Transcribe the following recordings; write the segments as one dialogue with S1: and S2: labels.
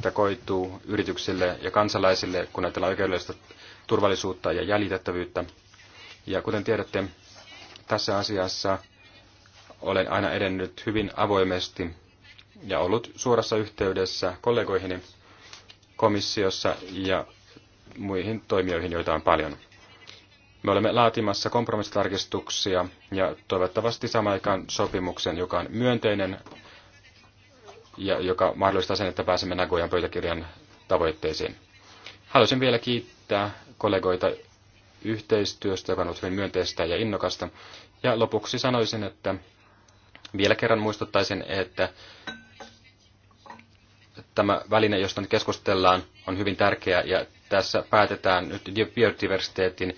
S1: mitä koituu yrityksille ja kansalaisille, kun ajatellaan oikeudellista turvallisuutta ja jäljitettävyyttä. Ja kuten tiedätte, tässä asiassa olen aina edennyt hyvin avoimesti ja ollut suorassa yhteydessä kollegoihini komissiossa ja muihin toimijoihin, joita on paljon. Me olemme laatimassa kompromissitarkistuksia ja toivottavasti samaan aikaan sopimuksen, joka on myönteinen ja joka mahdollistaa sen, että pääsemme Nagojan pöytäkirjan tavoitteisiin. Haluaisin vielä kiittää kollegoita yhteistyöstä, joka on ollut hyvin myönteistä ja innokasta. Ja lopuksi sanoisin, että vielä kerran muistuttaisin, että tämä väline, josta nyt keskustellaan, on hyvin tärkeä ja tässä päätetään nyt biodiversiteetin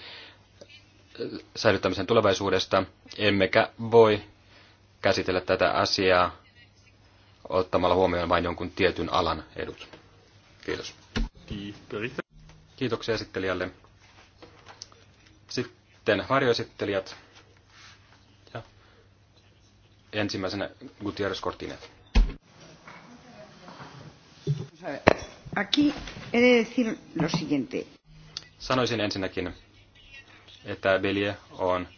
S1: säilyttämisen tulevaisuudesta, emmekä voi käsitellä tätä asiaa ottamalla huomioon vain jonkun tietyn alan edut. Kiitos. Kiitoksia esittelijälle. Sitten varjoesittelijät. Ja ensimmäisenä Gutierrez Cortinet. Sanoisin ensinnäkin, että Belie on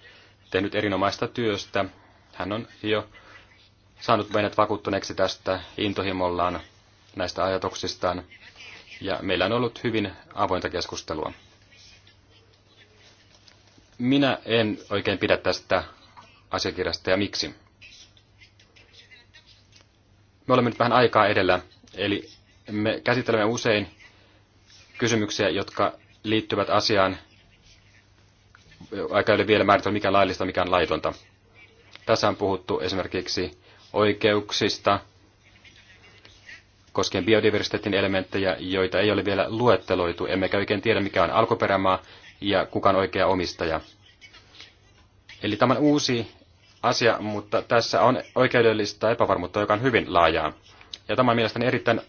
S1: tehnyt erinomaista työstä. Hän on jo saanut meidät vakuuttuneeksi tästä intohimollaan näistä ajatuksistaan, ja meillä on ollut hyvin avointa keskustelua. Minä en oikein pidä tästä asiakirjasta ja miksi. Me olemme nyt vähän aikaa edellä, eli me käsittelemme usein kysymyksiä, jotka liittyvät asiaan, aika ei ole vielä määritellä, mikä on laillista, mikä on laitonta. Tässä on puhuttu esimerkiksi oikeuksista koskien biodiversiteetin elementtejä, joita ei ole vielä luetteloitu, emmekä oikein tiedä mikä on alkuperämaa ja kuka on oikea omistaja. Eli tämä on uusi asia, mutta tässä on oikeudellista epävarmuutta, joka on hyvin laajaa. Ja tämä on mielestäni erittäin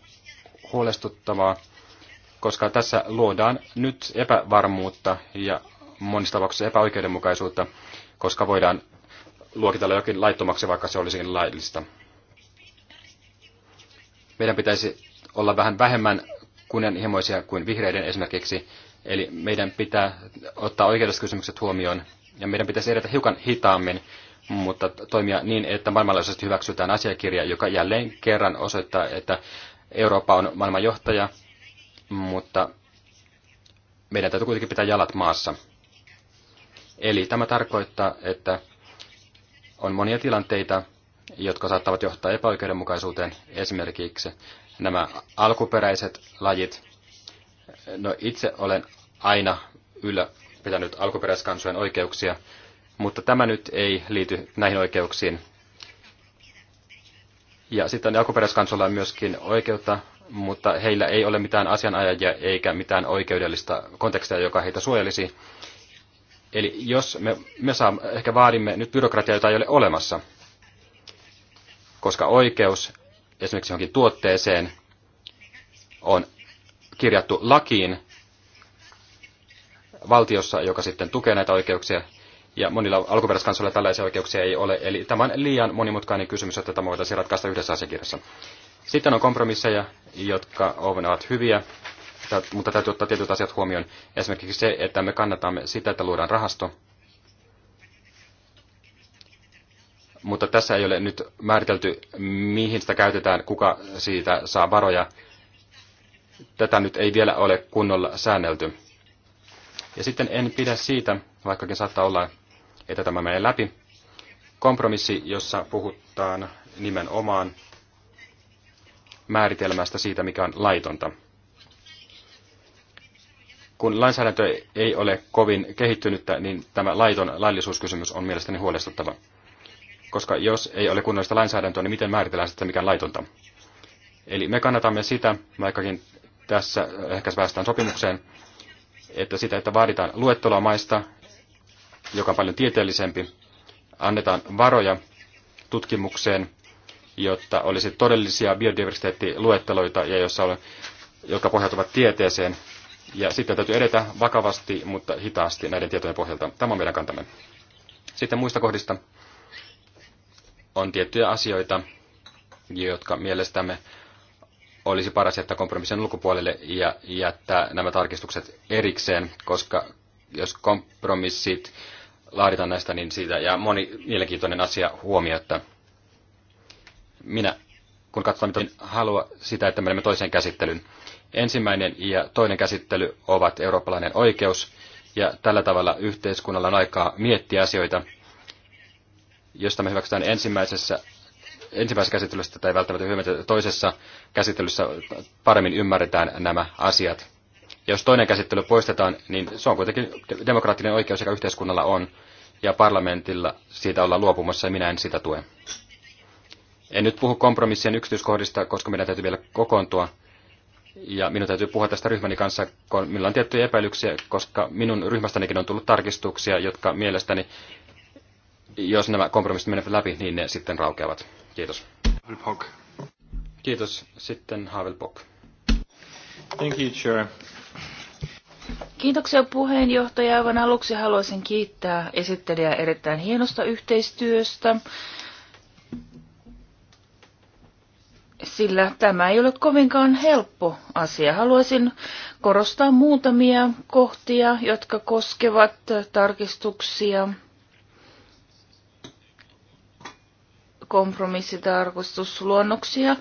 S1: huolestuttavaa, koska tässä luodaan nyt epävarmuutta ja monissa tapauksissa epäoikeudenmukaisuutta, koska voidaan luokitella jokin laittomaksi, vaikka se olisikin laillista. Meidän pitäisi olla vähän vähemmän kunnianhimoisia kuin vihreiden esimerkiksi, eli meidän pitää ottaa oikeudelliset huomioon, ja meidän pitäisi edetä hiukan hitaammin, mutta toimia niin, että maailmanlaajuisesti hyväksytään asiakirja, joka jälleen kerran osoittaa, että Eurooppa on maailmanjohtaja, mutta meidän täytyy kuitenkin pitää jalat maassa. Eli tämä tarkoittaa, että on monia tilanteita, jotka saattavat johtaa epäoikeudenmukaisuuteen, esimerkiksi nämä alkuperäiset lajit. No itse olen aina ylläpitänyt alkuperäiskansojen oikeuksia, mutta tämä nyt ei liity näihin oikeuksiin. Ja sitten alkuperäiskansolla on myöskin oikeutta, mutta heillä ei ole mitään asianajajia eikä mitään oikeudellista kontekstia, joka heitä suojelisi, Eli jos me, me saamme, ehkä vaadimme nyt byrokratiaa, jota ei ole olemassa, koska oikeus esimerkiksi johonkin tuotteeseen on kirjattu lakiin valtiossa, joka sitten tukee näitä oikeuksia, ja monilla alkuperäiskansoilla tällaisia oikeuksia ei ole. Eli tämä on liian monimutkainen kysymys, että tämä voitaisiin ratkaista yhdessä asiakirjassa. Sitten on kompromisseja, jotka ovat hyviä mutta täytyy ottaa tietyt asiat huomioon. Esimerkiksi se, että me kannatamme sitä, että luodaan rahasto, mutta tässä ei ole nyt määritelty, mihin sitä käytetään, kuka siitä saa varoja. Tätä nyt ei vielä ole kunnolla säännelty. Ja sitten en pidä siitä, vaikkakin saattaa olla, että tämä menee läpi. Kompromissi, jossa puhutaan nimenomaan määritelmästä siitä, mikä on laitonta kun lainsäädäntö ei ole kovin kehittynyttä, niin tämä laiton laillisuuskysymys on mielestäni huolestuttava. Koska jos ei ole kunnollista lainsäädäntöä, niin miten määritellään sitten mikään laitonta? Eli me kannatamme sitä, vaikkakin tässä ehkä päästään sopimukseen, että sitä, että vaaditaan luetteloa maista, joka on paljon tieteellisempi, annetaan varoja tutkimukseen, jotta olisi todellisia biodiversiteettiluetteloita ja jossa on, jotka pohjautuvat tieteeseen, ja sitten täytyy edetä vakavasti, mutta hitaasti näiden tietojen pohjalta. Tämä on meidän kantamme. Sitten muista kohdista on tiettyjä asioita, jotka mielestämme olisi paras jättää kompromissin ulkopuolelle ja jättää nämä tarkistukset erikseen, koska jos kompromissit laaditaan näistä, niin siitä ja moni mielenkiintoinen asia että Minä kun katsotaan, mitä halua sitä, että menemme toiseen käsittelyyn. Ensimmäinen ja toinen käsittely ovat eurooppalainen oikeus, ja tällä tavalla yhteiskunnalla on aikaa miettiä asioita, josta me hyväksytään ensimmäisessä ensimmäisessä käsittelyssä tai välttämättä hyvin, toisessa käsittelyssä paremmin ymmärretään nämä asiat. Ja jos toinen käsittely poistetaan, niin se on kuitenkin demokraattinen oikeus, joka yhteiskunnalla on, ja parlamentilla siitä ollaan luopumassa, ja minä en sitä tue. En nyt puhu kompromissien yksityiskohdista, koska meidän täytyy vielä kokoontua. Ja minun täytyy puhua tästä ryhmäni kanssa, kun minulla on tiettyjä epäilyksiä, koska minun ryhmästänikin on tullut tarkistuksia, jotka mielestäni, jos nämä kompromissit menevät läpi, niin ne sitten raukeavat. Kiitos. Kiitos. Sitten Havel Thank you, Chair.
S2: Kiitoksia puheenjohtaja. Aivan aluksi haluaisin kiittää esittelijää erittäin hienosta yhteistyöstä. sillä tämä ei ole kovinkaan helppo asia. Haluaisin korostaa muutamia kohtia, jotka koskevat tarkistuksia, kompromissitarkistusluonnoksia,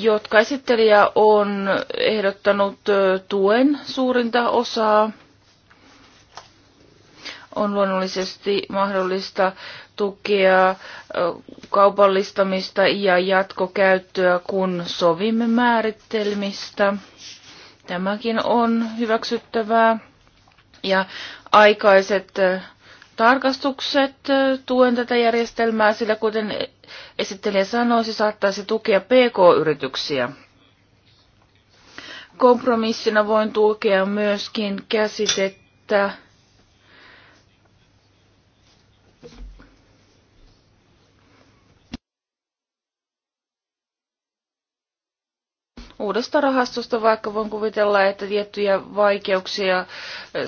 S2: jotka esittelijä on ehdottanut tuen suurinta osaa. On luonnollisesti mahdollista tukea kaupallistamista ja jatkokäyttöä, kun sovimme määrittelmistä. Tämäkin on hyväksyttävää. Ja aikaiset tarkastukset tuen tätä järjestelmää, sillä kuten esittelijä sanoi, se saattaisi tukea PK-yrityksiä. Kompromissina voin tukea myöskin käsitettä uudesta rahastosta, vaikka voin kuvitella, että tiettyjä vaikeuksia eh,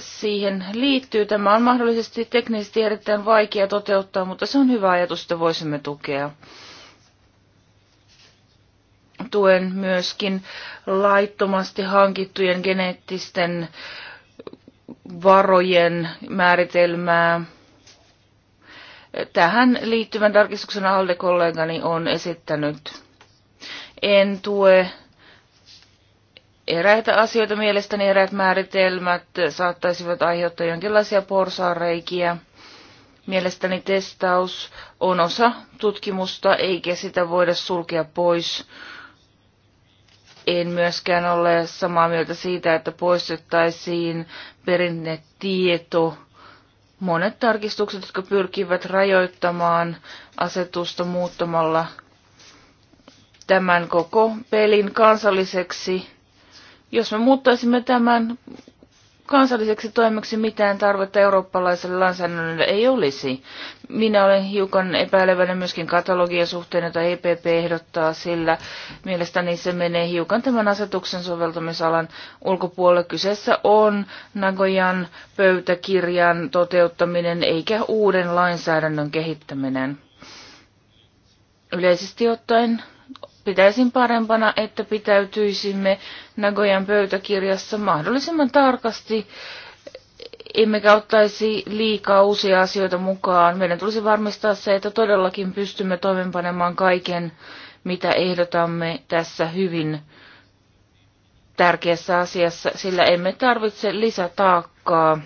S2: siihen liittyy. Tämä on mahdollisesti teknisesti erittäin vaikea toteuttaa, mutta se on hyvä ajatus, että voisimme tukea. Tuen myöskin laittomasti hankittujen geneettisten varojen määritelmää. Tähän liittyvän tarkistuksen alle kollegani on esittänyt en tue eräitä asioita mielestäni eräät määritelmät saattaisivat aiheuttaa jonkinlaisia porsaareikiä. Mielestäni testaus on osa tutkimusta, eikä sitä voida sulkea pois. En myöskään ole samaa mieltä siitä, että poistettaisiin perinnetieto. Monet tarkistukset, jotka pyrkivät rajoittamaan asetusta muuttamalla tämän koko pelin kansalliseksi jos me muuttaisimme tämän kansalliseksi toimeksi mitään tarvetta eurooppalaiselle lainsäädännölle ei olisi. Minä olen hiukan epäileväinen myöskin katalogian suhteen, jota EPP ehdottaa, sillä mielestäni se menee hiukan tämän asetuksen soveltamisalan ulkopuolelle. Kyseessä on Nagojan pöytäkirjan toteuttaminen eikä uuden lainsäädännön kehittäminen. Yleisesti ottaen pitäisin parempana, että pitäytyisimme Nagojan pöytäkirjassa mahdollisimman tarkasti, emmekä ottaisi liikaa uusia asioita mukaan. Meidän tulisi varmistaa se, että todellakin pystymme toimenpanemaan kaiken, mitä ehdotamme tässä hyvin tärkeässä asiassa, sillä emme tarvitse lisätaakkaa.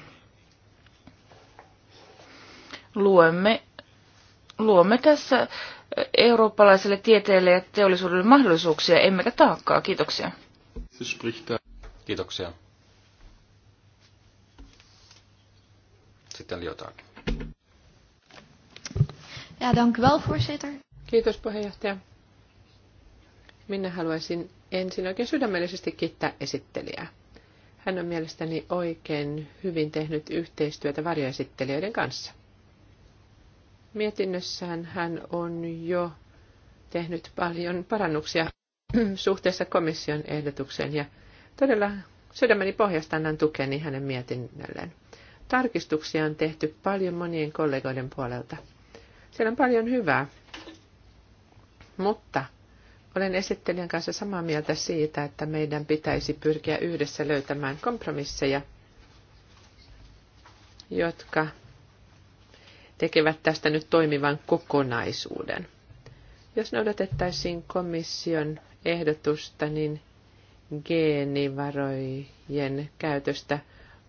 S2: Luemme, luomme tässä eurooppalaiselle tieteelle ja teollisuudelle mahdollisuuksia, emmekä taakkaa. Kiitoksia.
S1: Kiitoksia. Sitten jotain.
S3: Ja, dank wel, voorzitter. Kiitos puheenjohtaja. Minä haluaisin ensin oikein sydämellisesti kiittää esittelijää. Hän on mielestäni oikein hyvin tehnyt yhteistyötä varjoesittelijöiden kanssa. Mietinnössään hän on jo tehnyt paljon parannuksia suhteessa komission ehdotukseen ja todella sydämeni pohjasta annan tukeni hänen mietinnölleen. Tarkistuksia on tehty paljon monien kollegoiden puolelta. Siellä on paljon hyvää, mutta olen esittelijän kanssa samaa mieltä siitä, että meidän pitäisi pyrkiä yhdessä löytämään kompromisseja, jotka tekevät tästä nyt toimivan kokonaisuuden. Jos noudatettaisiin komission ehdotusta, niin geenivarojen käytöstä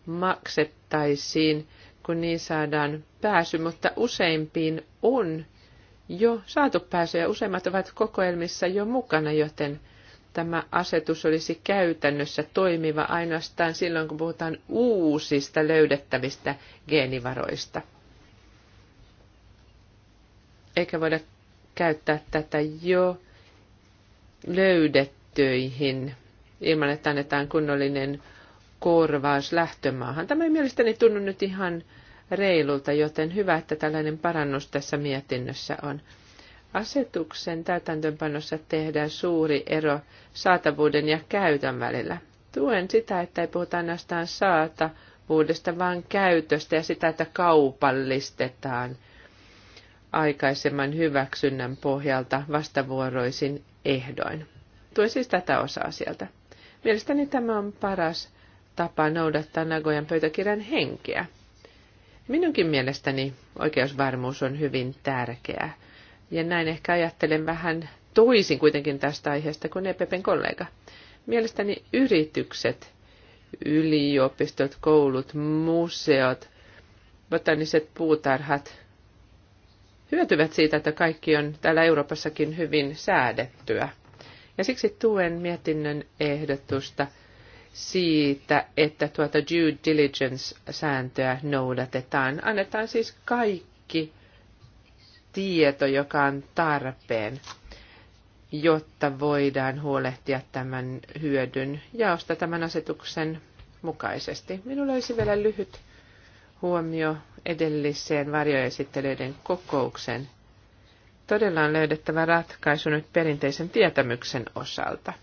S3: maksettaisiin, kun niin saadaan pääsy, mutta useimpiin on jo saatu pääsy ja useimmat ovat kokoelmissa jo mukana, joten tämä asetus olisi käytännössä toimiva ainoastaan silloin, kun puhutaan uusista löydettävistä geenivaroista eikä voida käyttää tätä jo löydettyihin ilman, että annetaan kunnollinen korvaus lähtömaahan. Tämä ei mielestäni tunnu nyt ihan reilulta, joten hyvä, että tällainen parannus tässä mietinnössä on. Asetuksen täytäntöönpanossa tehdään suuri ero saatavuuden ja käytön välillä. Tuen sitä, että ei puhuta ainoastaan saatavuudesta, vaan käytöstä ja sitä, että kaupallistetaan – aikaisemman hyväksynnän pohjalta vastavuoroisin ehdoin. Tue siis tätä osaa sieltä. Mielestäni tämä on paras tapa noudattaa Nagojan pöytäkirjan henkeä. Minunkin mielestäni oikeusvarmuus on hyvin tärkeää. Ja näin ehkä ajattelen vähän toisin kuitenkin tästä aiheesta kuin EPPn kollega. Mielestäni yritykset, yliopistot, koulut, museot, botaniset puutarhat, hyötyvät siitä, että kaikki on täällä Euroopassakin hyvin säädettyä. Ja siksi tuen mietinnön ehdotusta siitä, että tuota due diligence-sääntöä noudatetaan. Annetaan siis kaikki tieto, joka on tarpeen, jotta voidaan huolehtia tämän hyödyn jaosta tämän asetuksen mukaisesti. Minulla olisi vielä lyhyt huomio edelliseen varjoesittelyiden kokouksen, todella on löydettävä ratkaisu nyt perinteisen tietämyksen osalta.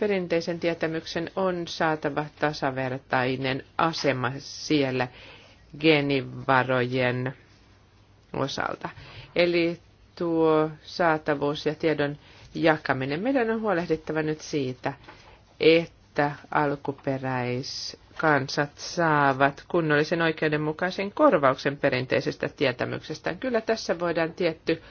S3: Perinteisen tietämyksen on saatava tasavertainen asema siellä genivarojen osalta. Eli tuo saatavuus ja tiedon jakaminen. Meidän on huolehdittava nyt siitä, että alkuperäis kansat saavat kunnollisen oikeudenmukaisen korvauksen perinteisestä tietämyksestään. Kyllä tässä voidaan tietty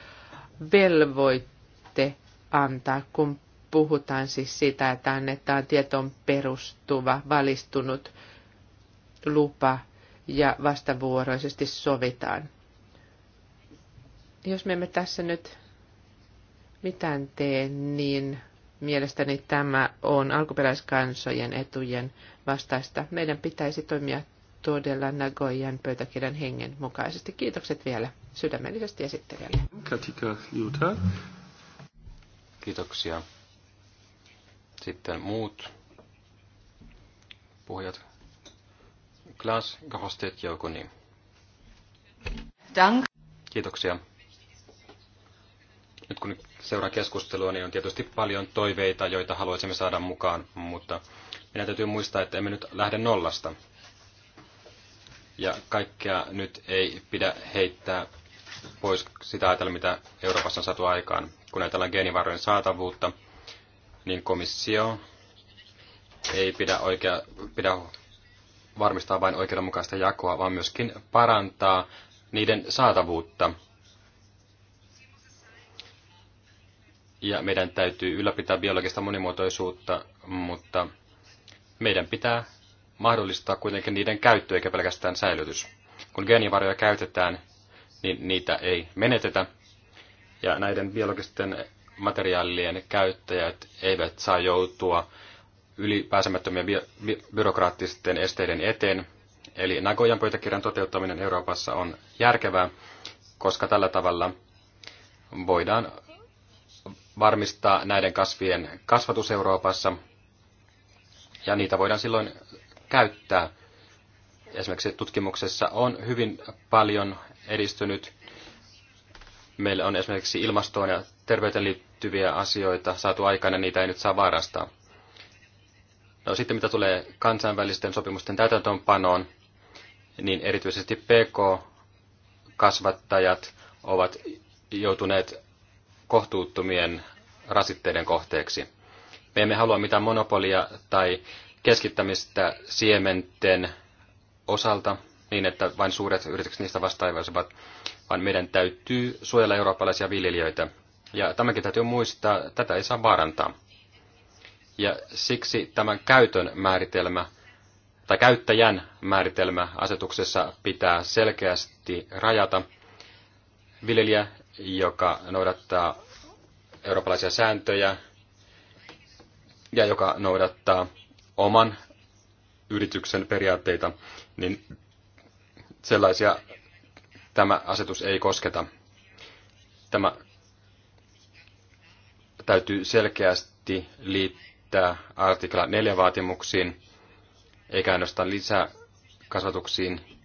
S3: velvoitte antaa, kun puhutaan siis sitä, että annetaan tietoon perustuva, valistunut lupa ja vastavuoroisesti sovitaan. Jos me emme tässä nyt mitään tee, niin Mielestäni tämä on alkuperäiskansojen etujen vastaista. Meidän pitäisi toimia todella Nagoyan pöytäkirjan hengen mukaisesti. Kiitokset vielä sydämellisesti esittelijälle.
S1: Katika Juta. Kiitoksia. Sitten muut puhujat. Klaas Gahostet Joukoni. Dank. Kiitoksia. Nyt kun seuraa keskustelua, niin on tietysti paljon toiveita, joita haluaisimme saada mukaan, mutta meidän täytyy muistaa, että emme nyt lähde nollasta. Ja kaikkea nyt ei pidä heittää pois sitä ajatella, mitä Euroopassa on saatu aikaan. Kun ajatellaan geenivarojen saatavuutta, niin komissio ei pidä, oikea, pidä varmistaa vain oikeudenmukaista jakoa, vaan myöskin parantaa niiden saatavuutta ja meidän täytyy ylläpitää biologista monimuotoisuutta, mutta meidän pitää mahdollistaa kuitenkin niiden käyttö eikä pelkästään säilytys. Kun geenivaroja käytetään, niin niitä ei menetetä ja näiden biologisten materiaalien käyttäjät eivät saa joutua ylipääsemättömien bi- bi- byrokraattisten esteiden eteen. Eli Nagojan pöytäkirjan toteuttaminen Euroopassa on järkevää, koska tällä tavalla voidaan varmistaa näiden kasvien kasvatus Euroopassa, ja niitä voidaan silloin käyttää. Esimerkiksi tutkimuksessa on hyvin paljon edistynyt. Meillä on esimerkiksi ilmastoon ja terveyteen liittyviä asioita saatu aikana, niitä ei nyt saa varastaa. No sitten mitä tulee kansainvälisten sopimusten täytäntöönpanoon, niin erityisesti PK-kasvattajat ovat joutuneet kohtuuttomien rasitteiden kohteeksi. Me emme halua mitään monopolia tai keskittämistä siementen osalta niin, että vain suuret yritykset niistä vastaivaisivat, vaan meidän täytyy suojella eurooppalaisia viljelijöitä. Ja tämäkin täytyy muistaa, tätä ei saa vaarantaa. Ja siksi tämän käytön määritelmä tai käyttäjän määritelmä asetuksessa pitää selkeästi rajata. Viljelijä joka noudattaa eurooppalaisia sääntöjä ja joka noudattaa oman yrityksen periaatteita, niin sellaisia tämä asetus ei kosketa. Tämä täytyy selkeästi liittää artikla 4 vaatimuksiin, eikä ainoastaan lisäkasvatuksiin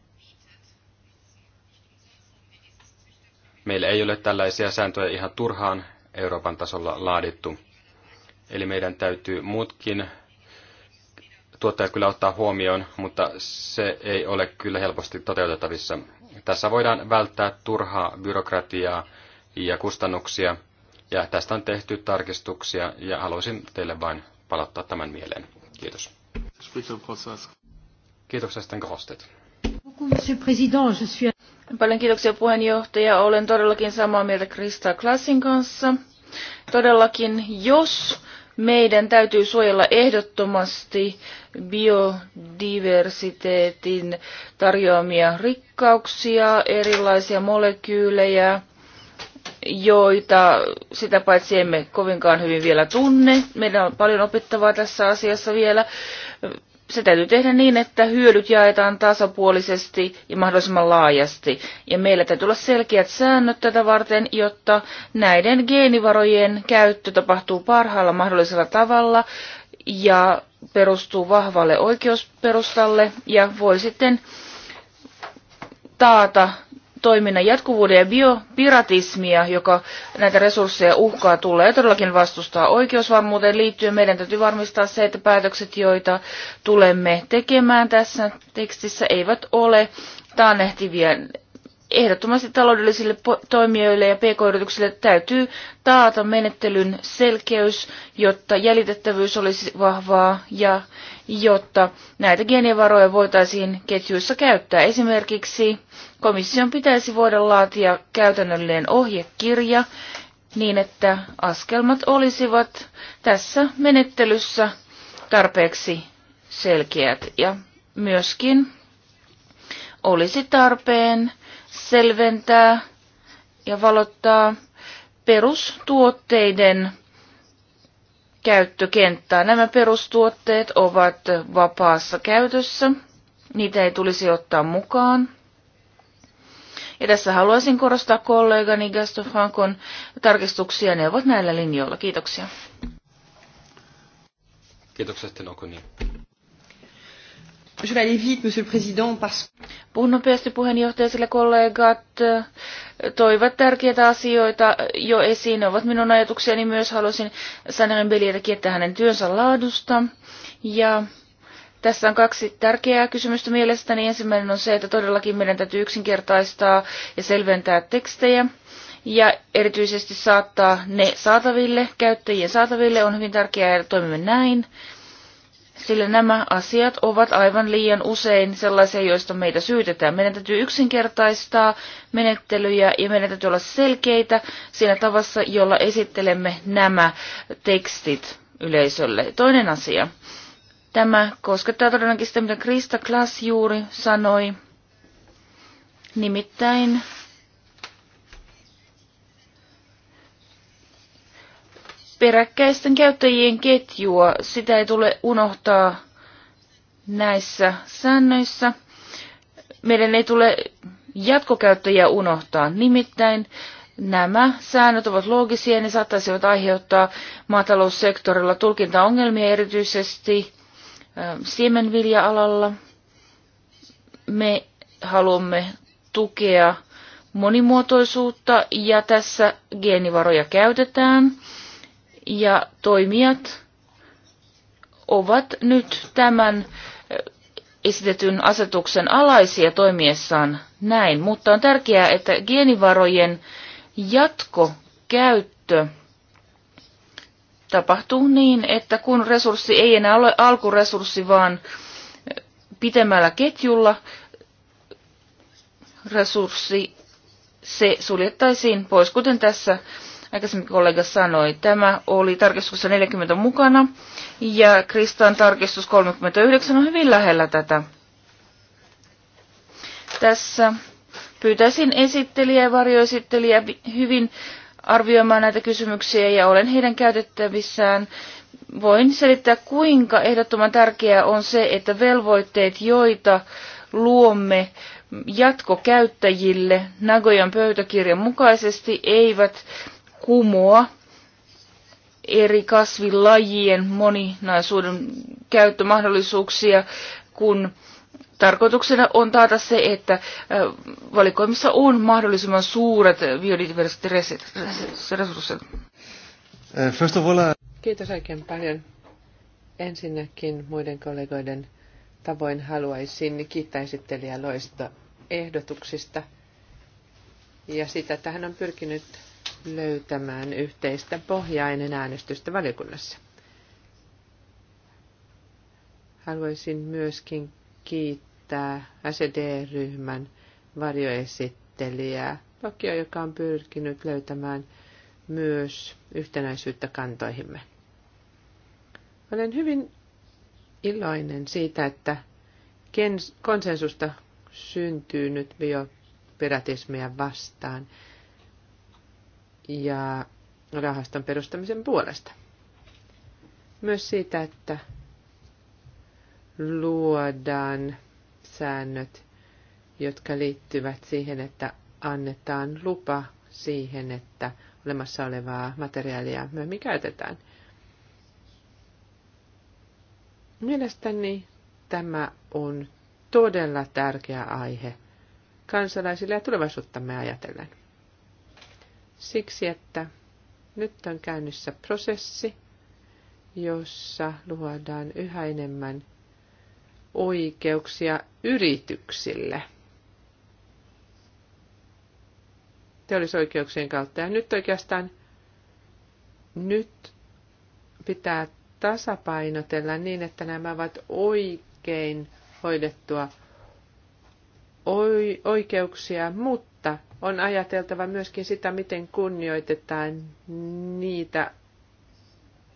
S1: Meillä ei ole tällaisia sääntöjä ihan turhaan Euroopan tasolla laadittu. Eli meidän täytyy muutkin tuottajat kyllä ottaa huomioon, mutta se ei ole kyllä helposti toteutettavissa. Tässä voidaan välttää turhaa byrokratiaa ja kustannuksia, ja tästä on tehty tarkistuksia, ja haluaisin teille vain palauttaa tämän mieleen. Kiitos. Kiitoksia
S2: je suis Paljon kiitoksia puheenjohtaja. Olen todellakin samaa mieltä Krista Klassin kanssa. Todellakin, jos meidän täytyy suojella ehdottomasti biodiversiteetin tarjoamia rikkauksia, erilaisia molekyylejä, joita sitä paitsi emme kovinkaan hyvin vielä tunne. Meillä on paljon opittavaa tässä asiassa vielä se täytyy tehdä niin, että hyödyt jaetaan tasapuolisesti ja mahdollisimman laajasti. Ja meillä täytyy olla selkeät säännöt tätä varten, jotta näiden geenivarojen käyttö tapahtuu parhaalla mahdollisella tavalla ja perustuu vahvalle oikeusperustalle ja voi sitten taata toiminnan jatkuvuuden ja biopiratismia, joka näitä resursseja uhkaa tulla ja todellakin vastustaa oikeusvarmuuteen liittyen. Meidän täytyy varmistaa se, että päätökset, joita tulemme tekemään tässä tekstissä, eivät ole taannehtivien ehdottomasti taloudellisille toimijoille ja pk-yrityksille täytyy taata menettelyn selkeys, jotta jäljitettävyys olisi vahvaa ja jotta näitä geenivaroja voitaisiin ketjuissa käyttää. Esimerkiksi komission pitäisi voida laatia käytännöllinen ohjekirja niin, että askelmat olisivat tässä menettelyssä tarpeeksi selkeät ja myöskin olisi tarpeen selventää ja valottaa perustuotteiden käyttökenttää. Nämä perustuotteet ovat vapaassa käytössä. Niitä ei tulisi ottaa mukaan. Ja tässä haluaisin korostaa kollegani Gaston Frankon tarkistuksia. Ne ovat näillä linjoilla. Kiitoksia. Kiitoksia sitten Je vais aller vite, monsieur le président, parce... Puhun nopeasti puheenjohtaja, sillä kollegat eh, toivat tärkeitä asioita jo esiin. Ne ovat minun ajatukseni myös. Haluaisin Sanerin Beliä kiittää hänen työnsä laadusta. Ja tässä on kaksi tärkeää kysymystä mielestäni. Ensimmäinen on se, että todellakin meidän täytyy yksinkertaistaa ja selventää tekstejä ja erityisesti saattaa ne saataville, käyttäjien saataville. On hyvin tärkeää, että toimimme näin sillä nämä asiat ovat aivan liian usein sellaisia, joista meitä syytetään. Meidän täytyy yksinkertaistaa menettelyjä ja meidän täytyy olla selkeitä siinä tavassa, jolla esittelemme nämä tekstit yleisölle. Toinen asia. Tämä koskettaa todennäköisesti sitä, mitä Krista Klass juuri sanoi. Nimittäin peräkkäisten käyttäjien ketjua. Sitä ei tule unohtaa näissä säännöissä. Meidän ei tule jatkokäyttäjiä unohtaa. Nimittäin nämä säännöt ovat loogisia ja ne saattaisivat aiheuttaa maataloussektorilla tulkintaongelmia erityisesti siemenvilja-alalla. Me haluamme tukea monimuotoisuutta ja tässä geenivaroja käytetään ja toimijat ovat nyt tämän esitetyn asetuksen alaisia toimiessaan näin, mutta on tärkeää, että geenivarojen jatkokäyttö tapahtuu niin, että kun resurssi ei enää ole alkuresurssi, vaan pitemmällä ketjulla resurssi, se suljettaisiin pois, kuten tässä aikaisemmin kollega sanoi. Tämä oli tarkistuksessa 40 mukana ja Kristan tarkistus 39 on hyvin lähellä tätä. Tässä pyytäisin esittelijä ja varjoesittelijä hyvin arvioimaan näitä kysymyksiä ja olen heidän käytettävissään. Voin selittää, kuinka ehdottoman tärkeää on se, että velvoitteet, joita luomme jatkokäyttäjille Nagojan pöytäkirjan mukaisesti, eivät kumoa eri kasvilajien moninaisuuden käyttömahdollisuuksia, kun tarkoituksena on taata se, että äh, valikoimissa on mahdollisimman suuret biodiversiteettiresurssit. Äh, first of all, äh, Kiitos oikein paljon.
S3: Ensinnäkin muiden kollegoiden tavoin haluaisin kiittää esittelijä loista ehdotuksista ja sitä, tähän on pyrkinyt löytämään yhteistä pohjaa ennen äänestystä valiokunnassa. Haluaisin myöskin kiittää SED-ryhmän varjoesittelijää Tokio, joka on pyrkinyt löytämään myös yhtenäisyyttä kantoihimme. Olen hyvin iloinen siitä, että konsensusta syntyy nyt biopiratismia vastaan ja rahaston perustamisen puolesta. Myös siitä, että luodaan säännöt, jotka liittyvät siihen, että annetaan lupa siihen, että olemassa olevaa materiaalia myöhemmin käytetään. Mielestäni tämä on todella tärkeä aihe kansalaisille ja tulevaisuuttamme ajatellen. Siksi, että nyt on käynnissä prosessi, jossa luodaan yhä enemmän oikeuksia yrityksille teollisoikeuksien kautta. Ja nyt oikeastaan nyt pitää tasapainotella niin, että nämä ovat oikein hoidettua oikeuksia, mutta mutta on ajateltava myöskin sitä, miten kunnioitetaan niitä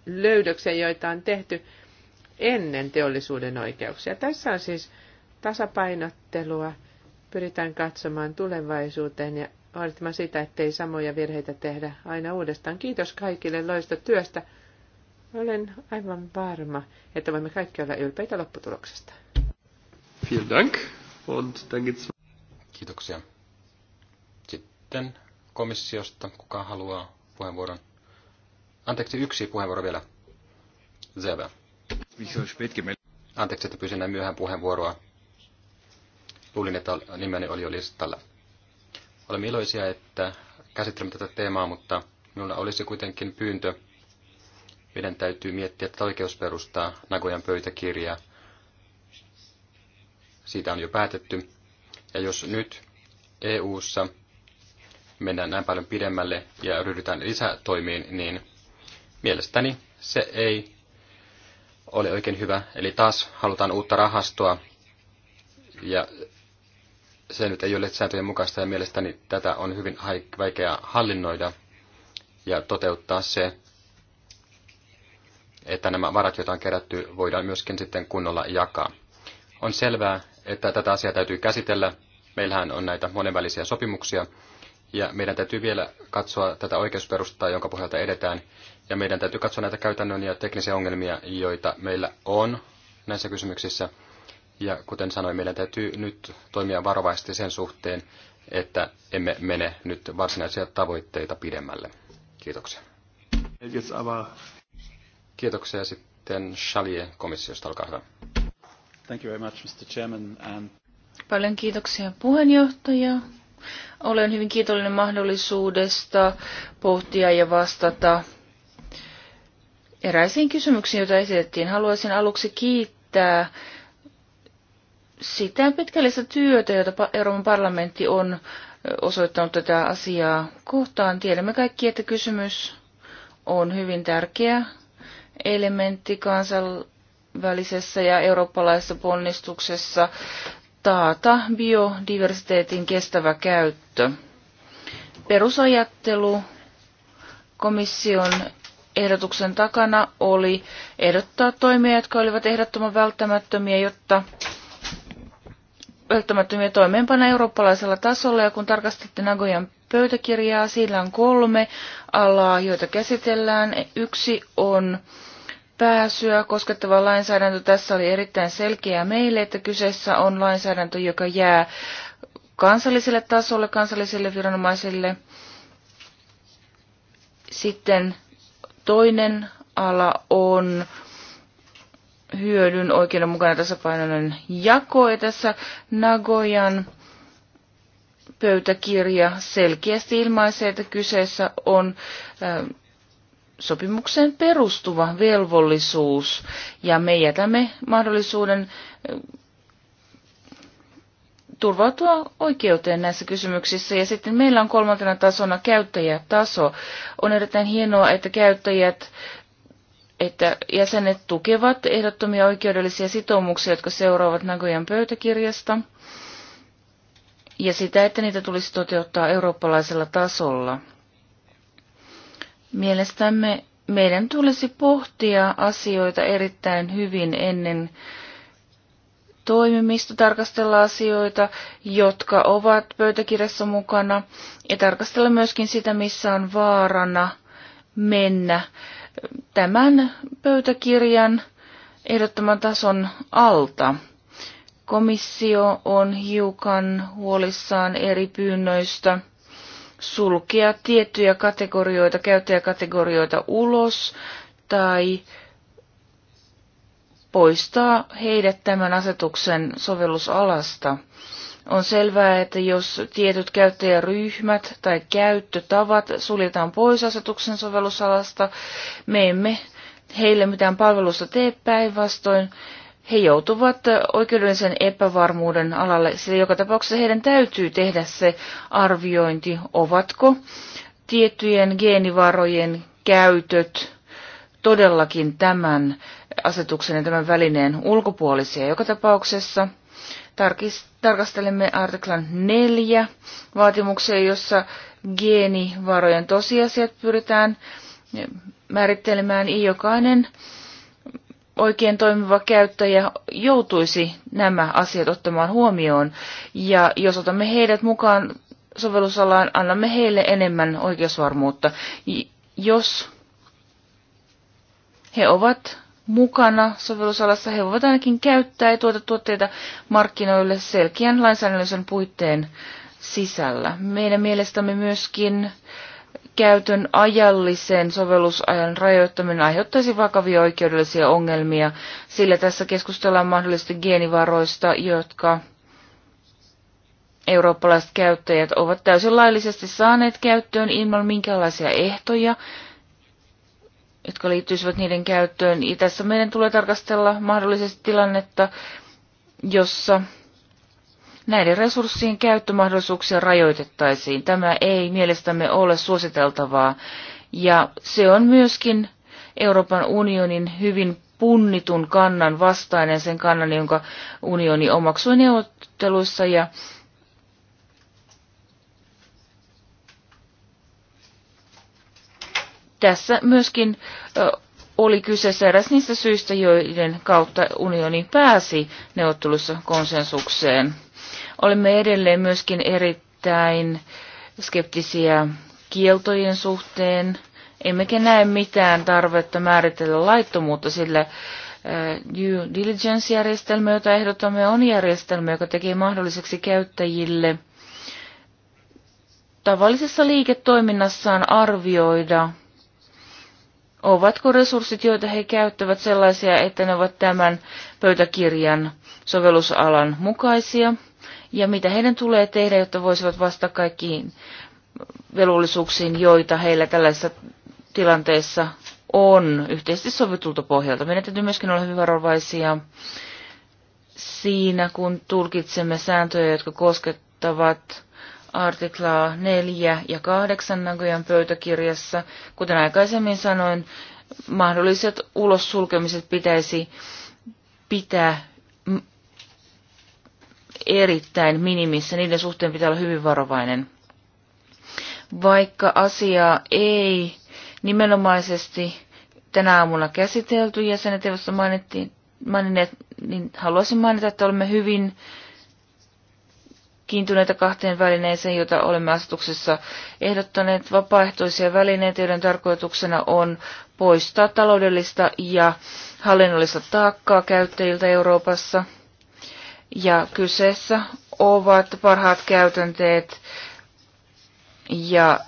S3: löydöksiä, joita on tehty ennen teollisuuden oikeuksia. Tässä on siis tasapainottelua, pyritään katsomaan tulevaisuuteen ja huolehtimaan sitä, ettei samoja virheitä tehdä aina uudestaan. Kiitos kaikille loista työstä. Olen aivan varma, että voimme kaikki olla ylpeitä lopputuloksesta.
S1: Vielen Dank. Und dann geht's... Kiitoksia. Sitten komissiosta, kuka haluaa puheenvuoron. Anteeksi, yksi puheenvuoro vielä. Zebä. Anteeksi, että pyysin näin myöhään puheenvuoroa. Luulin, että nimeni oli jo listalla. Olemme iloisia, että käsittelemme tätä teemaa, mutta minulla olisi kuitenkin pyyntö. Meidän täytyy miettiä oikeus perustaa Nagojan pöytäkirjaa. Siitä on jo päätetty. Ja jos nyt EU-ssa mennään näin paljon pidemmälle ja ryhdytään lisätoimiin, niin mielestäni se ei ole oikein hyvä. Eli taas halutaan uutta rahastoa ja se nyt ei ole sääntöjen mukaista ja mielestäni tätä on hyvin vaikea hallinnoida ja toteuttaa se, että nämä varat, joita on kerätty, voidaan myöskin sitten kunnolla jakaa. On selvää, että tätä asiaa täytyy käsitellä. Meillähän on näitä monenvälisiä sopimuksia, ja meidän täytyy vielä katsoa tätä oikeusperustaa, jonka pohjalta edetään. Ja meidän täytyy katsoa näitä käytännön ja teknisiä ongelmia, joita meillä on näissä kysymyksissä. Ja kuten sanoin, meidän täytyy nyt toimia varovaisesti sen suhteen, että emme mene nyt varsinaisia tavoitteita pidemmälle. Kiitoksia. Kiitoksia sitten Chalie komissiosta, olkaa hyvä. Thank you very much, Mr. Chairman. And...
S2: Paljon kiitoksia puheenjohtaja. Olen hyvin kiitollinen mahdollisuudesta pohtia ja vastata eräisiin kysymyksiin, joita esitettiin. Haluaisin aluksi kiittää sitä pitkällistä työtä, jota Euroopan parlamentti on osoittanut tätä asiaa kohtaan. Tiedämme kaikki, että kysymys on hyvin tärkeä elementti kansanvälisessä ja eurooppalaisessa ponnistuksessa taata biodiversiteetin kestävä käyttö. Perusajattelu komission ehdotuksen takana oli ehdottaa toimia, jotka olivat ehdottoman välttämättömiä, jotta välttämättömiä toimeenpana eurooppalaisella tasolla. Ja kun tarkastatte Nagojan pöytäkirjaa, sillä on kolme alaa, joita käsitellään. Yksi on pääsyä koskettava lainsäädäntö. Tässä oli erittäin selkeää meille, että kyseessä on lainsäädäntö, joka jää kansalliselle tasolle, kansallisille viranomaisille. Sitten toinen ala on hyödyn oikeudenmukainen tasapainoinen jako. Ja tässä Nagojan pöytäkirja selkeästi ilmaisee, että kyseessä on ähm, sopimukseen perustuva velvollisuus ja me jätämme mahdollisuuden eh, turvautua oikeuteen näissä kysymyksissä. Ja sitten meillä on kolmantena tasona käyttäjätaso. On erittäin hienoa, että käyttäjät että jäsenet tukevat ehdottomia oikeudellisia sitoumuksia, jotka seuraavat Nagojan pöytäkirjasta, ja sitä, että niitä tulisi toteuttaa eurooppalaisella tasolla. Mielestämme meidän tulisi pohtia asioita erittäin hyvin ennen toimimista, tarkastella asioita, jotka ovat pöytäkirjassa mukana ja tarkastella myöskin sitä, missä on vaarana mennä tämän pöytäkirjan ehdottoman tason alta. Komissio on hiukan huolissaan eri pyynnöistä – sulkea tiettyjä kategorioita, käyttäjäkategorioita ulos tai poistaa heidät tämän asetuksen sovellusalasta. On selvää, että jos tietyt käyttäjäryhmät tai käyttötavat suljetaan pois asetuksen sovellusalasta, me emme heille mitään palvelusta tee päinvastoin he joutuvat oikeudellisen epävarmuuden alalle, sillä joka tapauksessa heidän täytyy tehdä se arviointi, ovatko tiettyjen geenivarojen käytöt todellakin tämän asetuksen ja tämän välineen ulkopuolisia. Joka tapauksessa tarkastelemme artiklan 4 vaatimuksia, jossa geenivarojen tosiasiat pyritään määrittelemään. Jokainen oikein toimiva käyttäjä joutuisi nämä asiat ottamaan huomioon. Ja jos otamme heidät mukaan sovellusalaan, annamme heille enemmän oikeusvarmuutta. Jos he ovat mukana sovellusalassa, he voivat ainakin käyttää ja tuota tuotteita markkinoille selkeän lainsäädännöllisen puitteen sisällä. Meidän mielestämme myöskin käytön ajallisen sovellusajan rajoittaminen aiheuttaisi vakavia oikeudellisia ongelmia, sillä tässä keskustellaan mahdollisesti geenivaroista, jotka eurooppalaiset käyttäjät ovat täysin laillisesti saaneet käyttöön ilman minkäänlaisia ehtoja, jotka liittyisivät niiden käyttöön. Ja tässä meidän tulee tarkastella mahdollisesti tilannetta, jossa näiden resurssien käyttömahdollisuuksia rajoitettaisiin. Tämä ei mielestämme ole suositeltavaa ja se on myöskin Euroopan unionin hyvin punnitun kannan vastainen sen kannan, jonka unioni omaksui neuvotteluissa ja tässä myöskin oli kyseessä eräs niistä syistä, joiden kautta unioni pääsi neuvottelussa konsensukseen. Olemme edelleen myöskin erittäin skeptisiä kieltojen suhteen. Emmekä näe mitään tarvetta määritellä laittomuutta, sillä äh, due diligence-järjestelmä, jota ehdotamme, on järjestelmä, joka tekee mahdolliseksi käyttäjille tavallisessa liiketoiminnassaan arvioida, ovatko resurssit, joita he käyttävät, sellaisia, että ne ovat tämän pöytäkirjan sovellusalan mukaisia – ja mitä heidän tulee tehdä, jotta voisivat vastata kaikkiin velvollisuuksiin, joita heillä tällaisessa tilanteessa on yhteisesti sovitulta pohjalta. Meidän täytyy myöskin olla hyvin varovaisia siinä, kun tulkitsemme sääntöjä, jotka koskettavat artiklaa 4 ja 8 Nagojan pöytäkirjassa. Kuten aikaisemmin sanoin, mahdolliset ulos sulkemiset pitäisi pitää erittäin minimissä. Niiden suhteen pitää olla hyvin varovainen. Vaikka asiaa ei nimenomaisesti tänä aamuna käsitelty, sen eivät mainittiin, maininneet, niin haluaisin mainita, että olemme hyvin kiintyneitä kahteen välineeseen, jota olemme asetuksessa ehdottaneet vapaaehtoisia välineitä, joiden tarkoituksena on poistaa taloudellista ja hallinnollista taakkaa käyttäjiltä Euroopassa – ja kyseessä ovat parhaat käytänteet ja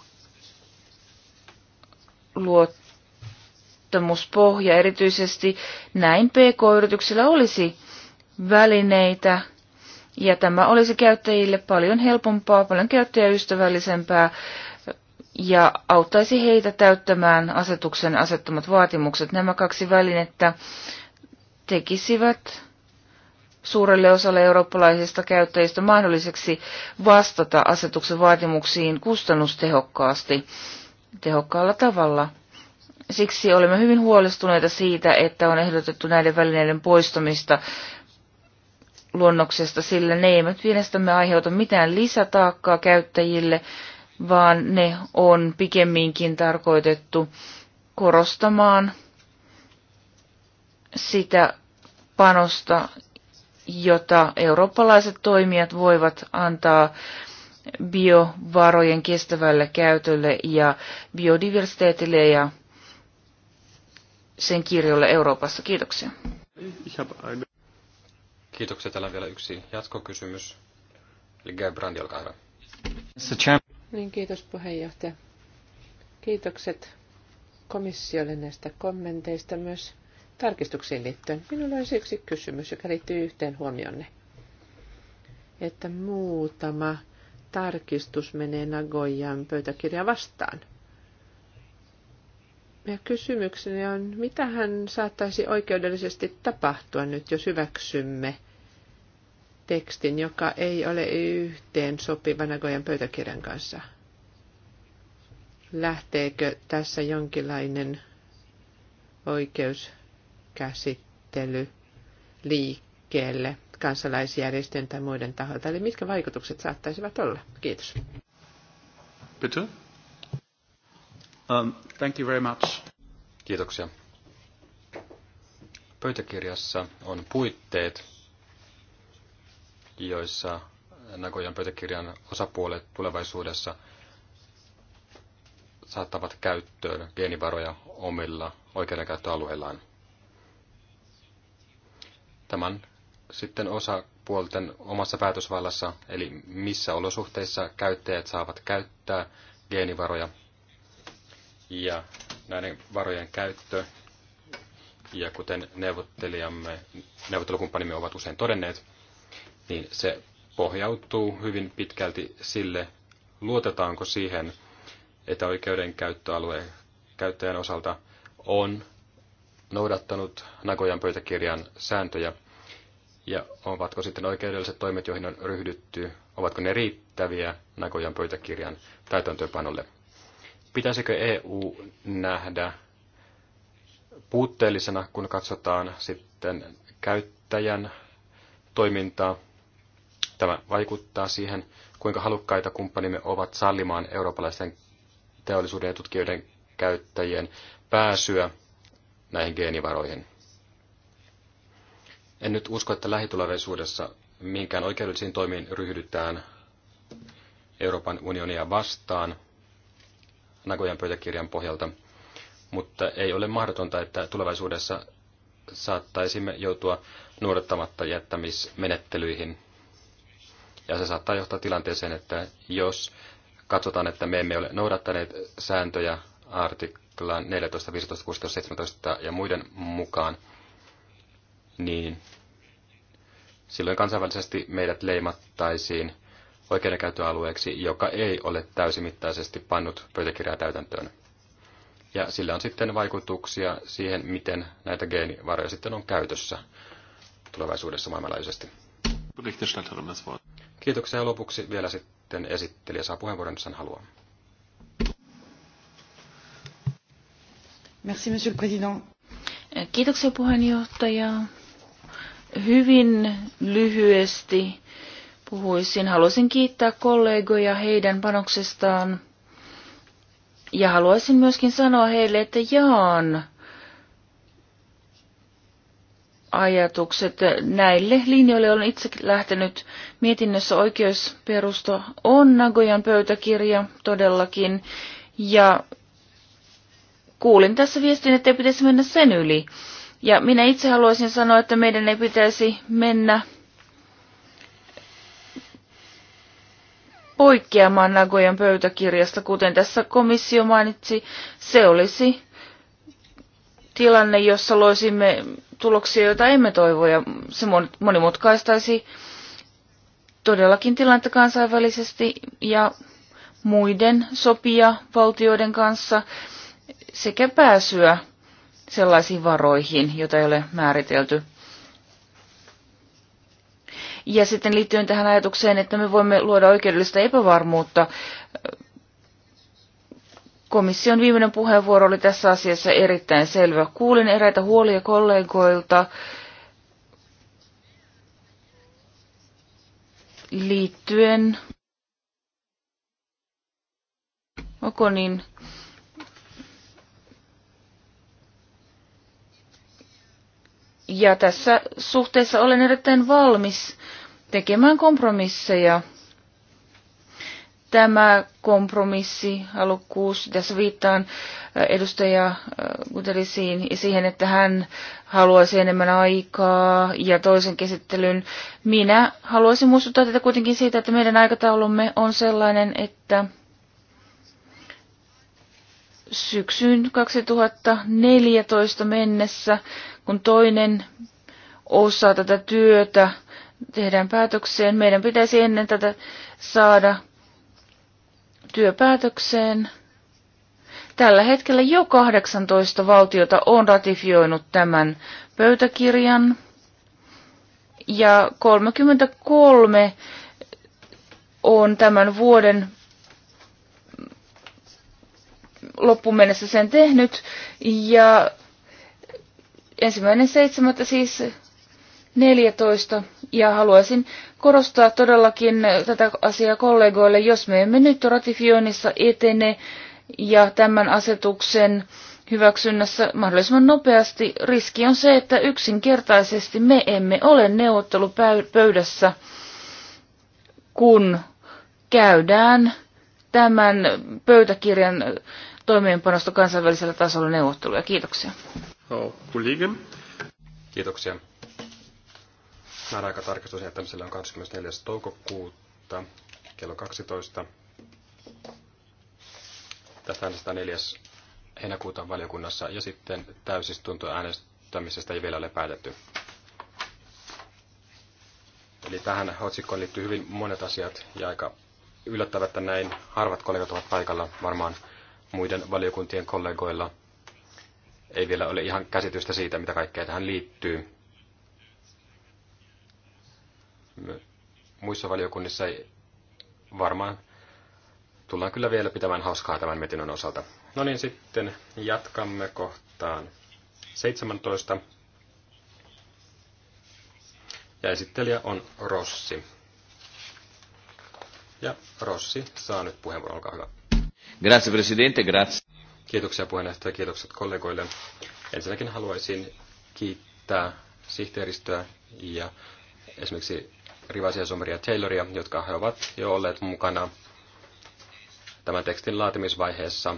S2: luottamuspohja. Erityisesti näin PK-yrityksillä olisi välineitä ja tämä olisi käyttäjille paljon helpompaa, paljon käyttäjäystävällisempää ja auttaisi heitä täyttämään asetuksen asettamat vaatimukset. Nämä kaksi välinettä tekisivät suurelle osalle eurooppalaisista käyttäjistä mahdolliseksi vastata asetuksen vaatimuksiin kustannustehokkaasti, tehokkaalla tavalla. Siksi olemme hyvin huolestuneita siitä, että on ehdotettu näiden välineiden poistamista luonnoksesta, sillä ne eivät mielestämme aiheuta mitään lisätaakkaa käyttäjille, vaan ne on pikemminkin tarkoitettu korostamaan sitä panosta, jota eurooppalaiset toimijat voivat antaa biovarojen kestävälle käytölle ja biodiversiteetille ja sen kirjolle Euroopassa. Kiitoksia.
S1: Kiitoksia. Täällä on vielä yksi jatkokysymys. Eli Gerbrandi, olkaa hyvä.
S3: Niin, kiitos puheenjohtaja. Kiitokset komissiolle näistä kommenteista myös tarkistuksiin liittyen. Minulla on yksi kysymys, joka liittyy yhteen huomionne. Että muutama tarkistus menee Nagoyan pöytäkirja vastaan. Ja kysymykseni on, mitä hän saattaisi oikeudellisesti tapahtua nyt, jos hyväksymme tekstin, joka ei ole yhteen sopiva Nagoyan pöytäkirjan kanssa? Lähteekö tässä jonkinlainen oikeus käsittely liikkeelle kansalaisjärjestöjen tai muiden taholta? Eli mitkä vaikutukset saattaisivat olla? Kiitos.
S1: Bitte. Um, thank you very much. Kiitoksia. Pöytäkirjassa on puitteet, joissa Nagojan pöytäkirjan osapuolet tulevaisuudessa saattavat käyttöön geenivaroja omilla oikeudenkäyttöalueillaan. Tämän sitten osapuolten omassa päätösvallassa, eli missä olosuhteissa käyttäjät saavat käyttää geenivaroja ja näiden varojen käyttö. Ja kuten neuvottelijamme, neuvottelukumppanimme ovat usein todenneet, niin se pohjautuu hyvin pitkälti sille, luotetaanko siihen, että oikeudenkäyttöalue käyttäjän osalta on noudattanut Nagojan pöytäkirjan sääntöjä – ja ovatko sitten oikeudelliset toimet, joihin on ryhdytty, ovatko ne riittäviä Nagojan pöytäkirjan täytäntöönpanolle? Pitäisikö EU nähdä puutteellisena, kun katsotaan sitten käyttäjän toimintaa? Tämä vaikuttaa siihen, kuinka halukkaita kumppanimme ovat sallimaan eurooppalaisten teollisuuden ja tutkijoiden käyttäjien pääsyä näihin geenivaroihin. En nyt usko, että lähitulevaisuudessa minkään oikeudellisiin toimiin ryhdytään Euroopan unionia vastaan Nagojan pöytäkirjan pohjalta, mutta ei ole mahdotonta, että tulevaisuudessa saattaisimme joutua nuorettamatta jättämismenettelyihin. Ja se saattaa johtaa tilanteeseen, että jos katsotaan, että me emme ole noudattaneet sääntöjä artiklan 14, 15, 16, 17 ja muiden mukaan, niin silloin kansainvälisesti meidät leimattaisiin oikeudenkäyttöalueeksi, joka ei ole täysimittaisesti pannut pöytäkirjaa täytäntöön. Ja sillä on sitten vaikutuksia siihen, miten näitä geenivaroja sitten on käytössä tulevaisuudessa maailmanlaajuisesti. Kiitoksia lopuksi vielä sitten esittelijä saa puheenvuoron, jos hän haluaa.
S2: Merci, monsieur le président. Kiitoksia puheenjohtaja hyvin lyhyesti puhuisin. Haluaisin kiittää kollegoja heidän panoksestaan ja haluaisin myöskin sanoa heille, että jaan ajatukset. Näille linjoille olen itse lähtenyt mietinnössä oikeusperusto on Nagojan pöytäkirja todellakin. Ja kuulin tässä viestin, että ei pitäisi mennä sen yli. Ja minä itse haluaisin sanoa, että meidän ei pitäisi mennä poikkeamaan Nagojan pöytäkirjasta, kuten tässä komissio mainitsi. Se olisi tilanne, jossa loisimme tuloksia, joita emme toivo, ja se monimutkaistaisi todellakin tilannetta kansainvälisesti ja muiden sopia valtioiden kanssa sekä pääsyä sellaisiin varoihin, joita ei ole määritelty. Ja sitten liittyen tähän ajatukseen, että me voimme luoda oikeudellista epävarmuutta, komission viimeinen puheenvuoro oli tässä asiassa erittäin selvä. Kuulin eräitä huolia kollegoilta liittyen Okonin niin? Ja tässä suhteessa olen erittäin valmis tekemään kompromisseja. Tämä kompromissi, halukkuus, tässä viittaan äh, edustaja äh, Guterisiin ja siihen, että hän haluaisi enemmän aikaa ja toisen käsittelyn. Minä haluaisin muistuttaa tätä kuitenkin siitä, että meidän aikataulumme on sellainen, että syksyyn 2014 mennessä kun toinen osa tätä työtä tehdään päätökseen. Meidän pitäisi ennen tätä saada työpäätökseen. Tällä hetkellä jo 18 valtiota on ratifioinut tämän pöytäkirjan ja 33 on tämän vuoden loppuun mennessä sen tehnyt ja ensimmäinen seitsemättä siis 14 ja haluaisin korostaa todellakin tätä asiaa kollegoille, jos me emme nyt ratifioinnissa etene ja tämän asetuksen hyväksynnässä mahdollisimman nopeasti, riski on se, että yksinkertaisesti me emme ole neuvottelupöydässä, kun käydään tämän pöytäkirjan toimeenpanosta kansainvälisellä tasolla neuvotteluja. Kiitoksia.
S1: Frau Kollegin. Kiitoksia. Määräaikatarkastus jättämiselle on 24. toukokuuta kello 12. Tästä äänestetään 4. heinäkuuta valiokunnassa ja sitten täysistunto äänestämisestä ei vielä ole päätetty. Eli tähän otsikkoon liittyy hyvin monet asiat ja aika yllättävättä näin harvat kollegat ovat paikalla varmaan muiden valiokuntien kollegoilla – ei vielä ole ihan käsitystä siitä, mitä kaikkea tähän liittyy. Muissa valiokunnissa ei varmaan tullaan kyllä vielä pitämään hauskaa tämän metinon osalta. No niin, sitten jatkamme kohtaan 17. Ja esittelijä on Rossi. Ja Rossi saa nyt puheenvuoron, olkaa hyvä. Grazie Presidente, grazie. Kiitoksia puheenjohtaja, kiitokset kollegoille. Ensinnäkin haluaisin kiittää sihteeristöä ja esimerkiksi Rivasia Someria Tayloria, jotka he ovat jo olleet mukana tämän tekstin laatimisvaiheessa.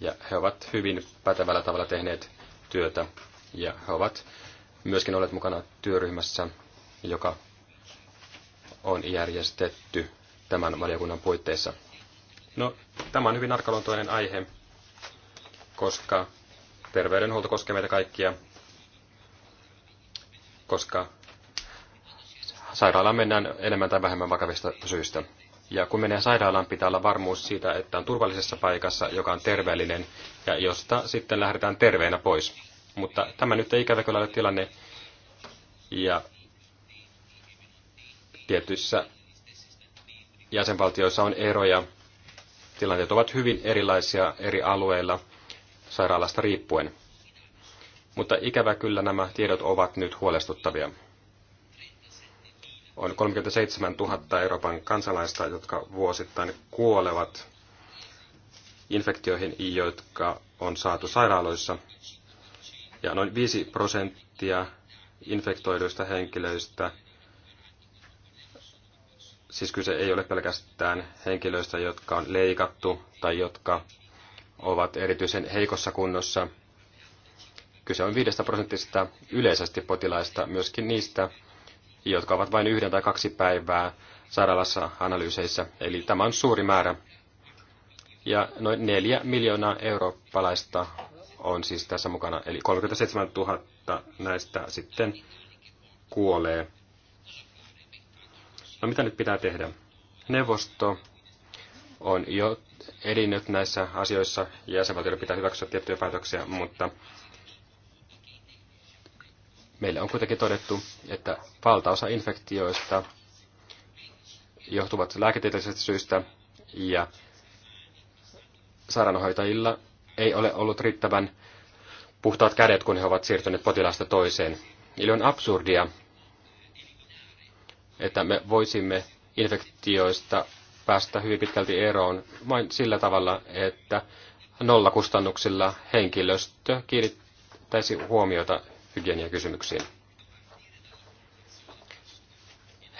S1: Ja he ovat hyvin pätevällä tavalla tehneet työtä ja he ovat myöskin olleet mukana työryhmässä, joka on järjestetty tämän valiokunnan puitteissa. No, tämä on hyvin arkaluontoinen aihe, koska terveydenhuolto koskee meitä kaikkia, koska sairaalaan mennään enemmän tai vähemmän vakavista syistä. Ja kun menee sairaalaan, pitää olla varmuus siitä, että on turvallisessa paikassa, joka on terveellinen, ja josta sitten lähdetään terveenä pois. Mutta tämä nyt ei ikävä kyllä ole tilanne, ja tietyissä jäsenvaltioissa on eroja tilanteet ovat hyvin erilaisia eri alueilla sairaalasta riippuen. Mutta ikävä kyllä nämä tiedot ovat nyt huolestuttavia. On 37 000 Euroopan kansalaista, jotka vuosittain kuolevat infektioihin, jotka on saatu sairaaloissa. Ja noin 5 prosenttia infektoiduista henkilöistä – siis kyse ei ole pelkästään henkilöistä, jotka on leikattu tai jotka ovat erityisen heikossa kunnossa. Kyse on 5 prosentista yleisesti potilaista, myöskin niistä, jotka ovat vain yhden tai kaksi päivää sairaalassa analyyseissä. Eli tämä on suuri määrä. Ja noin 4 miljoonaa eurooppalaista on siis tässä mukana, eli 37 000 näistä sitten kuolee No mitä nyt pitää tehdä? Neuvosto on jo edinnyt näissä asioissa, jäsenvaltioiden pitää hyväksyä tiettyjä päätöksiä, mutta meille on kuitenkin todettu, että valtaosa infektioista johtuvat lääketieteellisistä syistä ja sairaanhoitajilla ei ole ollut riittävän puhtaat kädet, kun he ovat siirtyneet potilaasta toiseen. Eli on absurdia, että me voisimme infektioista päästä hyvin pitkälti eroon vain sillä tavalla, että nollakustannuksilla henkilöstö kiinnittäisi huomiota hygieniakysymyksiin.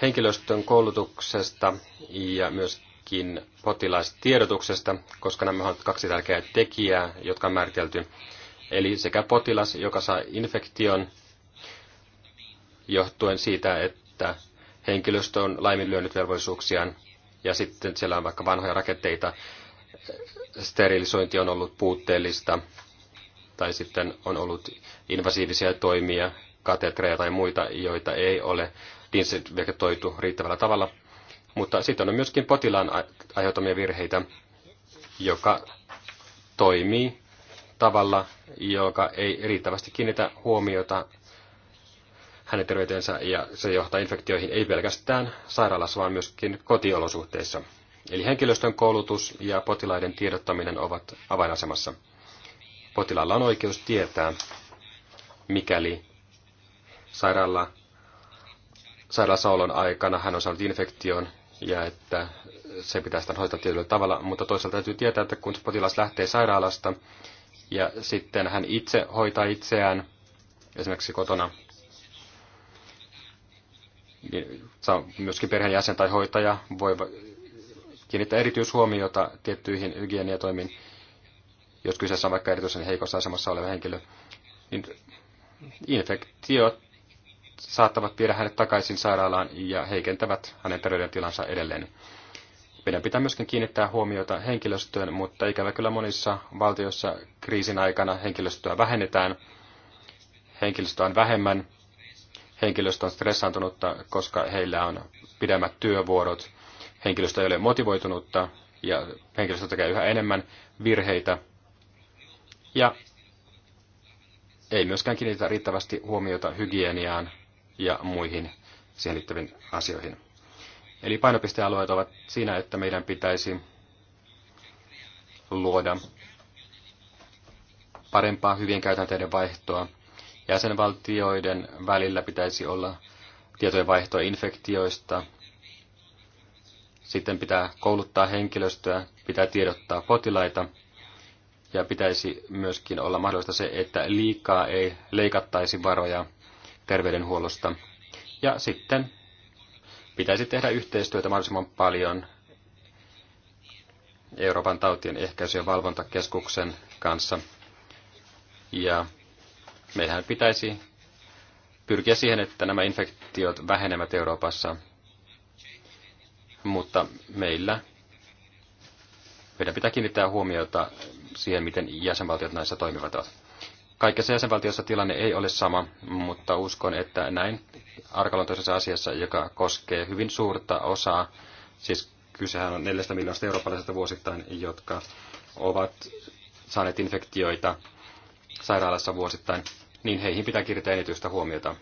S1: Henkilöstön koulutuksesta ja myöskin potilaistiedotuksesta, koska nämä ovat kaksi tärkeää tekijää, jotka on määritelty. Eli sekä potilas, joka saa infektion johtuen siitä, että henkilöstö on laiminlyönyt velvollisuuksiaan ja sitten siellä on vaikka vanhoja raketteita, sterilisointi on ollut puutteellista tai sitten on ollut invasiivisia toimia, katetreja tai muita, joita ei ole disinfektoitu riittävällä tavalla. Mutta sitten on myöskin potilaan aiheuttamia virheitä, joka toimii tavalla, joka ei riittävästi kiinnitä huomiota hänen terveytensä ja se johtaa infektioihin ei pelkästään sairaalassa, vaan myöskin kotiolosuhteissa. Eli henkilöstön koulutus ja potilaiden tiedottaminen ovat avainasemassa. Potilaalla on oikeus tietää, mikäli sairaalla, sairaalassaolon aikana hän on saanut infektion ja että se pitää sitä hoitaa tietyllä tavalla, mutta toisaalta täytyy tietää, että kun potilas lähtee sairaalasta ja sitten hän itse hoitaa itseään esimerkiksi kotona niin, myöskin perheenjäsen tai hoitaja voi kiinnittää erityishuomiota tiettyihin hygieniatoimiin, jos kyseessä on vaikka erityisen heikossa asemassa oleva henkilö, niin infektiot saattavat viedä hänet takaisin sairaalaan ja heikentävät hänen terveydentilansa edelleen. Meidän pitää myöskin kiinnittää huomiota henkilöstöön, mutta ikävä kyllä monissa valtioissa kriisin aikana henkilöstöä vähennetään, henkilöstöä on vähemmän, henkilöstö on stressaantunutta, koska heillä on pidemmät työvuorot, henkilöstö ei ole motivoitunutta ja henkilöstö tekee yhä enemmän virheitä ja ei myöskään kiinnitä riittävästi huomiota hygieniaan ja muihin siihen liittyviin asioihin. Eli painopistealueet ovat siinä, että meidän pitäisi luoda parempaa hyvien käytänteiden vaihtoa Jäsenvaltioiden välillä pitäisi olla tietojen vaihtoa infektioista. Sitten pitää kouluttaa henkilöstöä, pitää tiedottaa potilaita ja pitäisi myöskin olla mahdollista se, että liikaa ei leikattaisi varoja terveydenhuollosta. Ja sitten pitäisi tehdä yhteistyötä mahdollisimman paljon Euroopan tautien ehkäisy- ja valvontakeskuksen kanssa. Ja meidän pitäisi pyrkiä siihen, että nämä infektiot vähenevät Euroopassa, mutta meillä meidän pitää kiinnittää huomiota siihen, miten jäsenvaltiot näissä toimivat. Kaikissa jäsenvaltiossa tilanne ei ole sama, mutta uskon, että näin arkaluontoisessa asiassa, joka koskee hyvin suurta osaa, siis kysehän on 4 miljoonasta eurooppalaisesta vuosittain, jotka ovat saaneet infektioita sairaalassa vuosittain, niin heihin pitää kiinnittää erityistä huomiota.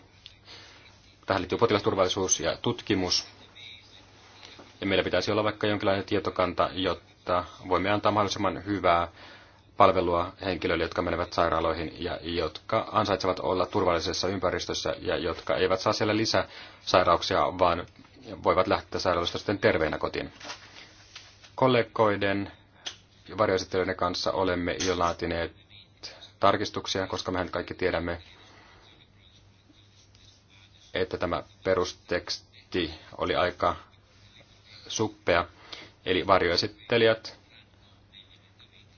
S1: Tähän liittyy potilasturvallisuus ja tutkimus. Ja meillä pitäisi olla vaikka jonkinlainen tietokanta, jotta voimme antaa mahdollisimman hyvää palvelua henkilöille, jotka menevät sairaaloihin ja jotka ansaitsevat olla turvallisessa ympäristössä ja jotka eivät saa siellä lisää sairauksia, vaan voivat lähteä sairaalasta sitten terveenä kotiin. Kollegoiden ja kanssa olemme jo laatineet tarkistuksia, koska mehän kaikki tiedämme, että tämä perusteksti oli aika suppea. Eli varjoesittelijät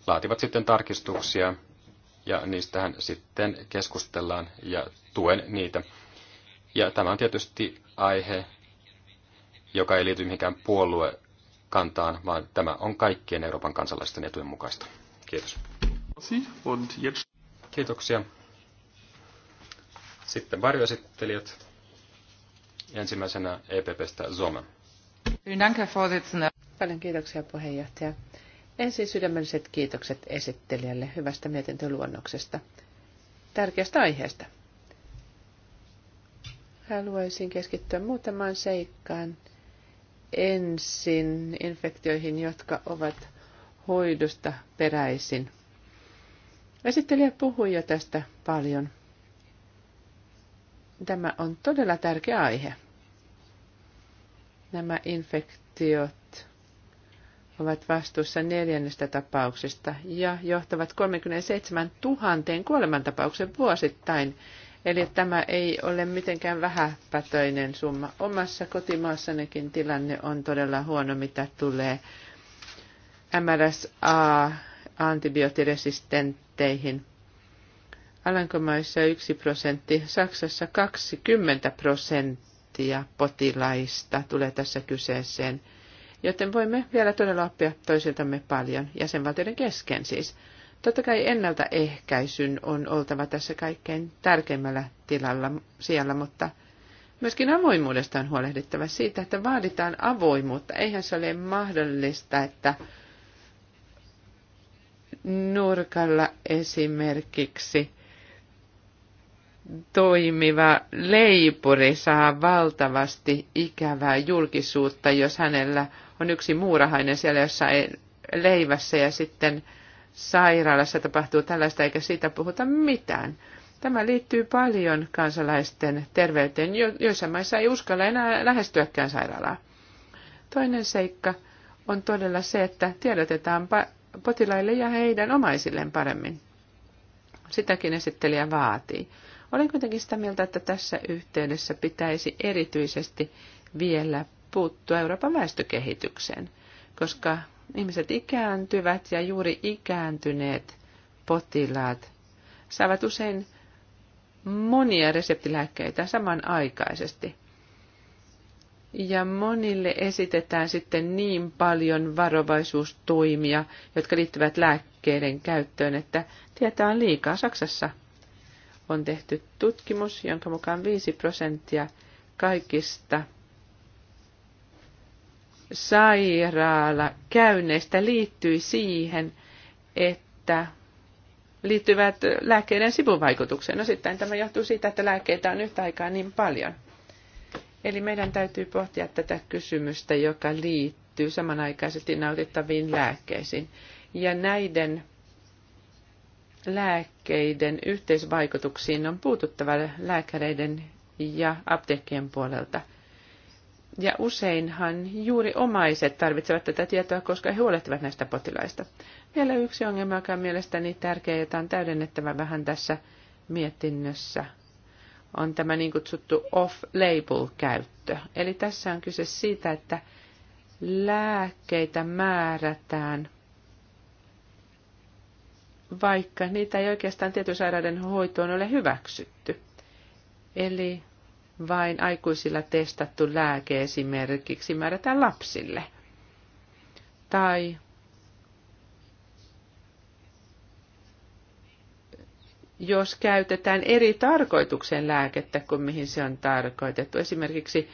S1: laativat sitten tarkistuksia ja niistähän sitten keskustellaan ja tuen niitä. Ja tämä on tietysti aihe, joka ei liity mihinkään puoluekantaan, vaan tämä on kaikkien Euroopan kansalaisten etujen mukaista. Kiitos. Kiitoksia. Sitten varjoesittelijät. Ensimmäisenä EPPstä Zome.
S3: Paljon kiitoksia puheenjohtaja. Ensin sydämelliset kiitokset esittelijälle hyvästä mietintöluonnoksesta. Tärkeästä aiheesta. Haluaisin keskittyä muutamaan seikkaan. Ensin infektioihin, jotka ovat hoidosta peräisin. Esittelijä puhui jo tästä paljon. Tämä on todella tärkeä aihe. Nämä infektiot ovat vastuussa neljännestä tapauksesta ja johtavat 37 000 kuolemantapauksen vuosittain. Eli tämä ei ole mitenkään vähäpätöinen summa. Omassa kotimaassanikin tilanne on todella huono, mitä tulee MRSA antibioottiresistentteihin. Alankomaissa 1 prosentti, Saksassa 20 prosenttia potilaista tulee tässä kyseeseen, joten voimme vielä todella oppia toisiltamme paljon, jäsenvaltioiden kesken siis. Totta kai ennaltaehkäisyn on oltava tässä kaikkein tärkeimmällä tilalla siellä, mutta myöskin avoimuudesta on huolehdittava siitä, että vaaditaan avoimuutta. Eihän se ole mahdollista, että nurkalla esimerkiksi toimiva leipuri saa valtavasti ikävää julkisuutta, jos hänellä on yksi muurahainen siellä jossain leivässä ja sitten sairaalassa tapahtuu tällaista eikä siitä puhuta mitään. Tämä liittyy paljon kansalaisten terveyteen, joissa maissa ei uskalla enää lähestyäkään sairaalaa. Toinen seikka on todella se, että tiedotetaan potilaille ja heidän omaisilleen paremmin. Sitäkin esittelijä vaatii. Olen kuitenkin sitä mieltä, että tässä yhteydessä pitäisi erityisesti vielä puuttua Euroopan väestökehitykseen, koska ihmiset ikääntyvät ja juuri ikääntyneet potilaat saavat usein monia reseptilääkkeitä samanaikaisesti. Ja monille esitetään sitten niin paljon varovaisuustoimia, jotka liittyvät lääkkeiden käyttöön, että tietää on liikaa. Saksassa on tehty tutkimus, jonka mukaan 5 prosenttia kaikista sairaala käynneistä liittyi siihen, että liittyvät lääkkeiden sivuvaikutukseen. Osittain no tämä johtuu siitä, että lääkkeitä on yhtä aikaa niin paljon – Eli meidän täytyy pohtia tätä kysymystä, joka liittyy samanaikaisesti nautittaviin lääkkeisiin. Ja näiden lääkkeiden yhteisvaikutuksiin on puututtava lääkäreiden ja apteekkien puolelta. Ja useinhan juuri omaiset tarvitsevat tätä tietoa, koska he huolehtivat näistä potilaista. Vielä yksi ongelma, joka on mielestäni tärkeä, jota on täydennettävä vähän tässä mietinnössä, on tämä niin kutsuttu off-label-käyttö. Eli tässä on kyse siitä, että lääkkeitä määrätään, vaikka niitä ei oikeastaan tietosairauden hoitoon ole hyväksytty. Eli vain aikuisilla testattu lääke esimerkiksi määrätään lapsille. Tai jos käytetään eri tarkoituksen lääkettä kuin mihin se on tarkoitettu. Esimerkiksi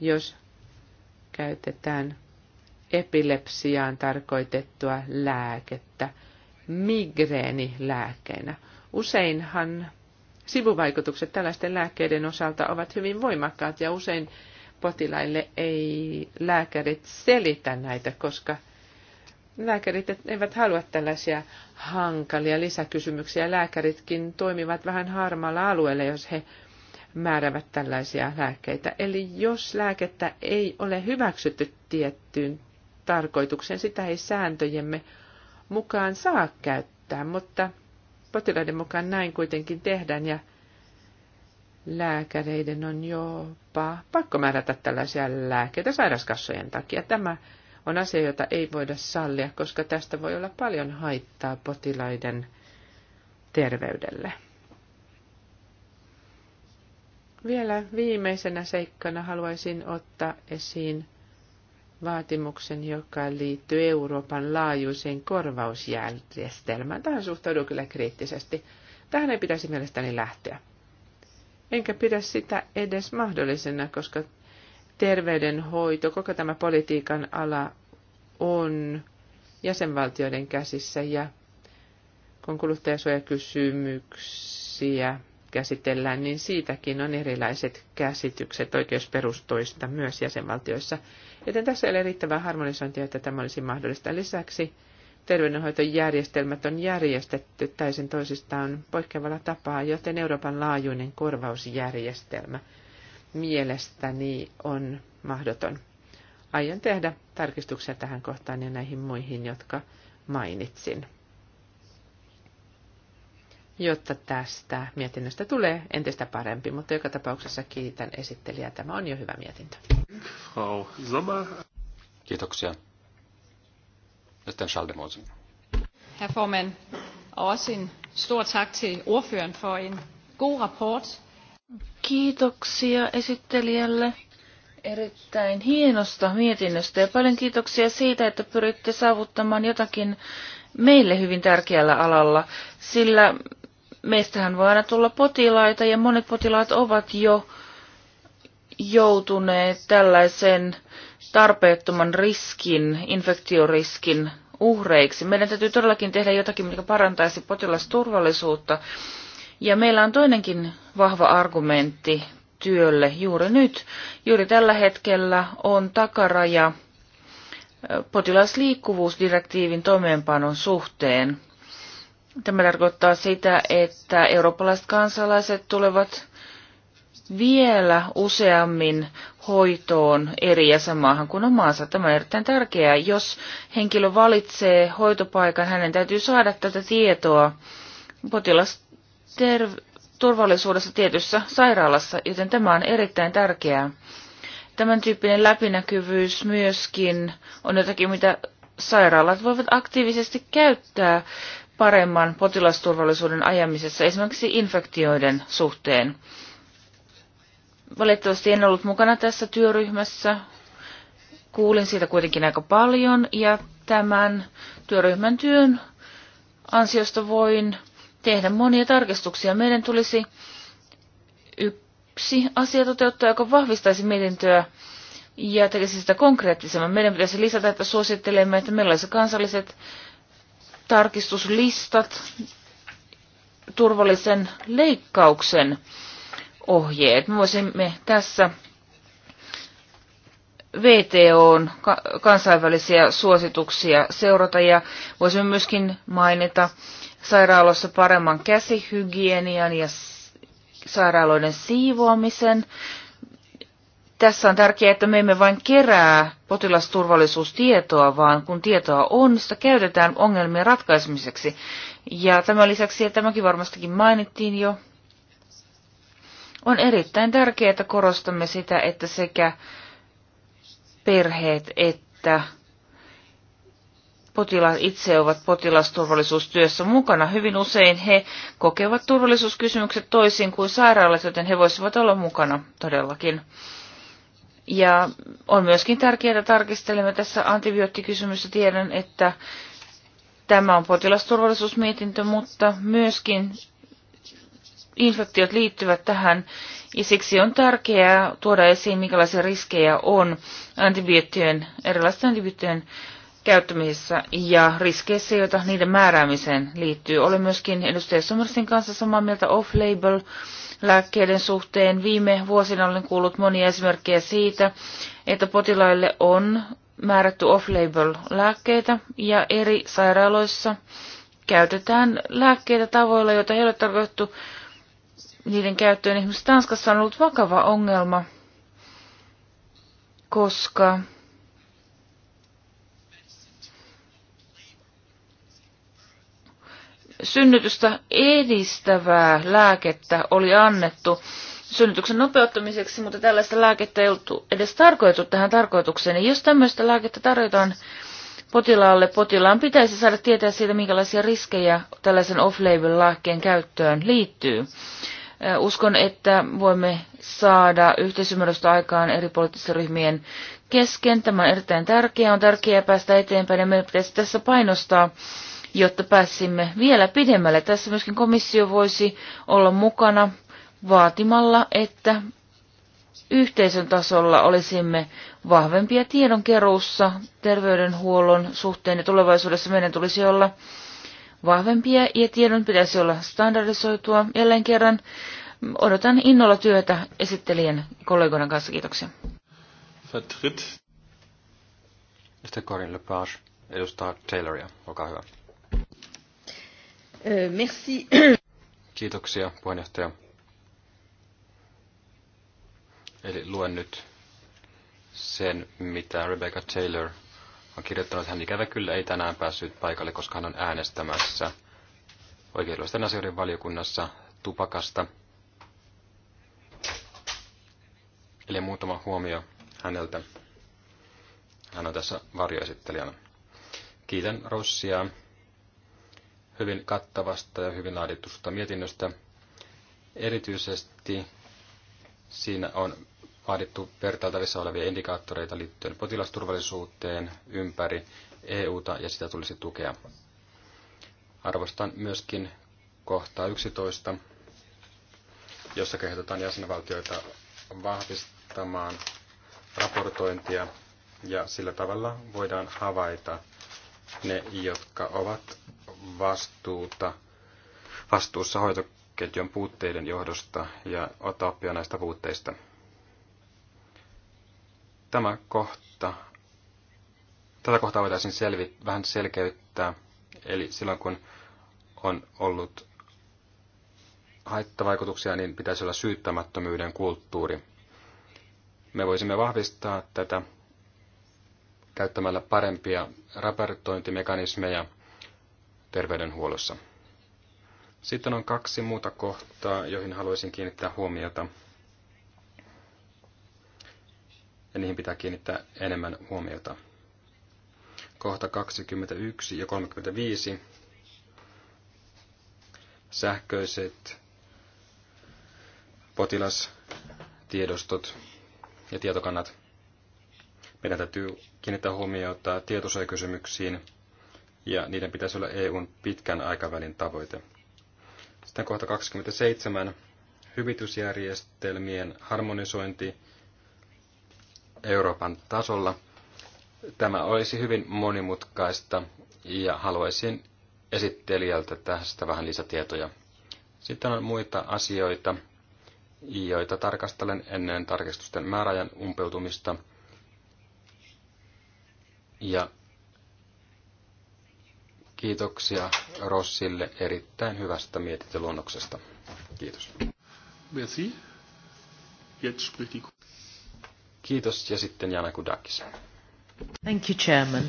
S3: jos käytetään epilepsiaan tarkoitettua lääkettä migreenilääkkeenä. Useinhan sivuvaikutukset tällaisten lääkkeiden osalta ovat hyvin voimakkaat ja usein potilaille ei lääkärit selitä näitä, koska – lääkärit eivät halua tällaisia hankalia lisäkysymyksiä. Lääkäritkin toimivat vähän harmaalla alueella, jos he määrävät tällaisia lääkkeitä. Eli jos lääkettä ei ole hyväksytty tiettyyn tarkoitukseen, sitä ei sääntöjemme mukaan saa käyttää, mutta potilaiden mukaan näin kuitenkin tehdään ja lääkäreiden on jopa pakko määrätä tällaisia lääkkeitä sairaskassojen takia. Tämä on asia, jota ei voida sallia, koska tästä voi olla paljon haittaa potilaiden terveydelle. Vielä viimeisenä seikkana haluaisin ottaa esiin vaatimuksen, joka liittyy Euroopan laajuiseen korvausjärjestelmään. Tähän suhtaudun kyllä kriittisesti. Tähän ei pitäisi mielestäni lähteä. Enkä pidä sitä edes mahdollisena, koska terveydenhoito, koko tämä politiikan ala on jäsenvaltioiden käsissä ja kun kuluttajasuojakysymyksiä käsitellään, niin siitäkin on erilaiset käsitykset oikeusperustoista myös jäsenvaltioissa. Joten tässä ei ole riittävää harmonisointia, että tämä olisi mahdollista. Lisäksi terveydenhoitojärjestelmät on järjestetty täysin toisistaan poikkeavalla tapaa, joten Euroopan laajuinen korvausjärjestelmä – mielestäni on mahdoton. Aion tehdä tarkistuksia tähän kohtaan ja näihin muihin, jotka mainitsin, jotta tästä mietinnöstä tulee entistä parempi, mutta joka tapauksessa kiitän esittelijää. Tämä on jo hyvä mietintö.
S1: Frau Sommer. Kiitoksia. sitten Schaldemosen.
S2: Herr Forman, også en stor tak til ordføreren for en god rapport. Kiitoksia esittelijälle erittäin hienosta mietinnöstä ja paljon kiitoksia siitä, että pyritte saavuttamaan jotakin meille hyvin tärkeällä alalla, sillä meistähän voi aina tulla potilaita ja monet potilaat ovat jo joutuneet tällaisen tarpeettoman riskin, infektioriskin uhreiksi. Meidän täytyy todellakin tehdä jotakin, mikä parantaisi potilasturvallisuutta ja meillä on toinenkin vahva argumentti työlle juuri nyt. Juuri tällä hetkellä on takaraja potilasliikkuvuusdirektiivin toimeenpanon suhteen. Tämä tarkoittaa sitä, että eurooppalaiset kansalaiset tulevat vielä useammin hoitoon eri jäsenmaahan kuin omaansa. Tämä on erittäin tärkeää. Jos henkilö valitsee hoitopaikan, hänen täytyy saada tätä tietoa. Potilas turvallisuudessa tietyssä sairaalassa, joten tämä on erittäin tärkeää. Tämän tyyppinen läpinäkyvyys myöskin on jotakin, mitä sairaalat voivat aktiivisesti käyttää paremman potilasturvallisuuden ajamisessa, esimerkiksi infektioiden suhteen. Valitettavasti en ollut mukana tässä työryhmässä. Kuulin siitä kuitenkin aika paljon ja tämän työryhmän työn ansiosta voin tehdä monia tarkistuksia. Meidän tulisi yksi asia toteuttaa, joka vahvistaisi mietintöä ja tekisi sitä konkreettisemman. Meidän pitäisi lisätä, että suosittelemme, että meillä olisi kansalliset tarkistuslistat, turvallisen leikkauksen ohjeet. Me voisimme tässä VTOn kansainvälisiä suosituksia seurata ja voisimme myöskin mainita Sairaalossa paremman käsihygienian ja sairaaloiden siivoamisen. Tässä on tärkeää, että me emme vain kerää potilasturvallisuustietoa, vaan kun tietoa on, sitä käytetään ongelmien ratkaisemiseksi. Ja tämän lisäksi, ja tämäkin varmastikin mainittiin jo, on erittäin tärkeää, että korostamme sitä, että sekä perheet että potilaat itse ovat potilasturvallisuustyössä mukana. Hyvin usein he kokevat turvallisuuskysymykset toisin kuin sairaalat, joten he voisivat olla mukana todellakin. Ja on myöskin tärkeää, että tarkistelemme tässä antibioottikysymystä. Tiedän, että tämä on potilasturvallisuusmietintö, mutta myöskin infektiot liittyvät tähän ja siksi on tärkeää tuoda esiin, minkälaisia riskejä on antibioottien, erilaisten antibioottien käyttämisessä ja riskeissä, joita niiden määräämiseen liittyy. Olen myöskin edustaja Somersin kanssa samaa mieltä off-label lääkkeiden suhteen. Viime vuosina olen kuullut monia esimerkkejä siitä, että potilaille on määrätty off-label lääkkeitä ja eri sairaaloissa käytetään lääkkeitä tavoilla, joita ei ole tarkoitettu niiden käyttöön. Esimerkiksi Tanskassa on ollut vakava ongelma, koska synnytystä edistävää lääkettä oli annettu synnytyksen nopeuttamiseksi, mutta tällaista lääkettä ei ollut edes tarkoitettu tähän tarkoitukseen. jos tämmöistä lääkettä tarjotaan potilaalle, potilaan pitäisi saada tietää siitä, minkälaisia riskejä tällaisen off-label lääkkeen käyttöön liittyy. Uskon, että voimme saada yhteisymmärrystä aikaan eri poliittisten ryhmien kesken. Tämä on erittäin tärkeää. On tärkeää päästä eteenpäin ja meidän pitäisi tässä painostaa jotta pääsimme vielä pidemmälle. Tässä myöskin komissio voisi olla mukana vaatimalla, että yhteisön tasolla olisimme vahvempia tiedonkeruussa terveydenhuollon suhteen ja tulevaisuudessa meidän tulisi olla vahvempia ja tiedon pitäisi olla standardisoitua. Jälleen kerran odotan innolla työtä esittelijän kollegoiden kanssa. Kiitoksia.
S1: Vertritt. Mr. Corin Lepage edustaa Tayloria. Olkaa hyvä.
S2: Euh,
S3: merci.
S1: Kiitoksia, puheenjohtaja. Eli luen nyt sen, mitä Rebecca Taylor on kirjoittanut. Hän ikävä kyllä ei tänään päässyt paikalle, koska hän on äänestämässä oikeudellisten asioiden valiokunnassa tupakasta. Eli muutama huomio häneltä. Hän on tässä varjoesittelijänä. Kiitän Rossia hyvin kattavasta ja hyvin laaditusta mietinnöstä. Erityisesti siinä on vaadittu vertailtavissa olevia indikaattoreita liittyen potilasturvallisuuteen ympäri EUta ja sitä tulisi tukea. Arvostan myöskin kohtaa 11, jossa kehotetaan jäsenvaltioita vahvistamaan raportointia ja sillä tavalla voidaan havaita ne, jotka ovat vastuuta, vastuussa hoitoketjun puutteiden johdosta ja ottaa oppia näistä puutteista. Tämä kohta, tätä kohtaa voitaisiin selvi, vähän selkeyttää, eli silloin kun on ollut haittavaikutuksia, niin pitäisi olla syyttämättömyyden kulttuuri. Me voisimme vahvistaa tätä käyttämällä parempia raportointimekanismeja terveydenhuollossa. Sitten on kaksi muuta kohtaa, joihin haluaisin kiinnittää huomiota. Ja niihin pitää kiinnittää enemmän huomiota. Kohta 21 ja 35. Sähköiset potilastiedostot ja tietokannat. Meidän täytyy kiinnittää huomiota tietosuojakysymyksiin ja niiden pitäisi olla EUn pitkän aikavälin tavoite. Sitten kohta 27. Hyvitysjärjestelmien harmonisointi Euroopan tasolla. Tämä olisi hyvin monimutkaista ja haluaisin esittelijältä tästä vähän lisätietoja. Sitten on muita asioita, joita tarkastelen ennen tarkistusten määräajan umpeutumista. Ja Kiitoksia Rossille erittäin hyvästä mietintöluonnoksesta. Kiitos. Merci. Kiitos ja sitten Jana Kudakis.
S2: Thank you, Chairman.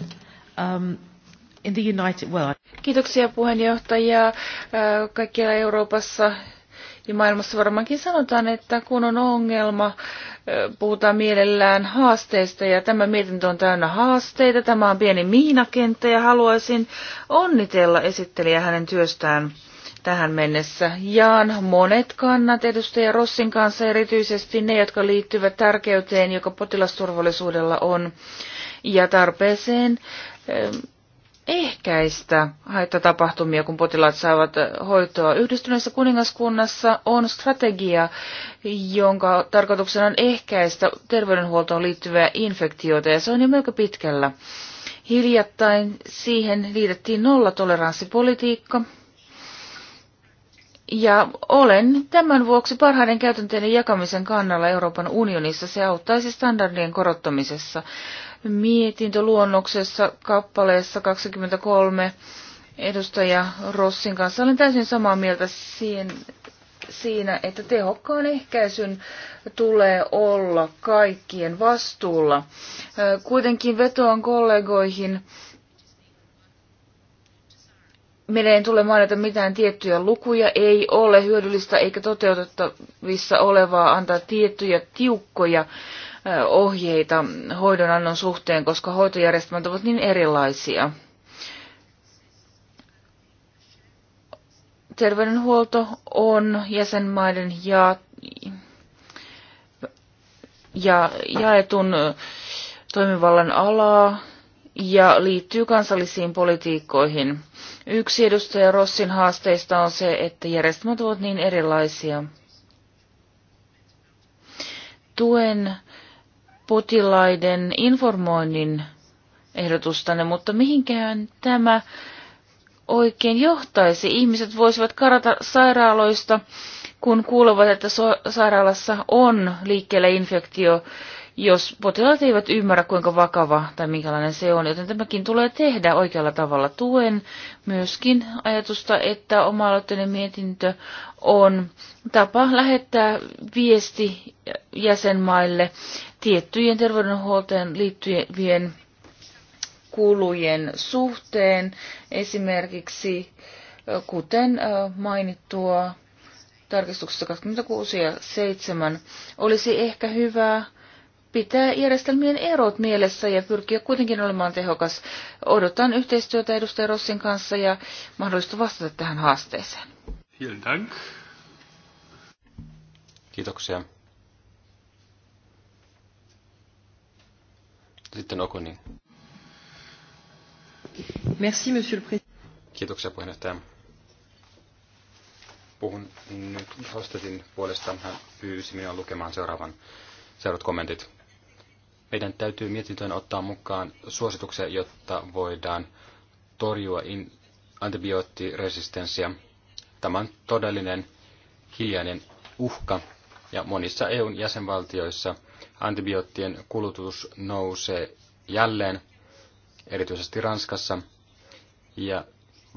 S3: Um, in the United... well,
S2: Kiitoksia puheenjohtaja. Äh, kaikkialla Euroopassa ja maailmassa varmaankin sanotaan, että kun on ongelma, puhutaan mielellään haasteista ja tämä mietintö on täynnä haasteita. Tämä on pieni miinakenttä ja haluaisin onnitella esittelijä hänen työstään tähän mennessä. Jaan monet kannat edustaja Rossin kanssa, erityisesti ne, jotka liittyvät tärkeyteen, joka potilasturvallisuudella on, ja tarpeeseen ehkäistä haittatapahtumia, kun potilaat saavat hoitoa. Yhdistyneessä kuningaskunnassa on strategia, jonka tarkoituksena on ehkäistä terveydenhuoltoon liittyviä infektioita, ja se on jo melko pitkällä. Hiljattain siihen liitettiin nollatoleranssipolitiikka, ja olen tämän vuoksi parhaiden käytänteiden jakamisen kannalla Euroopan unionissa. Se auttaisi standardien korottamisessa mietintöluonnoksessa kappaleessa 23 edustaja Rossin kanssa. Olen täysin samaa mieltä siinä, että tehokkaan ehkäisyn tulee olla kaikkien vastuulla. Kuitenkin vetoan kollegoihin. Meidän ei tule mainita mitään tiettyjä lukuja, ei ole hyödyllistä eikä toteutettavissa olevaa antaa tiettyjä tiukkoja ohjeita hoidonannon suhteen, koska hoitojärjestelmät ovat niin erilaisia. Terveydenhuolto on jäsenmaiden ja, ja jaetun toimivallan alaa ja liittyy kansallisiin politiikkoihin. Yksi edustaja Rossin haasteista on se, että järjestelmät ovat niin erilaisia. Tuen potilaiden informoinnin ehdotustanne, mutta mihinkään tämä oikein johtaisi? Ihmiset voisivat karata sairaaloista, kun kuulevat, että so- sairaalassa on liikkeellä infektio jos potilaat eivät ymmärrä, kuinka vakava tai minkälainen se on, joten tämäkin tulee tehdä oikealla tavalla tuen. Myöskin ajatusta, että oma-aloitteinen mietintö on tapa lähettää viesti jäsenmaille tiettyjen terveydenhuoltojen liittyvien kulujen suhteen, esimerkiksi kuten mainittua tarkistuksessa 26 ja 7, olisi ehkä hyvä pitää järjestelmien erot mielessä ja pyrkiä kuitenkin olemaan tehokas. Odotan yhteistyötä edustaja Rossin kanssa ja mahdollista vastata tähän haasteeseen.
S1: Dank. Kiitoksia. Sitten Okoni. Merci, monsieur le président. Kiitoksia puheenjohtaja. Puhun nyt Hostetin puolesta. Hän pyysi minua lukemaan seuraavan seuraavat kommentit. Meidän täytyy mietintöön ottaa mukaan suosituksia, jotta voidaan torjua in- antibioottiresistenssiä. Tämä on todellinen hiljainen uhka, ja monissa EUn jäsenvaltioissa antibioottien kulutus nousee jälleen, erityisesti Ranskassa, ja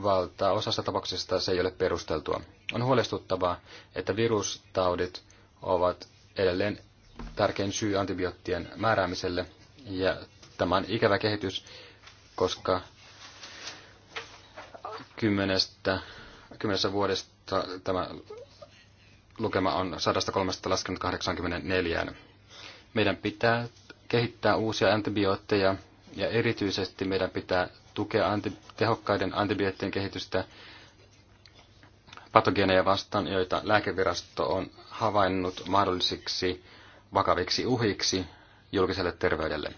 S1: valtaosassa tapauksista se ei ole perusteltua. On huolestuttavaa, että virustaudit ovat edelleen tärkein syy antibioottien määräämiselle. Ja tämä on ikävä kehitys, koska kymmenestä, kymmenessä vuodesta tämä lukema on 103 laskenut 84. Meidän pitää kehittää uusia antibiootteja ja erityisesti meidän pitää tukea anti, tehokkaiden antibioottien kehitystä patogeneja vastaan, joita lääkevirasto on havainnut mahdollisiksi vakaviksi uhiksi julkiselle terveydelle.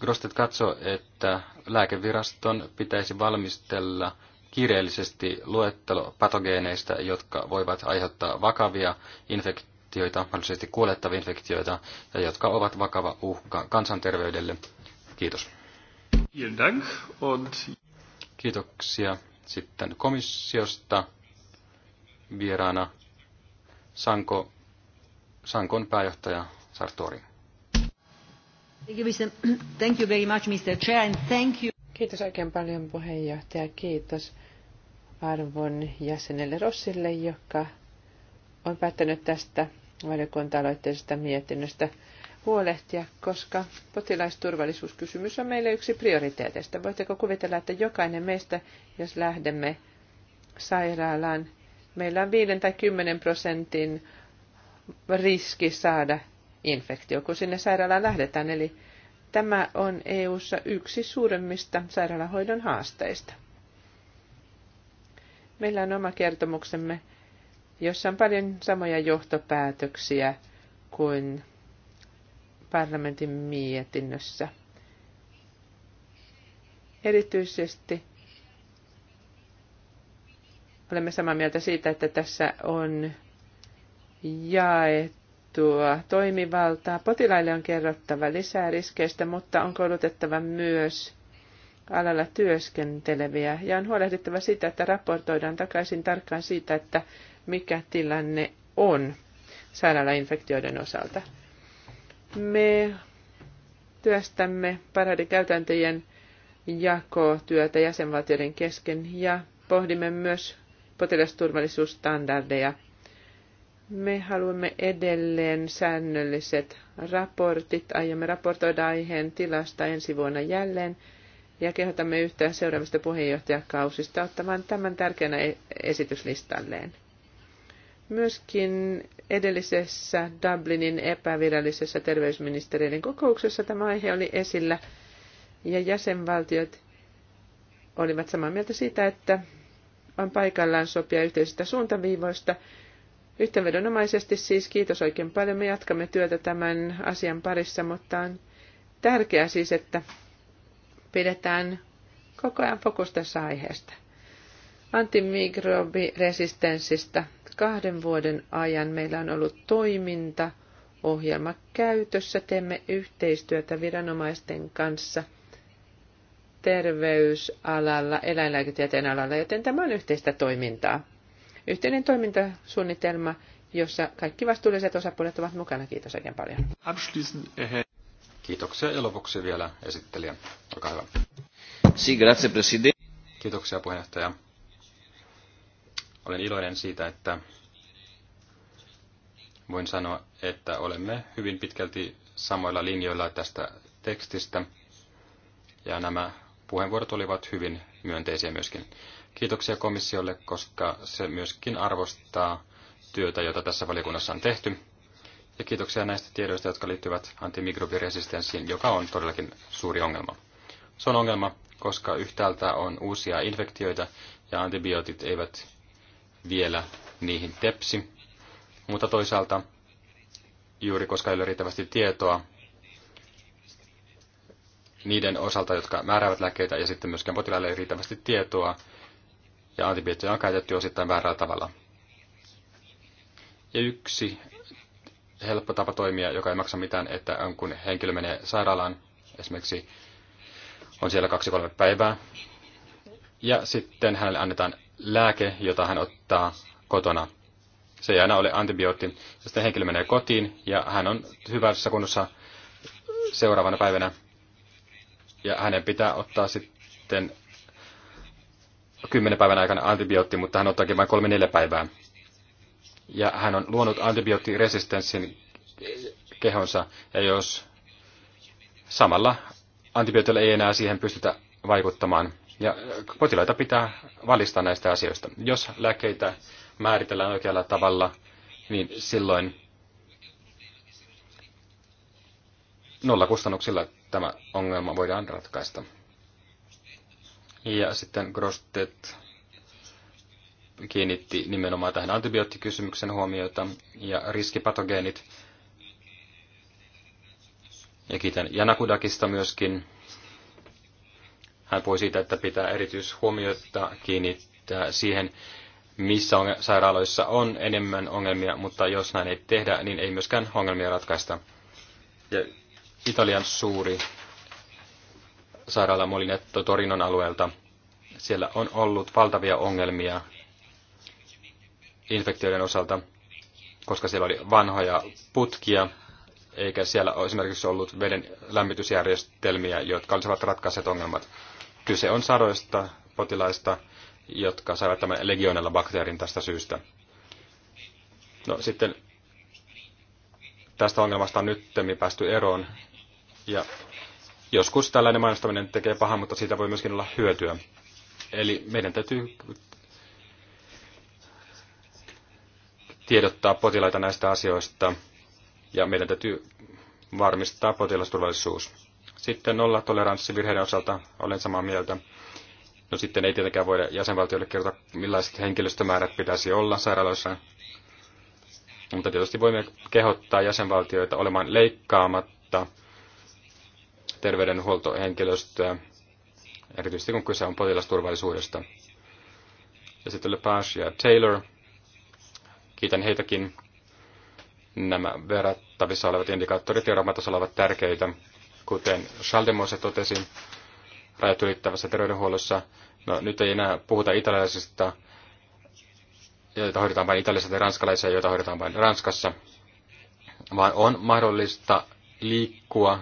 S1: Grostet katsoo, että lääkeviraston pitäisi valmistella kiireellisesti luettelo patogeeneista, jotka voivat aiheuttaa vakavia infektioita, mahdollisesti kuolettavia infektioita, ja jotka ovat vakava uhka kansanterveydelle. Kiitos. Kiitoksia. Sitten komissiosta vieraana Sanko Sankon pääjohtaja Sartori.
S2: Thank you very much, Mr. Chair,
S3: and thank you. Kiitos oikein paljon puheenjohtaja. Kiitos arvon jäsenelle Rossille, joka on päättänyt tästä valiokunta-aloitteisesta mietinnöstä huolehtia, koska potilaisturvallisuuskysymys on meille yksi prioriteeteista. Voitteko kuvitella, että jokainen meistä, jos lähdemme sairaalaan, meillä on 5 tai 10 prosentin riski saada infektio, kun sinne sairaalaan lähdetään. Eli tämä on EU:ssa yksi suuremmista sairaalahoidon haasteista. Meillä on oma kertomuksemme, jossa on paljon samoja johtopäätöksiä kuin parlamentin mietinnössä. Erityisesti olemme samaa mieltä siitä, että tässä on jaettua toimivaltaa. Potilaille on kerrottava lisää riskeistä, mutta on koulutettava myös alalla työskenteleviä ja on huolehdittava siitä, että raportoidaan takaisin tarkkaan siitä, että mikä tilanne on sairaalainfektioiden osalta. Me työstämme paradikäytäntöjen jakotyötä jäsenvaltioiden kesken ja pohdimme myös potilasturvallisuusstandardeja me haluamme edelleen säännölliset raportit. Aiomme raportoida aiheen tilasta ensi vuonna jälleen ja kehotamme yhtä seuraavista puheenjohtajakausista ottamaan tämän tärkeänä e- esityslistalleen. Myöskin edellisessä Dublinin epävirallisessa terveysministeriöiden kokouksessa tämä aihe oli esillä ja jäsenvaltiot olivat samaa mieltä siitä, että on paikallaan sopia yhteisistä suuntaviivoista – Yhteenvedonomaisesti siis kiitos oikein paljon. Me jatkamme työtä tämän asian parissa, mutta on tärkeää siis, että pidetään koko ajan fokus tässä aiheesta. Antimikrobiresistenssistä kahden vuoden ajan meillä on ollut toiminta, ohjelma käytössä, teemme yhteistyötä viranomaisten kanssa terveysalalla, eläinlääketieteen alalla, joten tämä on yhteistä toimintaa yhteinen toimintasuunnitelma, jossa kaikki vastuulliset osapuolet ovat mukana. Kiitos oikein paljon.
S1: Kiitoksia ja lopuksi vielä esittelijä. Olkaa hyvä. Si, grazie, presidente. Kiitoksia puheenjohtaja. Olen iloinen siitä, että voin sanoa, että olemme hyvin pitkälti samoilla linjoilla tästä tekstistä. Ja nämä puheenvuorot olivat hyvin myönteisiä myöskin. Kiitoksia komissiolle, koska se myöskin arvostaa työtä, jota tässä valiokunnassa on tehty. Ja kiitoksia näistä tiedoista, jotka liittyvät antimikrobiresistenssiin, joka on todellakin suuri ongelma. Se on ongelma, koska yhtäältä on uusia infektioita ja antibiootit eivät vielä niihin tepsi, mutta toisaalta juuri koska ei ole riittävästi tietoa niiden osalta, jotka määräävät lääkkeitä, ja sitten myöskään potilaille ei riittävästi tietoa ja antibiootteja on käytetty osittain väärällä tavalla. Ja yksi helppo tapa toimia, joka ei maksa mitään, että on, kun henkilö menee sairaalaan, esimerkiksi on siellä kaksi-kolme päivää, ja sitten hänelle annetaan lääke, jota hän ottaa kotona. Se ei aina ole antibiootti. Ja sitten henkilö menee kotiin ja hän on hyvässä kunnossa seuraavana päivänä. Ja hänen pitää ottaa sitten kymmenen päivän aikana antibiootti, mutta hän ottaakin vain kolme neljä päivää. Ja hän on luonut antibioottiresistenssin kehonsa, ja jos samalla antibiootilla ei enää siihen pystytä vaikuttamaan. Ja potilaita pitää valistaa näistä asioista. Jos lääkkeitä määritellään oikealla tavalla, niin silloin nollakustannuksilla tämä ongelma voidaan ratkaista. Ja sitten Grostet kiinnitti nimenomaan tähän antibioottikysymyksen huomiota ja riskipatogeenit. Ja kiitän Janakudakista myöskin. Hän puhui siitä, että pitää erityishuomiota kiinnittää siihen, missä on, sairaaloissa on enemmän ongelmia, mutta jos näin ei tehdä, niin ei myöskään ongelmia ratkaista. Ja Italian suuri sairaala Molinetto Torinon alueelta. Siellä on ollut valtavia ongelmia infektioiden osalta, koska siellä oli vanhoja putkia, eikä siellä ole esimerkiksi ollut veden lämmitysjärjestelmiä, jotka olisivat ratkaisseet ongelmat. Kyse on sadoista potilaista, jotka saivat tämän legionella bakteerin tästä syystä. No sitten tästä ongelmasta on nyt päästy eroon, ja Joskus tällainen mainostaminen tekee pahaa, mutta siitä voi myöskin olla hyötyä. Eli meidän täytyy tiedottaa potilaita näistä asioista ja meidän täytyy varmistaa potilasturvallisuus. Sitten toleranssi virheiden osalta olen samaa mieltä. No sitten ei tietenkään voida jäsenvaltioille kertoa, millaiset henkilöstömäärät pitäisi olla sairaaloissa. Mutta tietysti voimme kehottaa jäsenvaltioita olemaan leikkaamatta terveydenhuoltohenkilöstöä, erityisesti kun kyse on potilasturvallisuudesta. Ja sitten Lepage ja Taylor. Kiitän heitäkin. Nämä verrattavissa olevat indikaattorit ja raamatasolla ovat tärkeitä. Kuten Schaldemose totesi, rajat ylittävässä terveydenhuollossa, no nyt ei enää puhuta italialaisista, joita hoidetaan vain italialaisista ja ranskalaisia, joita hoidetaan vain Ranskassa, vaan on mahdollista liikkua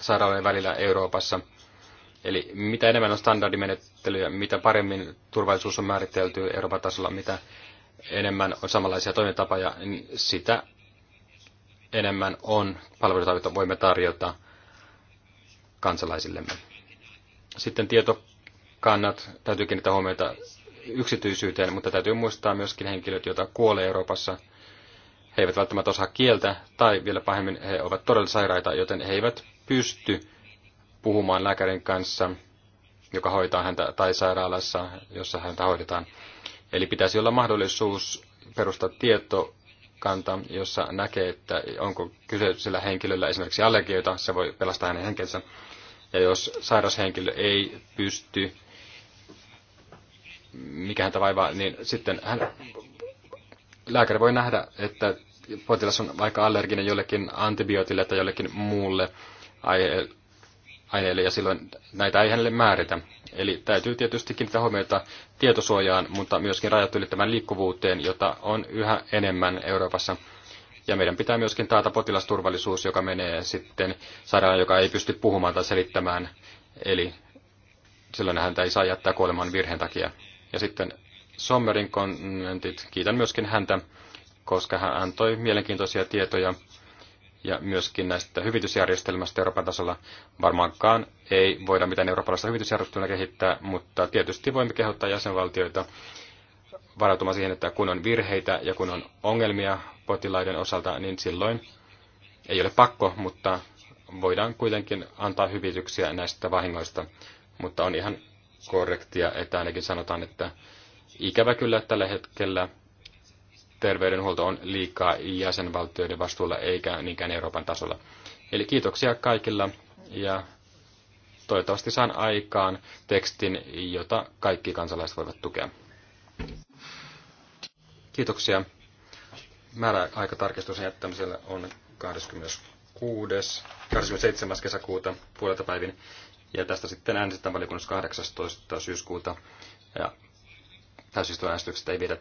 S1: sairaalojen välillä Euroopassa. Eli mitä enemmän on standardimenettelyjä, mitä paremmin turvallisuus on määritelty Euroopan tasolla, mitä enemmän on samanlaisia toimintatapoja, niin sitä enemmän on palveluita, joita voimme tarjota kansalaisillemme. Sitten tietokannat täytyy kiinnittää huomiota yksityisyyteen, mutta täytyy muistaa myöskin henkilöt, joita kuolee Euroopassa. He eivät välttämättä osaa kieltä, tai vielä pahemmin he ovat todella sairaita, joten he eivät pysty puhumaan lääkärin kanssa, joka hoitaa häntä, tai sairaalassa, jossa häntä hoidetaan. Eli pitäisi olla mahdollisuus perustaa tietokanta, jossa näkee, että onko kyseisellä henkilöllä esimerkiksi allergioita, se voi pelastaa hänen henkensä. Ja jos sairas henkilö ei pysty, mikä häntä vaivaa, niin sitten hän, lääkäri voi nähdä, että potilas on vaikka allerginen jollekin antibiootille tai jollekin muulle aineille ja silloin näitä ei hänelle määritä. Eli täytyy tietysti kiinnittää huomiota tietosuojaan, mutta myöskin rajat ylittävän liikkuvuuteen, jota on yhä enemmän Euroopassa. Ja meidän pitää myöskin taata potilasturvallisuus, joka menee sitten sairaalaan, joka ei pysty puhumaan tai selittämään. Eli silloin häntä ei saa jättää kuoleman virheen takia. Ja sitten Sommerin kommentit. Kiitän myöskin häntä, koska hän antoi mielenkiintoisia tietoja ja myöskin näistä hyvitysjärjestelmästä Euroopan tasolla. Varmaankaan ei voida mitään eurooppalaista hyvitysjärjestelmää kehittää, mutta tietysti voimme kehottaa jäsenvaltioita varautumaan siihen, että kun on virheitä ja kun on ongelmia potilaiden osalta, niin silloin ei ole pakko, mutta voidaan kuitenkin antaa hyvityksiä näistä vahingoista. Mutta on ihan korrektia, että ainakin sanotaan, että ikävä kyllä tällä hetkellä terveydenhuolto on liikaa jäsenvaltioiden vastuulla eikä niinkään Euroopan tasolla. Eli kiitoksia kaikilla ja toivottavasti saan aikaan tekstin, jota kaikki kansalaiset voivat tukea. Kiitoksia. Määräaikatarkistuksen jättämisellä on 26. 27. kesäkuuta puolelta päivin ja tästä sitten äänestetään valiokunnassa 18. syyskuuta ja täysistuvan äänestyksestä ei viedä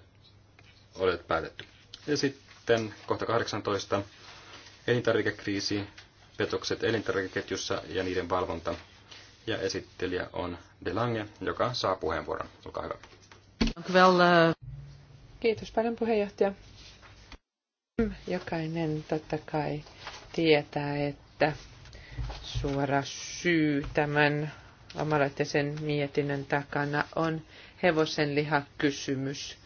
S1: olet päätetty. Ja sitten kohta 18. Elintarvikekriisi, petokset elintarvikeketjussa ja niiden valvonta. Ja esittelijä on Delange, joka saa puheenvuoron. Olkaa hyvä. Eh.
S3: Kiitos paljon puheenjohtaja. Jokainen totta kai tietää, että suora syy tämän omalaitteisen mietinnön takana on hevosen lihakysymys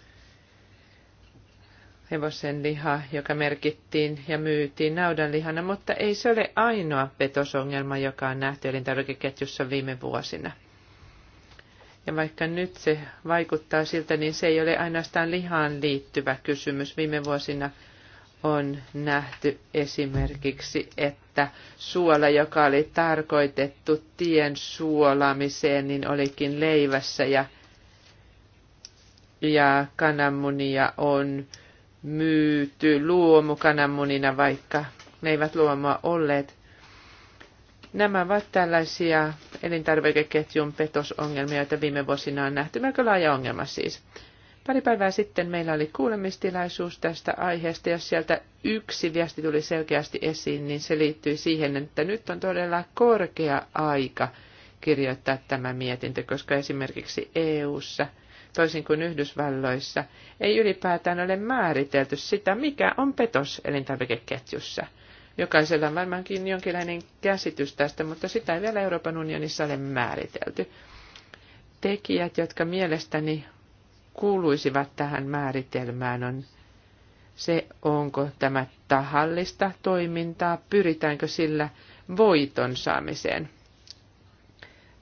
S3: hevosen liha, joka merkittiin ja myytiin naudanlihana, mutta ei se ole ainoa petosongelma, joka on nähty elintarvikeketjussa viime vuosina. Ja vaikka nyt se vaikuttaa siltä, niin se ei ole ainoastaan lihaan liittyvä kysymys. Viime vuosina on nähty esimerkiksi, että suola, joka oli tarkoitettu tien suolamiseen, niin olikin leivässä ja, ja kananmunia on myyty luomukananmunina, vaikka ne eivät luomua olleet. Nämä ovat tällaisia elintarvikeketjun petosongelmia, joita viime vuosina on nähty. Melko laaja ongelma siis. Pari päivää sitten meillä oli kuulemistilaisuus tästä aiheesta, ja sieltä yksi viesti tuli selkeästi esiin, niin se liittyy siihen, että nyt on todella korkea aika kirjoittaa tämä mietintö, koska esimerkiksi EU:ssa – toisin kuin Yhdysvalloissa, ei ylipäätään ole määritelty sitä, mikä on petos elintarvikeketjussa. Jokaisella on varmaankin jonkinlainen käsitys tästä, mutta sitä ei vielä Euroopan unionissa ole määritelty. Tekijät, jotka mielestäni kuuluisivat tähän määritelmään, on se, onko tämä tahallista toimintaa, pyritäänkö sillä voiton saamiseen.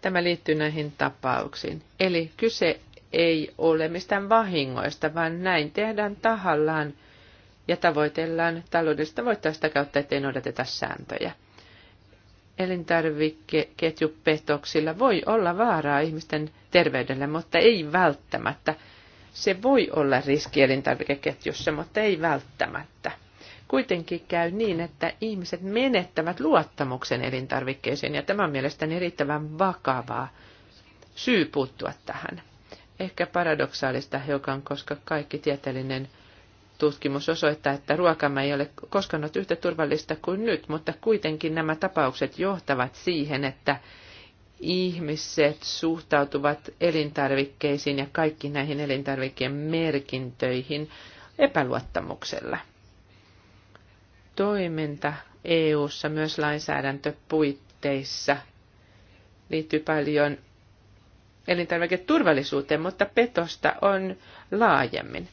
S3: Tämä liittyy näihin tapauksiin. Eli kyse ei ole mistään vahingoista, vaan näin tehdään tahallaan ja tavoitellaan taloudellista voittoa sitä kautta, ettei noudateta sääntöjä. Elintarvikeketjupetoksilla voi olla vaaraa ihmisten terveydelle, mutta ei välttämättä. Se voi olla riski elintarvikeketjussa, mutta ei välttämättä. Kuitenkin käy niin, että ihmiset menettävät luottamuksen elintarvikkeeseen, ja tämä on mielestäni riittävän vakavaa syy puuttua tähän ehkä paradoksaalista hiukan, koska kaikki tieteellinen tutkimus osoittaa, että ruokamme ei ole koskaan ollut yhtä turvallista kuin nyt, mutta kuitenkin nämä tapaukset johtavat siihen, että ihmiset suhtautuvat elintarvikkeisiin ja kaikki näihin elintarvikkeen merkintöihin epäluottamuksella. Toiminta EU-ssa myös lainsäädäntöpuitteissa liittyy paljon elintarviketurvallisuuteen, mutta petosta on laajemmin.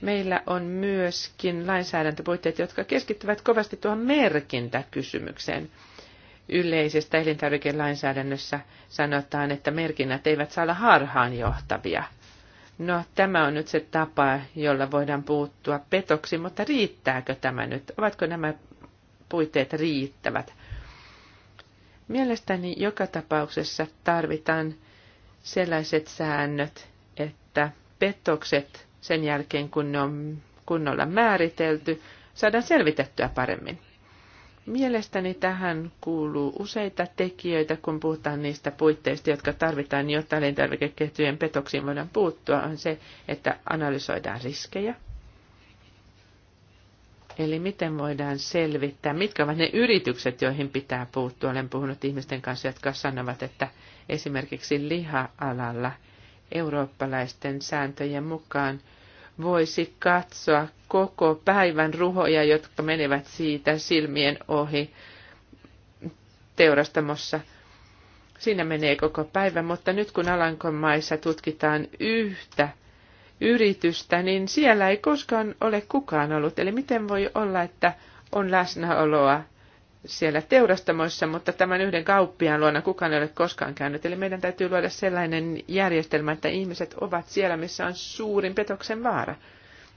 S3: Meillä on myöskin lainsäädäntöpuitteet, jotka keskittyvät kovasti tuohon merkintäkysymykseen. Yleisestä elintarvikelainsäädännössä sanotaan, että merkinnät eivät saa olla harhaanjohtavia. No, tämä on nyt se tapa, jolla voidaan puuttua petoksi, mutta riittääkö tämä nyt? Ovatko nämä puitteet riittävät? Mielestäni joka tapauksessa tarvitaan sellaiset säännöt, että petokset sen jälkeen, kun ne on kunnolla määritelty, saadaan selvitettyä paremmin. Mielestäni tähän kuuluu useita tekijöitä, kun puhutaan niistä puitteista, jotka tarvitaan, jotta elintarvikeketjujen petoksiin voidaan puuttua, on se, että analysoidaan riskejä – Eli miten voidaan selvittää, mitkä ovat ne yritykset, joihin pitää puuttua. Olen puhunut ihmisten kanssa, jotka sanovat, että esimerkiksi liha-alalla eurooppalaisten sääntöjen mukaan voisi katsoa koko päivän ruhoja, jotka menevät siitä silmien ohi teurastamossa. Siinä menee koko päivä, mutta nyt kun Alankomaissa tutkitaan yhtä yritystä, niin siellä ei koskaan ole kukaan ollut. Eli miten voi olla, että on läsnäoloa siellä teurastamoissa, mutta tämän yhden kauppiaan luona kukaan ei ole koskaan käynyt. Eli meidän täytyy luoda sellainen järjestelmä, että ihmiset ovat siellä, missä on suurin petoksen vaara.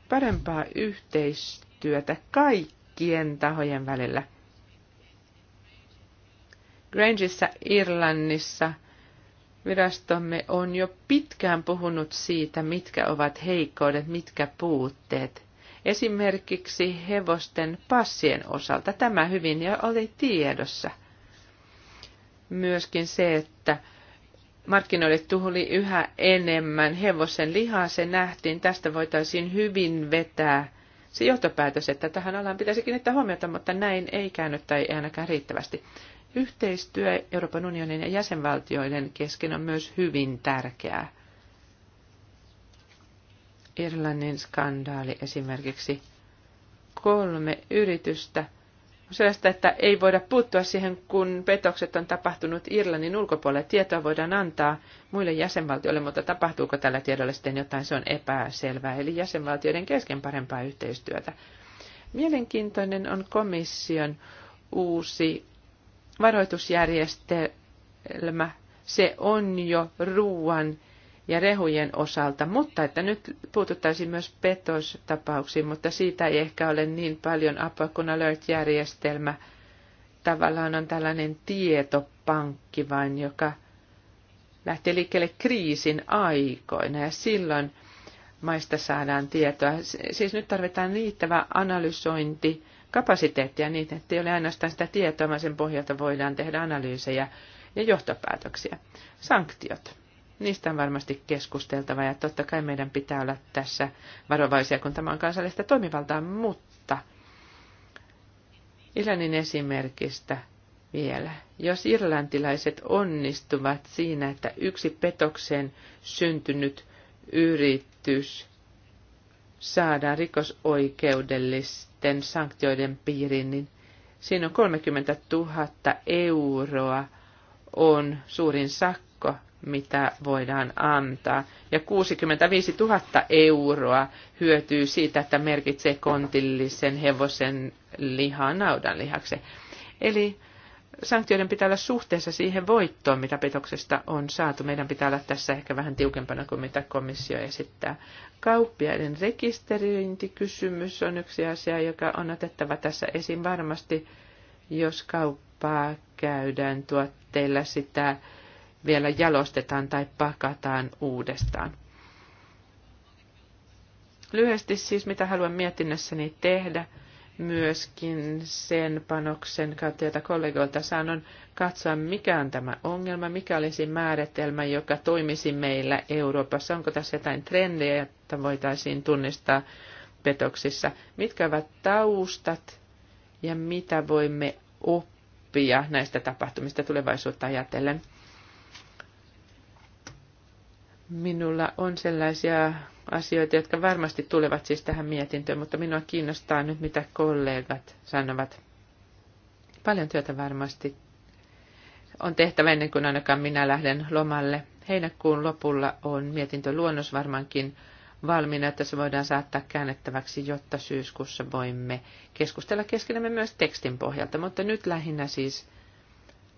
S3: Parempaa yhteistyötä kaikkien tahojen välillä. Grangeissa Irlannissa – virastomme on jo pitkään puhunut siitä, mitkä ovat heikkoudet, mitkä puutteet. Esimerkiksi hevosten passien osalta tämä hyvin jo oli tiedossa. Myöskin se, että markkinoille tuli yhä enemmän hevosen lihaa, se nähtiin, tästä voitaisiin hyvin vetää se johtopäätös, että tähän alaan pitäisi kiinnittää huomiota, mutta näin ei käynyt tai ei ainakaan riittävästi. Yhteistyö Euroopan unionin ja jäsenvaltioiden kesken on myös hyvin tärkeää. Irlannin skandaali esimerkiksi. Kolme yritystä on sellaista, että ei voida puuttua siihen, kun petokset on tapahtunut Irlannin ulkopuolelle. Tietoa voidaan antaa muille jäsenvaltioille, mutta tapahtuuko tällä tiedolla sitten jotain, se on epäselvää. Eli jäsenvaltioiden kesken parempaa yhteistyötä. Mielenkiintoinen on komission uusi varoitusjärjestelmä, se on jo ruoan ja rehujen osalta, mutta että nyt puututtaisiin myös petostapauksiin, mutta siitä ei ehkä ole niin paljon apua, kun alert-järjestelmä tavallaan on tällainen tietopankki vain, joka lähtee liikkeelle kriisin aikoina ja silloin maista saadaan tietoa. Siis nyt tarvitaan riittävä analysointi kapasiteettia niin, että ei ole ainoastaan sitä tietoa, vaan sen pohjalta voidaan tehdä analyysejä ja johtopäätöksiä. Sanktiot. Niistä on varmasti keskusteltava ja totta kai meidän pitää olla tässä varovaisia, kun tämä on kansallista toimivaltaa, mutta Irlannin esimerkistä vielä. Jos irlantilaiset onnistuvat siinä, että yksi petokseen syntynyt yritys saadaan rikosoikeudellista, sitten sanktioiden piiriin, niin siinä on 30 000 euroa on suurin sakko, mitä voidaan antaa. Ja 65 000 euroa hyötyy siitä, että merkitsee kontillisen hevosen lihaa naudanlihaksi. Eli sanktioiden pitää olla suhteessa siihen voittoon, mitä petoksesta on saatu. Meidän pitää olla tässä ehkä vähän tiukempana kuin mitä komissio esittää. Kauppiaiden rekisteröintikysymys on yksi asia, joka on otettava tässä esiin varmasti, jos kauppaa käydään tuotteilla sitä vielä jalostetaan tai pakataan uudestaan. Lyhyesti siis, mitä haluan mietinnössäni tehdä – myöskin sen panoksen kautta, jota kollegoilta saan, on katsoa, mikä on tämä ongelma, mikä olisi määritelmä, joka toimisi meillä Euroopassa. Onko tässä jotain trendejä, jotta voitaisiin tunnistaa petoksissa? Mitkä ovat taustat ja mitä voimme oppia näistä tapahtumista tulevaisuutta ajatellen? Minulla on sellaisia asioita, jotka varmasti tulevat siis tähän mietintöön, mutta minua kiinnostaa nyt, mitä kollegat sanovat. Paljon työtä varmasti on tehtävä ennen kuin ainakaan minä lähden lomalle. Heinäkuun lopulla on mietintöluonnos varmaankin valmiina, että se voidaan saattaa käännettäväksi, jotta syyskuussa voimme keskustella keskenämme myös tekstin pohjalta. Mutta nyt lähinnä siis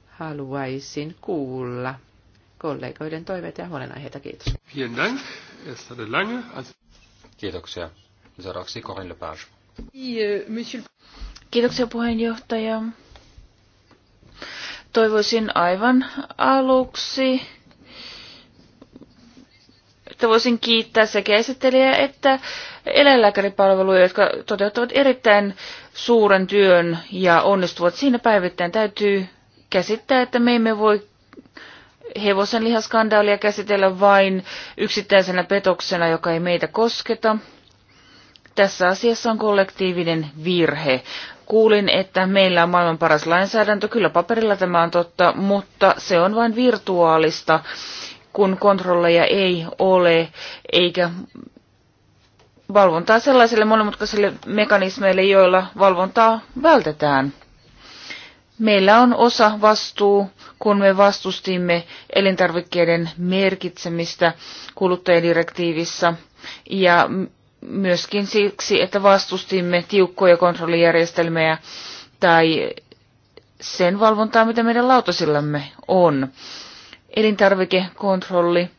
S3: haluaisin kuulla kollegoiden toiveita ja huolenaiheita. Kiitos.
S1: Kiitoksia. Seuraavaksi Corinne Lepage.
S2: Kiitoksia puheenjohtaja. Toivoisin aivan aluksi, että voisin kiittää sekä esittelijää että eläinlääkäripalveluja, jotka toteuttavat erittäin suuren työn ja onnistuvat siinä päivittäin. Täytyy käsittää, että me emme voi hevosen lihaskandaalia käsitellä vain yksittäisenä petoksena, joka ei meitä kosketa. Tässä asiassa on kollektiivinen virhe. Kuulin, että meillä on maailman paras lainsäädäntö. Kyllä paperilla tämä on totta, mutta se on vain virtuaalista, kun kontrolleja ei ole, eikä valvontaa sellaiselle monimutkaisille mekanismeille, joilla valvontaa vältetään meillä on osa vastuu, kun me vastustimme elintarvikkeiden merkitsemistä kuluttajadirektiivissä ja myöskin siksi, että vastustimme tiukkoja kontrollijärjestelmiä tai sen valvontaa, mitä meidän lautasillamme on. Elintarvikekontrolli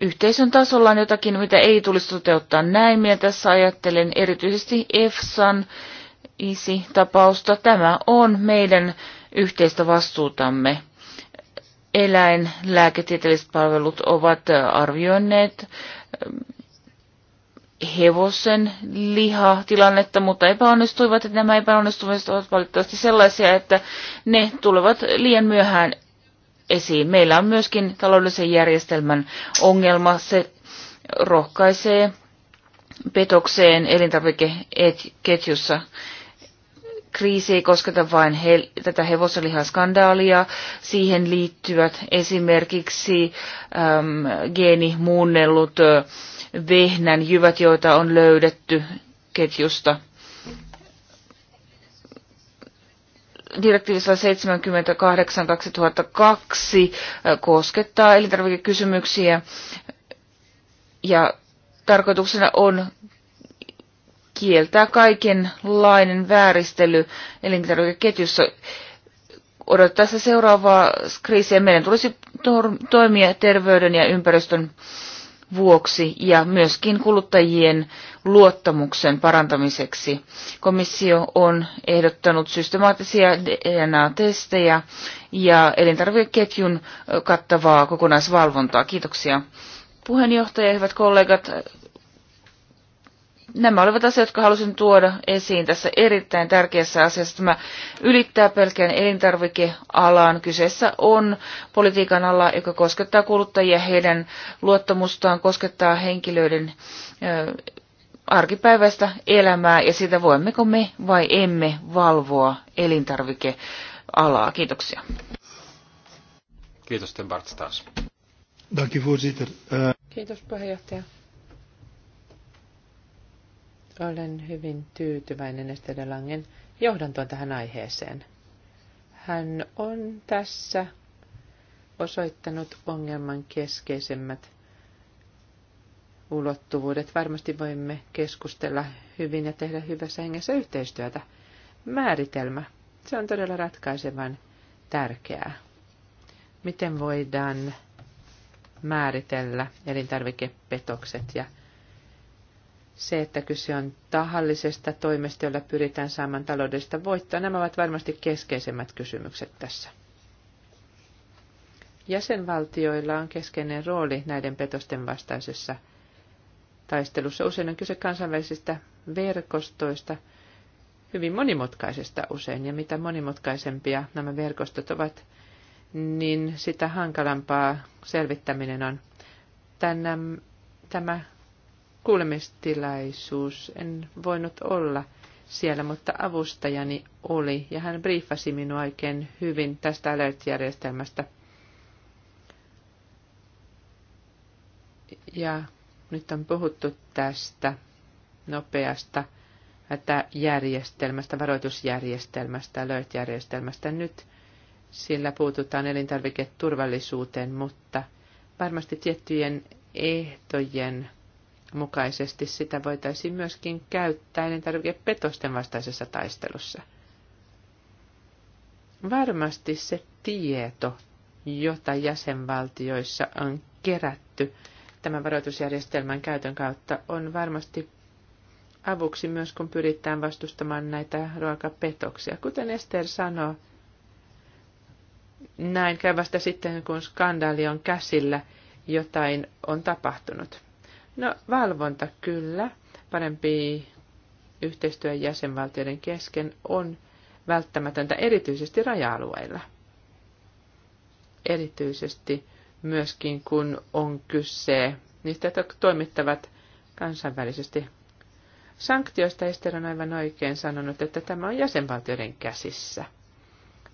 S2: yhteisön tasolla on jotakin, mitä ei tulisi toteuttaa näin. Minä tässä ajattelen erityisesti EFSAn isi-tapausta. Tämä on meidän yhteistä vastuutamme. Eläinlääketieteelliset palvelut ovat arvioineet ähm, hevosen lihatilannetta, mutta epäonnistuivat. Että nämä epäonnistumiset ovat valitettavasti sellaisia, että ne tulevat liian myöhään esiin. Meillä on myöskin taloudellisen järjestelmän ongelma. Se rohkaisee petokseen elintarvikeketjussa. Et- kriisi ei kosketa vain he, tätä hevosalihaskandaalia. Siihen liittyvät esimerkiksi äm, geenimuunnellut vehnän jyvät, joita on löydetty ketjusta. Direktiivi 78-2002 koskettaa elintarvikekysymyksiä ja tarkoituksena on kieltää kaikenlainen vääristely elintarvikeketjussa. Odottaessa seuraavaa kriisiä meidän tulisi toimia terveyden ja ympäristön vuoksi ja myöskin kuluttajien luottamuksen parantamiseksi. Komissio on ehdottanut systemaattisia DNA-testejä ja elintarvikeketjun kattavaa kokonaisvalvontaa. Kiitoksia puheenjohtaja, hyvät kollegat nämä olivat asiat, jotka halusin tuoda esiin tässä erittäin tärkeässä asiassa. Tämä ylittää pelkään elintarvikealan. Kyseessä on politiikan ala, joka koskettaa kuluttajia, heidän luottamustaan, koskettaa henkilöiden arkipäiväistä elämää ja sitä voimmeko me vai emme valvoa
S1: elintarvikealaa. Kiitoksia. Kiitos, Bart taas. Eh,
S3: Kiitos puheenjohtaja. Olen hyvin tyytyväinen Estelle Langen johdantoon tähän aiheeseen. Hän on tässä osoittanut ongelman keskeisemmät ulottuvuudet. Varmasti voimme keskustella hyvin ja tehdä hyvässä hengessä yhteistyötä. Määritelmä. Se on todella ratkaisevan tärkeää. Miten voidaan määritellä elintarvikepetokset ja se, että kyse on tahallisesta toimesta, jolla pyritään saamaan taloudellista voittoa. Nämä ovat varmasti keskeisemmät kysymykset tässä. Jäsenvaltioilla on keskeinen rooli näiden petosten vastaisessa taistelussa. Usein on kyse kansainvälisistä verkostoista, hyvin monimutkaisesta usein, ja mitä monimutkaisempia nämä verkostot ovat, niin sitä hankalampaa selvittäminen on. Tänä, tämä kuulemistilaisuus. En voinut olla siellä, mutta avustajani oli ja hän briefasi minua oikein hyvin tästä alert-järjestelmästä. Ja nyt on puhuttu tästä nopeasta järjestelmästä, varoitusjärjestelmästä, alert-järjestelmästä. Nyt sillä puututaan elintarviketurvallisuuteen, mutta varmasti tiettyjen ehtojen mukaisesti sitä voitaisiin myöskin käyttää elintarvikepetosten vastaisessa taistelussa. Varmasti se tieto, jota jäsenvaltioissa on kerätty tämän varoitusjärjestelmän käytön kautta, on varmasti avuksi myös, kun pyritään vastustamaan näitä ruokapetoksia. Kuten Ester sanoo, näin käy vasta sitten, kun skandaali on käsillä, jotain on tapahtunut. No valvonta kyllä, parempi yhteistyö jäsenvaltioiden kesken on välttämätöntä erityisesti raja-alueilla. Erityisesti myöskin kun on kyse niistä, jotka toimittavat kansainvälisesti. Sanktioista Ester on aivan oikein sanonut, että tämä on jäsenvaltioiden käsissä.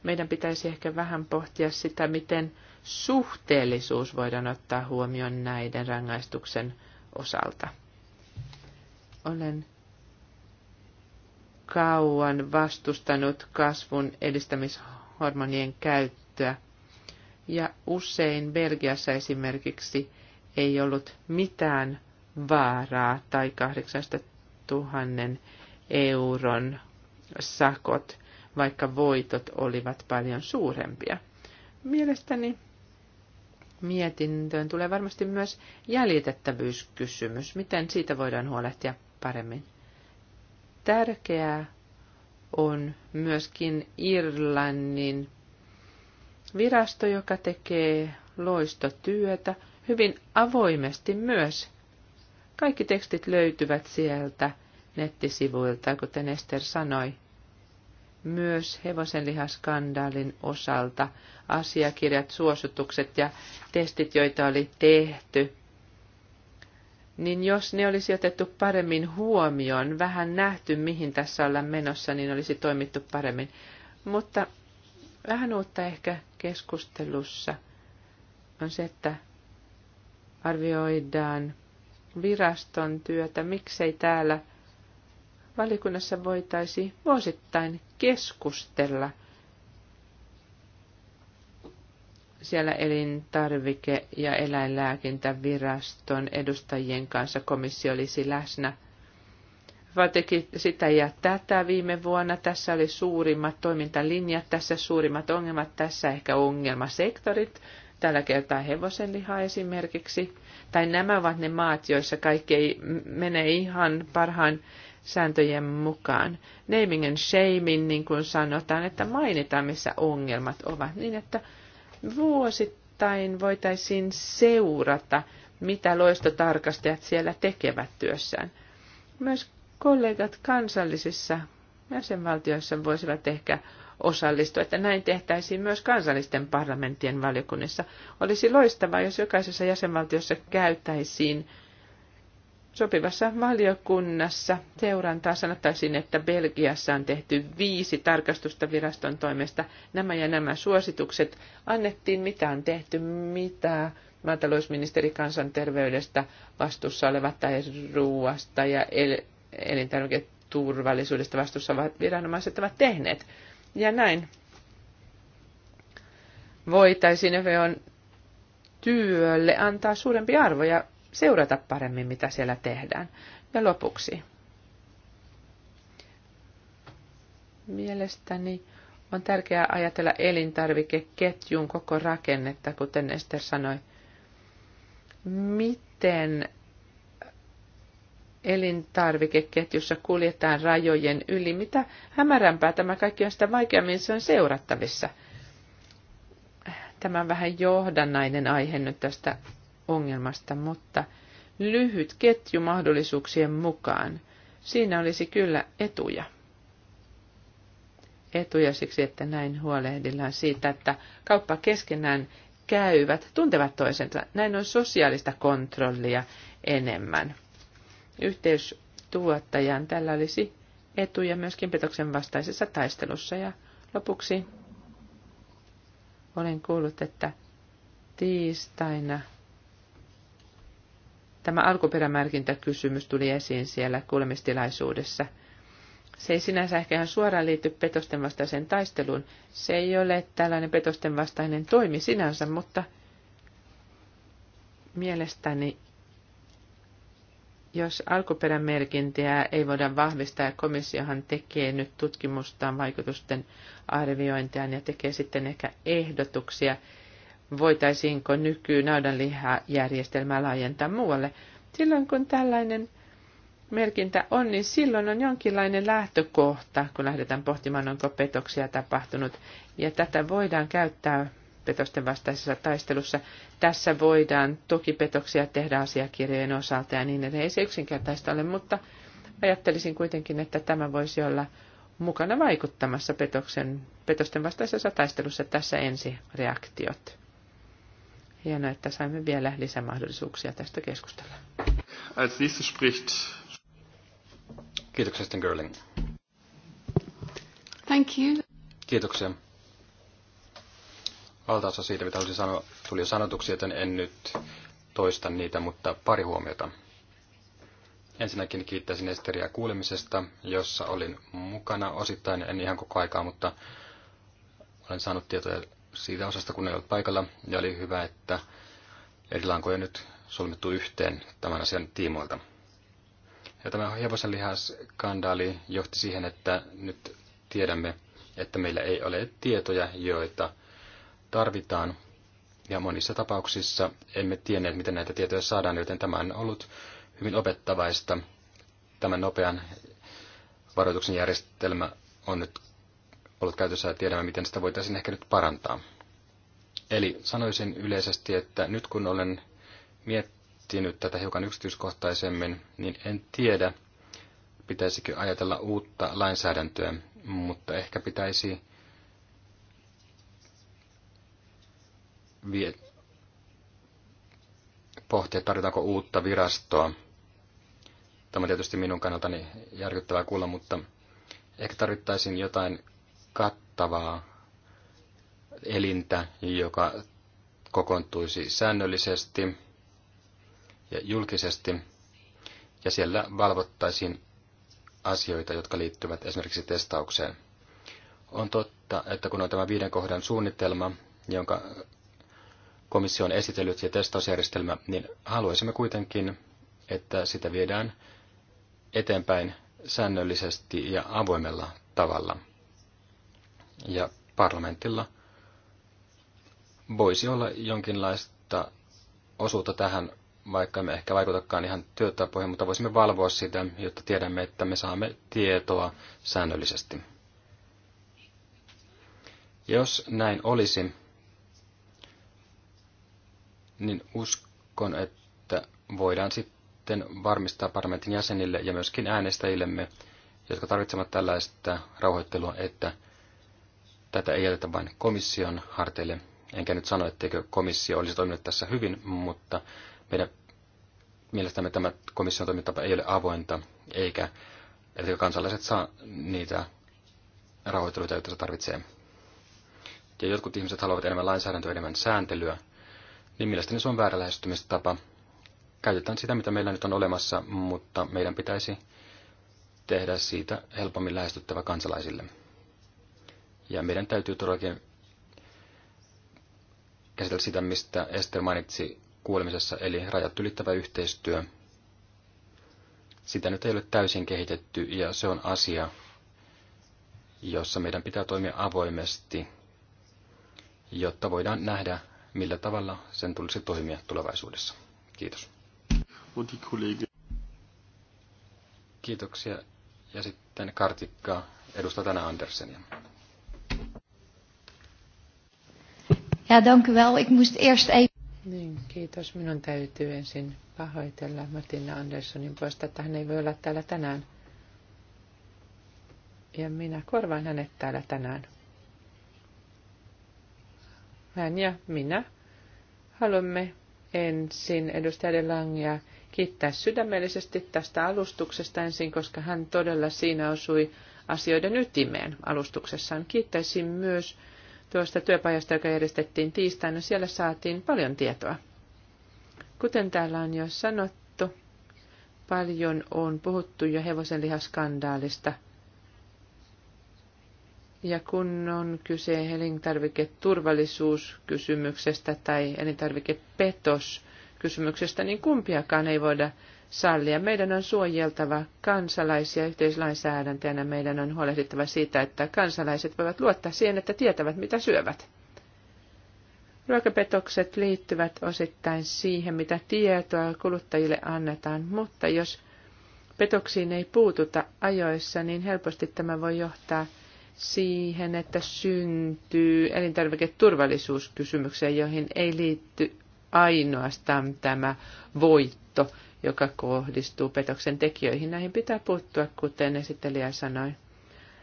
S3: Meidän pitäisi ehkä vähän pohtia sitä, miten suhteellisuus voidaan ottaa huomioon näiden rangaistuksen osalta. Olen kauan vastustanut kasvun edistämishormonien käyttöä, ja usein Belgiassa esimerkiksi ei ollut mitään vaaraa tai 8000 euron sakot, vaikka voitot olivat paljon suurempia. Mielestäni mietintöön tulee varmasti myös jäljitettävyyskysymys. Miten siitä voidaan huolehtia paremmin? Tärkeää on myöskin Irlannin virasto, joka tekee loistotyötä hyvin avoimesti myös. Kaikki tekstit löytyvät sieltä nettisivuilta, kuten Ester sanoi myös hevosenlihaskandaalin osalta asiakirjat, suositukset ja testit, joita oli tehty, niin jos ne olisi otettu paremmin huomioon, vähän nähty, mihin tässä ollaan menossa, niin olisi toimittu paremmin. Mutta vähän uutta ehkä keskustelussa on se, että arvioidaan viraston työtä, miksei täällä – valikunnassa voitaisiin vuosittain keskustella siellä elintarvike- ja eläinlääkintäviraston edustajien kanssa komissio olisi läsnä. Vaan teki sitä ja tätä viime vuonna. Tässä oli suurimmat toimintalinjat, tässä suurimmat ongelmat, tässä ehkä ongelmasektorit. Tällä kertaa hevosenliha esimerkiksi. Tai nämä ovat ne maat, joissa kaikki ei mene ihan parhaan sääntöjen mukaan. Naming and shaming, niin kuin sanotaan, että mainitaan, missä ongelmat ovat, niin että vuosittain voitaisiin seurata, mitä loistotarkastajat siellä tekevät työssään. Myös kollegat kansallisissa jäsenvaltioissa voisivat ehkä osallistua, että näin tehtäisiin myös kansallisten parlamenttien valiokunnissa. Olisi loistavaa, jos jokaisessa jäsenvaltiossa käytäisiin sopivassa valiokunnassa seurantaa Sanottaisin, että Belgiassa on tehty viisi tarkastusta viraston toimesta. Nämä ja nämä suositukset annettiin, mitä on tehty, mitä maatalousministeri kansanterveydestä vastuussa olevat tai ruuasta ja el- elintarviketurvallisuudesta vastuussa ovat viranomaiset ovat tehneet. Ja näin voitaisiin on työlle antaa suurempi arvo ja seurata paremmin, mitä siellä tehdään. Ja lopuksi. Mielestäni on tärkeää ajatella elintarvikeketjun koko rakennetta, kuten Ester sanoi. Miten elintarvikeketjussa kuljetaan rajojen yli? Mitä hämärämpää tämä kaikki on, sitä vaikeammin se on seurattavissa. Tämä on vähän johdannainen aihe nyt tästä ongelmasta, mutta lyhyt ketju mahdollisuuksien mukaan, siinä olisi kyllä etuja. Etuja siksi, että näin huolehdillaan siitä, että kauppa keskenään käyvät, tuntevat toisensa. Näin on sosiaalista kontrollia enemmän. Yhteys tuottajan tällä olisi etuja myöskin petoksen vastaisessa taistelussa. Ja lopuksi olen kuullut, että tiistaina – Tämä alkuperämerkintäkysymys tuli esiin siellä kuulemistilaisuudessa. Se ei sinänsä ehkä ihan suoraan liity petosten vastaiseen taisteluun. Se ei ole tällainen petosten vastainen toimi sinänsä, mutta mielestäni jos alkuperämerkintiä ei voida vahvistaa ja komissiohan tekee nyt tutkimustaan vaikutusten arviointiaan ja tekee sitten ehkä ehdotuksia voitaisiinko nykynaudanlihajärjestelmää laajentaa muualle. Silloin kun tällainen merkintä on, niin silloin on jonkinlainen lähtökohta, kun lähdetään pohtimaan, onko petoksia tapahtunut. Ja tätä voidaan käyttää petosten vastaisessa taistelussa. Tässä voidaan toki petoksia tehdä asiakirjojen osalta ja niin edelleen. Ei se yksinkertaista ole, mutta ajattelisin kuitenkin, että tämä voisi olla mukana vaikuttamassa petoksen, petosten vastaisessa taistelussa tässä ensi reaktiot. Hienoa, että saimme vielä lisämahdollisuuksia tästä keskustella.
S1: Als nächstes spricht. Kiitoksia, Sten Görling. Thank you. Kiitoksia. Valtaosa siitä, mitä halusin sanoa, tuli jo sanotuksi, joten en nyt toista niitä, mutta pari huomiota. Ensinnäkin kiittäisin Esteriä kuulemisesta, jossa olin mukana osittain, en ihan koko aikaa, mutta olen saanut tietoja siitä osasta, kun ei ollut paikalla, ja oli hyvä, että eri lankoja nyt solmittu yhteen tämän asian tiimoilta. Ja tämä hevosenlihaskandaali johti siihen, että nyt tiedämme, että meillä ei ole tietoja, joita tarvitaan. Ja monissa tapauksissa emme tienneet, miten näitä tietoja saadaan, joten tämä on ollut hyvin opettavaista. Tämän nopean varoituksen järjestelmä on nyt ollut käytössä ja tiedämme, miten sitä voitaisiin ehkä nyt parantaa. Eli sanoisin yleisesti, että nyt kun olen miettinyt tätä hiukan yksityiskohtaisemmin, niin en tiedä, pitäisikö ajatella uutta lainsäädäntöä, mutta ehkä pitäisi vie- pohtia, tarvitaanko uutta virastoa. Tämä on tietysti minun kannaltani järkyttävää kuulla, mutta ehkä tarvittaisiin jotain kattavaa elintä, joka kokoontuisi säännöllisesti ja julkisesti, ja siellä valvottaisiin asioita, jotka liittyvät esimerkiksi testaukseen. On totta, että kun on tämä viiden kohdan suunnitelma, jonka komissio on esitellyt ja testausjärjestelmä, niin haluaisimme kuitenkin, että sitä viedään eteenpäin säännöllisesti ja avoimella tavalla. Ja parlamentilla voisi olla jonkinlaista osuutta tähän, vaikka me ehkä vaikutakaan ihan työtapoihin, mutta voisimme valvoa sitä, jotta tiedämme, että me saamme tietoa säännöllisesti. Jos näin olisi, niin uskon, että voidaan sitten varmistaa parlamentin jäsenille ja myöskin äänestäjillemme, jotka tarvitsevat tällaista rauhoittelua, että tätä ei jätetä vain komission harteille. Enkä nyt sano, etteikö komissio olisi toiminut tässä hyvin, mutta meidän mielestämme tämä komission toimintapa ei ole avointa, eikä että kansalaiset saa niitä rahoitteluita, joita se tarvitsee. Ja jotkut ihmiset haluavat enemmän lainsäädäntöä, enemmän sääntelyä, niin mielestäni se on väärä lähestymistapa. Käytetään sitä, mitä meillä nyt on olemassa, mutta meidän pitäisi tehdä siitä helpommin lähestyttävä kansalaisille. Ja meidän täytyy todellakin käsitellä sitä, mistä Ester mainitsi kuulemisessa, eli rajat ylittävä yhteistyö. Sitä nyt ei ole täysin kehitetty ja se on asia, jossa meidän pitää toimia avoimesti, jotta voidaan nähdä, millä tavalla sen tulisi toimia tulevaisuudessa. Kiitos. Kiitoksia. Ja sitten Kartikka edustaa tänään Andersenia. Ja, dank u wel. Ik moest eerst even...
S3: Niin, kiitos. Minun täytyy ensin pahoitella Martina Anderssonin puolesta, että hän ei voi olla täällä tänään. Ja minä korvaan hänet täällä tänään. Hän ja minä haluamme ensin edustaja Langea kiittää sydämellisesti tästä alustuksesta ensin, koska hän todella siinä osui asioiden ytimeen alustuksessaan. Kiittäisin myös tuosta työpajasta, joka järjestettiin tiistaina. Siellä saatiin paljon tietoa. Kuten täällä on jo sanottu, paljon on puhuttu jo hevosenlihaskandaalista. Ja kun on kyse elintarviketurvallisuuskysymyksestä tai elintarvikepetoskysymyksestä, niin kumpiakaan ei voida sallia. Meidän on suojeltava kansalaisia yhteislainsäädäntöjä Meidän on huolehdittava siitä, että kansalaiset voivat luottaa siihen, että tietävät, mitä syövät. Ruokapetokset liittyvät osittain siihen, mitä tietoa kuluttajille annetaan, mutta jos petoksiin ei puututa ajoissa, niin helposti tämä voi johtaa siihen, että syntyy elintarviketurvallisuuskysymyksiä, joihin ei liitty ainoastaan tämä voitto, joka kohdistuu petoksen tekijöihin. Näihin pitää puuttua, kuten esittelijä sanoi.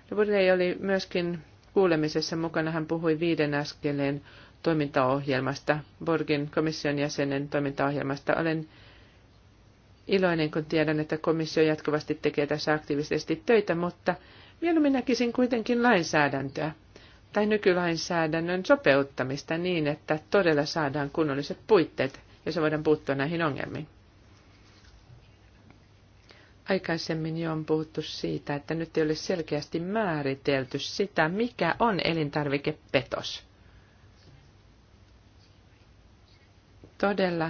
S3: Rudley oli myöskin kuulemisessa mukana. Hän puhui viiden askeleen toimintaohjelmasta, Borgin komission jäsenen toimintaohjelmasta. Olen iloinen, kun tiedän, että komissio jatkuvasti tekee tässä aktiivisesti töitä, mutta mieluummin näkisin kuitenkin lainsäädäntöä tai nykylainsäädännön sopeuttamista niin, että todella saadaan kunnolliset puitteet, joissa voidaan puuttua näihin ongelmiin. Aikaisemmin jo on puhuttu siitä, että nyt ei ole selkeästi määritelty sitä, mikä on elintarvikepetos. Todella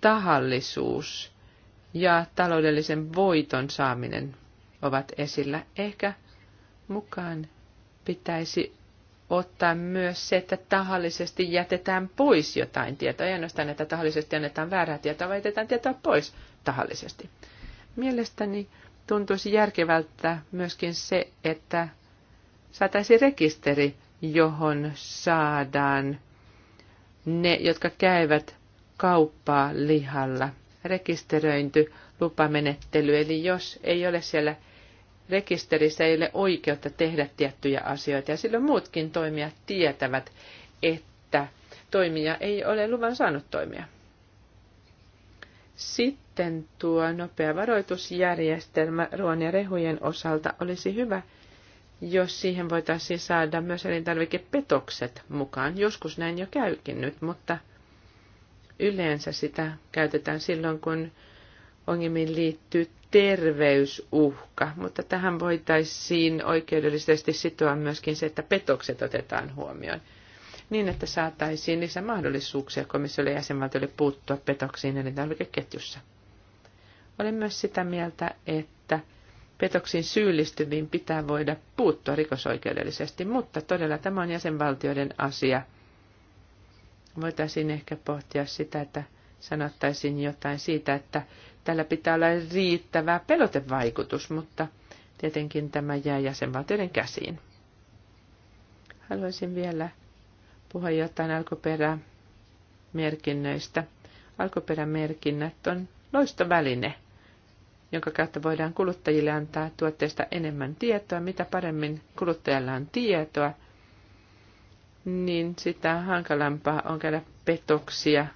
S3: tahallisuus ja taloudellisen voiton saaminen ovat esillä. Ehkä mukaan pitäisi ottaa myös se, että tahallisesti jätetään pois jotain tietoa. Ei ainoastaan, että tahallisesti annetaan väärää tietoa, vaan jätetään tietoa pois tahallisesti. Mielestäni tuntuisi järkevältä myöskin se, että saataisiin rekisteri, johon saadaan ne, jotka käyvät kauppaa lihalla. Rekisteröinty lupamenettely, eli jos ei ole siellä rekisterissä, ei ole oikeutta tehdä tiettyjä asioita, ja silloin muutkin toimijat tietävät, että toimija ei ole luvan saanut toimia. Sitten sitten tuo nopea varoitusjärjestelmä ruoan ja rehujen osalta olisi hyvä, jos siihen voitaisiin saada myös elintarvikepetokset mukaan. Joskus näin jo käykin nyt, mutta yleensä sitä käytetään silloin, kun ongelmiin liittyy terveysuhka, mutta tähän voitaisiin oikeudellisesti sitoa myöskin se, että petokset otetaan huomioon niin, että saataisiin lisämahdollisuuksia komissiolle ja jäsenvaltioille puuttua petoksiin elintarvikeketjussa. Olen myös sitä mieltä, että petoksiin syyllistyviin pitää voida puuttua rikosoikeudellisesti, mutta todella tämä on jäsenvaltioiden asia. Voitaisiin ehkä pohtia sitä, että sanottaisin jotain siitä, että tällä pitää olla riittävä pelotevaikutus, mutta tietenkin tämä jää jäsenvaltioiden käsiin. Haluaisin vielä puhua jotain alkuperämerkinnöistä. Alkuperämerkinnät on loistoväline – jonka kautta voidaan kuluttajille antaa tuotteesta enemmän tietoa. Mitä paremmin kuluttajalla on tietoa, niin sitä hankalampaa on käydä petoksia.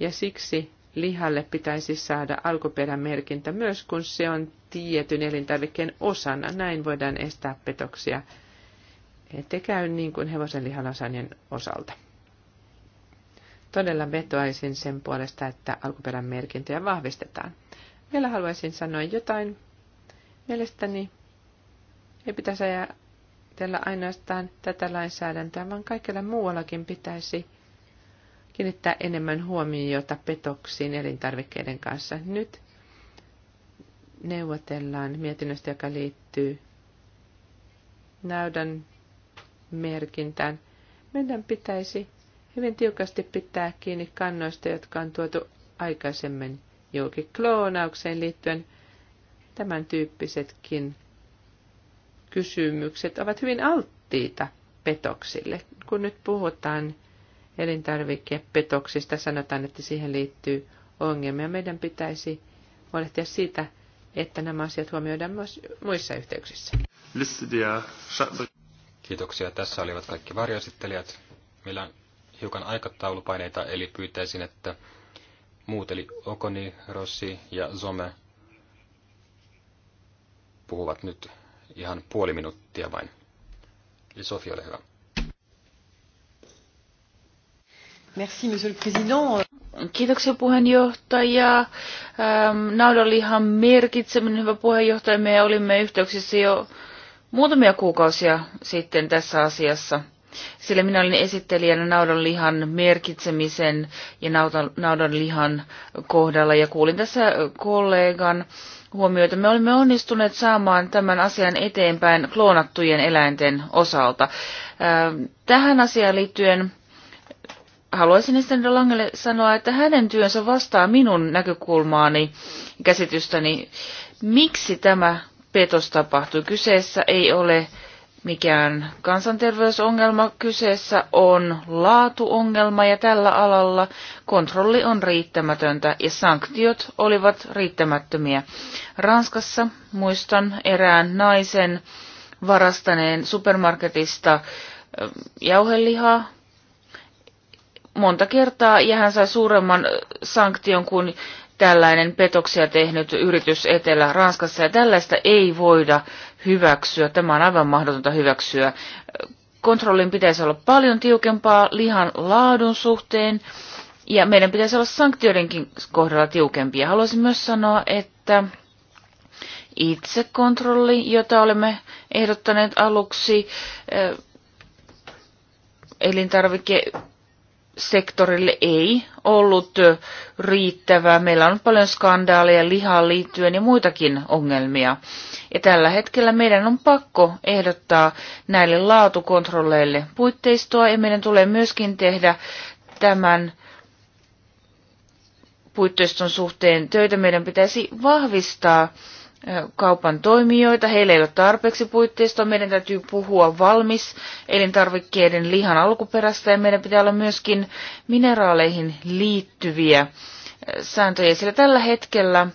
S3: Ja siksi lihalle pitäisi saada alkuperämerkintä myös, kun se on tietyn elintarvikkeen osana. Näin voidaan estää petoksia. Ette käy niin kuin hevosen lihalasanjen osalta. Todella vetoaisin sen puolesta, että alkuperämerkintöjä vahvistetaan. Vielä haluaisin sanoa jotain. Mielestäni ei pitäisi ajatella ainoastaan tätä lainsäädäntöä, vaan kaikilla muuallakin pitäisi kiinnittää enemmän huomiota petoksiin elintarvikkeiden kanssa. Nyt neuvotellaan mietinnöstä, joka liittyy näydän merkintään. Meidän pitäisi hyvin tiukasti pitää kiinni kannoista, jotka on tuotu aikaisemmin julkikloonaukseen liittyen. Tämän tyyppisetkin kysymykset ovat hyvin alttiita petoksille. Kun nyt puhutaan elintarvikepetoksista, sanotaan, että siihen liittyy ongelmia. Meidän pitäisi huolehtia siitä, että nämä asiat huomioidaan myös muissa yhteyksissä.
S1: Kiitoksia. Tässä olivat kaikki varjoesittelijät. Meillä on hiukan aikataulupaineita, eli pyytäisin, että muut, eli Okoni, Rossi ja Zome, puhuvat nyt ihan puoli minuuttia vain. Eli Sofia, ole hyvä. Merci, monsieur le président. Kiitoksia
S2: puheenjohtaja. Ähm, ihan merkitseminen, hyvä puheenjohtaja. Me olimme yhteyksissä jo muutamia kuukausia sitten tässä asiassa sillä minä olin esittelijänä naudanlihan merkitsemisen ja naudanlihan kohdalla ja kuulin tässä kollegan huomioita. Me olemme onnistuneet saamaan tämän asian eteenpäin kloonattujen eläinten osalta. Äh, tähän asiaan liittyen haluaisin Estelle Langelle sanoa, että hänen työnsä vastaa minun näkökulmaani käsitystäni, miksi tämä petos tapahtui. Kyseessä ei ole mikään kansanterveysongelma, kyseessä on laatuongelma ja tällä alalla kontrolli on riittämätöntä ja sanktiot olivat riittämättömiä. Ranskassa muistan erään naisen varastaneen supermarketista jauhelihaa monta kertaa ja hän sai suuremman sanktion kuin tällainen petoksia tehnyt yritys Etelä-Ranskassa ja tällaista ei voida hyväksyä. Tämä on aivan mahdotonta hyväksyä. Kontrollin pitäisi olla paljon tiukempaa lihan laadun suhteen ja meidän pitäisi olla sanktioidenkin kohdalla tiukempia. Haluaisin myös sanoa, että itsekontrolli, jota olemme ehdottaneet aluksi eh, elintarvike sektorille ei ollut riittävää. Meillä on paljon skandaaleja lihaan liittyen ja muitakin ongelmia. Ja tällä hetkellä meidän on pakko ehdottaa näille laatukontrolleille puitteistoa ja meidän tulee myöskin tehdä tämän puitteiston suhteen töitä. Meidän pitäisi vahvistaa kaupan toimijoita. Heillä ei ole tarpeeksi puitteista, Meidän täytyy puhua valmis elintarvikkeiden lihan alkuperästä ja meidän pitää olla myöskin mineraaleihin liittyviä sääntöjä. Sillä tällä hetkellä,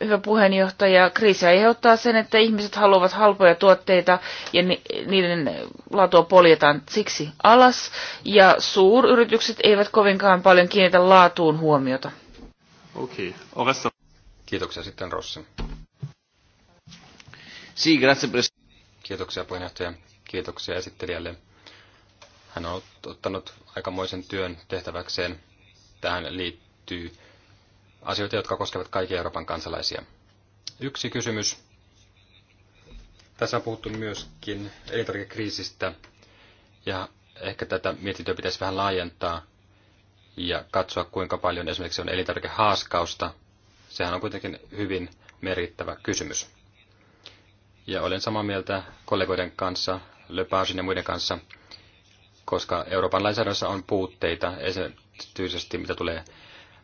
S2: hyvä puheenjohtaja, kriisi aiheuttaa sen, että ihmiset haluavat halpoja tuotteita ja niiden laatua poljetaan siksi alas. Ja suuryritykset eivät kovinkaan paljon kiinnitä laatuun huomiota.
S1: Okei, okay. Kiitoksia sitten Rossi. Sì, grazie Kiitoksia puheenjohtaja. Kiitoksia esittelijälle. Hän on ottanut aikamoisen työn tehtäväkseen. Tähän liittyy asioita, jotka koskevat kaikkia Euroopan kansalaisia. Yksi kysymys. Tässä on puhuttu myöskin elintarvikekriisistä ja ehkä tätä mietintöä pitäisi vähän laajentaa ja katsoa, kuinka paljon esimerkiksi on elintarvikehaaskausta. Sehän on kuitenkin hyvin merkittävä kysymys. Ja olen samaa mieltä kollegoiden kanssa, Lepagin ja muiden kanssa, koska Euroopan lainsäädännössä on puutteita, esityisesti mitä tulee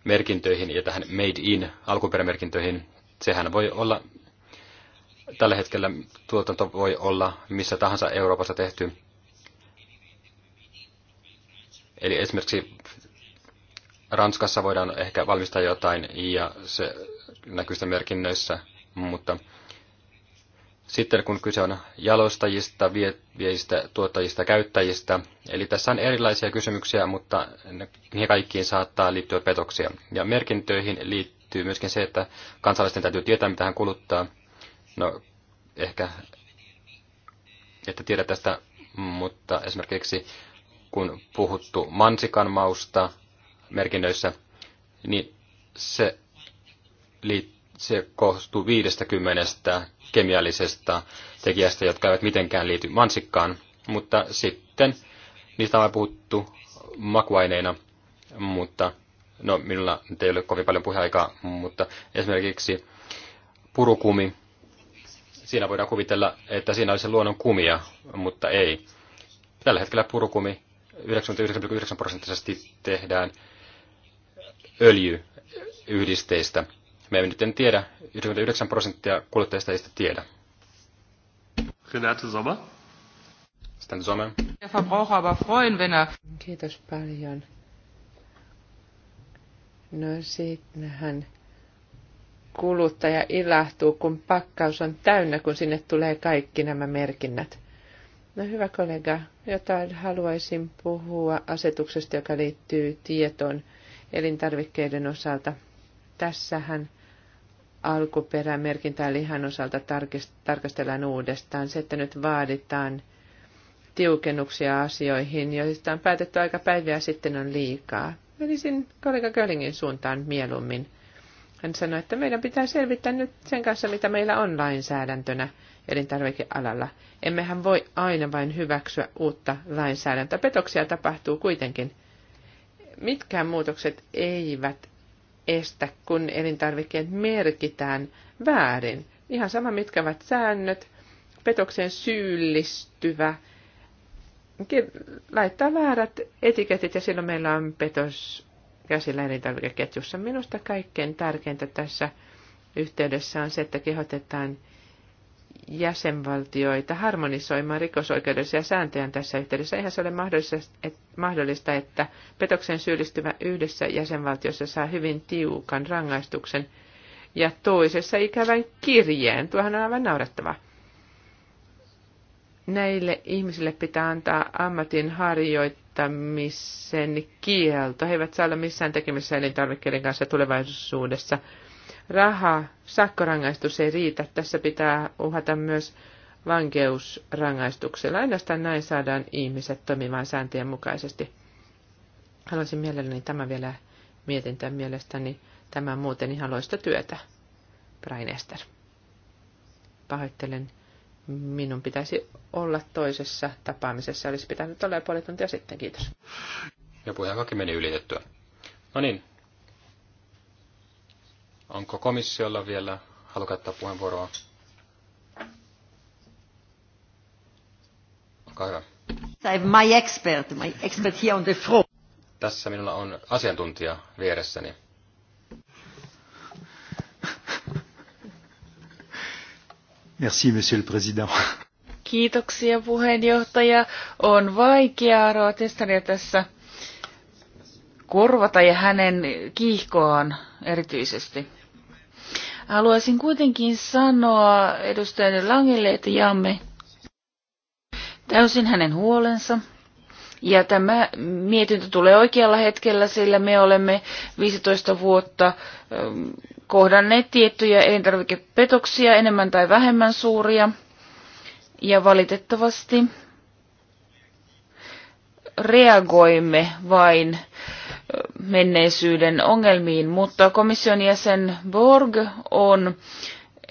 S1: merkintöihin ja tähän made in alkuperämerkintöihin. Sehän voi olla, tällä hetkellä tuotanto voi olla missä tahansa Euroopassa tehty. Eli esimerkiksi Ranskassa voidaan ehkä valmistaa jotain ja se näkyy sitä merkinnöissä, mutta sitten kun kyse on jalostajista, viejistä, tuottajista, käyttäjistä. Eli tässä on erilaisia kysymyksiä, mutta niihin kaikkiin saattaa liittyä petoksia. Ja merkintöihin liittyy myöskin se, että kansalaisten täytyy tietää, mitä hän kuluttaa. No, ehkä että tiedä tästä, mutta esimerkiksi kun puhuttu mansikan mausta merkinnöissä, niin se liittyy se koostuu 50 kemiallisesta tekijästä, jotka eivät mitenkään liity mansikkaan, mutta sitten niistä on puhuttu makuaineina, mutta no minulla nyt ei ole kovin paljon puheaikaa, mutta esimerkiksi purukumi, siinä voidaan kuvitella, että siinä olisi luonnon kumia, mutta ei. Tällä hetkellä purukumi 99,9 prosenttisesti tehdään öljyyhdisteistä. Me emme nyt en tiedä, 99 prosenttia kuljettajista ei sitä tiedä. Renate Sommer. Sitten Sommer. Der
S3: Verbraucher aber freuen, wenn er... Kiitos paljon. No sitten kuluttaja ilahtuu, kun pakkaus on täynnä, kun sinne tulee kaikki nämä merkinnät. No hyvä kollega, jotain haluaisin puhua asetuksesta, joka liittyy tietoon elintarvikkeiden osalta. Tässähän alkuperämerkintää lihan osalta tarkastellaan uudestaan. Se, että nyt vaaditaan tiukennuksia asioihin, joista on päätetty aika päiviä sitten on liikaa. Menisin kollega Kölingin suuntaan mieluummin. Hän sanoi, että meidän pitää selvittää nyt sen kanssa, mitä meillä on lainsäädäntönä elintarvikealalla. Emmehän voi aina vain hyväksyä uutta lainsäädäntöä. Petoksia tapahtuu kuitenkin. Mitkään muutokset eivät estä, kun elintarvikkeet merkitään väärin. Ihan sama, mitkä ovat säännöt. Petokseen syyllistyvä laittaa väärät etiketit ja silloin meillä on petos käsillä elintarvikeketjussa. Minusta kaikkein tärkeintä tässä yhteydessä on se, että kehotetaan – jäsenvaltioita harmonisoimaan rikosoikeudellisia sääntöjä tässä yhteydessä. Eihän se ole mahdollista, että petoksen syyllistyvä yhdessä jäsenvaltiossa saa hyvin tiukan rangaistuksen ja toisessa ikävän kirjeen. Tuohan on aivan naurettava. Näille ihmisille pitää antaa ammatin harjoittamisen kielto. He eivät saa olla missään tekemisissä elintarvikkeiden kanssa tulevaisuudessa – raha, sakkorangaistus ei riitä. Tässä pitää uhata myös vankeusrangaistuksella. Ainoastaan näin saadaan ihmiset toimimaan sääntöjen mukaisesti. Haluaisin mielelläni tämä vielä mietintään mielestäni tämä muuten ihan loista työtä. Brian Ester. Pahoittelen, minun pitäisi olla toisessa tapaamisessa. Olisi pitänyt olla jo puoli tuntia sitten, kiitos.
S1: Ja puheenjohtajakin meni ylitettyä. No niin, Onko komissiolla vielä halukatta puheenvuoroa? Olkaa hyvä. My expert, my expert here on the floor. Tässä minulla on asiantuntija vieressäni. Merci, monsieur le président.
S2: Kiitoksia puheenjohtaja. On vaikea Roa tässä korvata ja hänen kiihkoaan erityisesti. Haluaisin kuitenkin sanoa edustajalle Langelle, että jaamme täysin hänen huolensa. Ja tämä mietintö tulee oikealla hetkellä, sillä me olemme 15 vuotta ähm, kohdanneet tiettyjä elintarvikepetoksia, enemmän tai vähemmän suuria. Ja valitettavasti reagoimme vain menneisyyden ongelmiin, mutta komission jäsen Borg on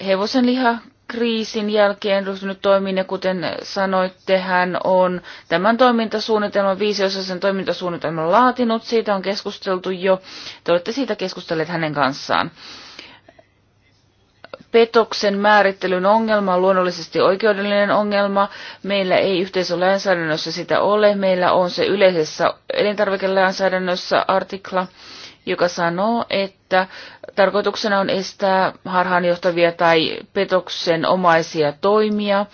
S2: hevosenliha kriisin jälkeen ryhtynyt toimiin ja kuten sanoitte, hän on tämän toimintasuunnitelman, viisiosaisen toimintasuunnitelman laatinut. Siitä on keskusteltu jo. Te olette siitä keskustelleet hänen kanssaan petoksen määrittelyn ongelma on luonnollisesti oikeudellinen ongelma. Meillä ei yhteisölainsäädännössä sitä ole. Meillä on se yleisessä elintarvikelainsäädännössä artikla, joka sanoo, että tarkoituksena on estää harhaanjohtavia tai petoksen omaisia toimia,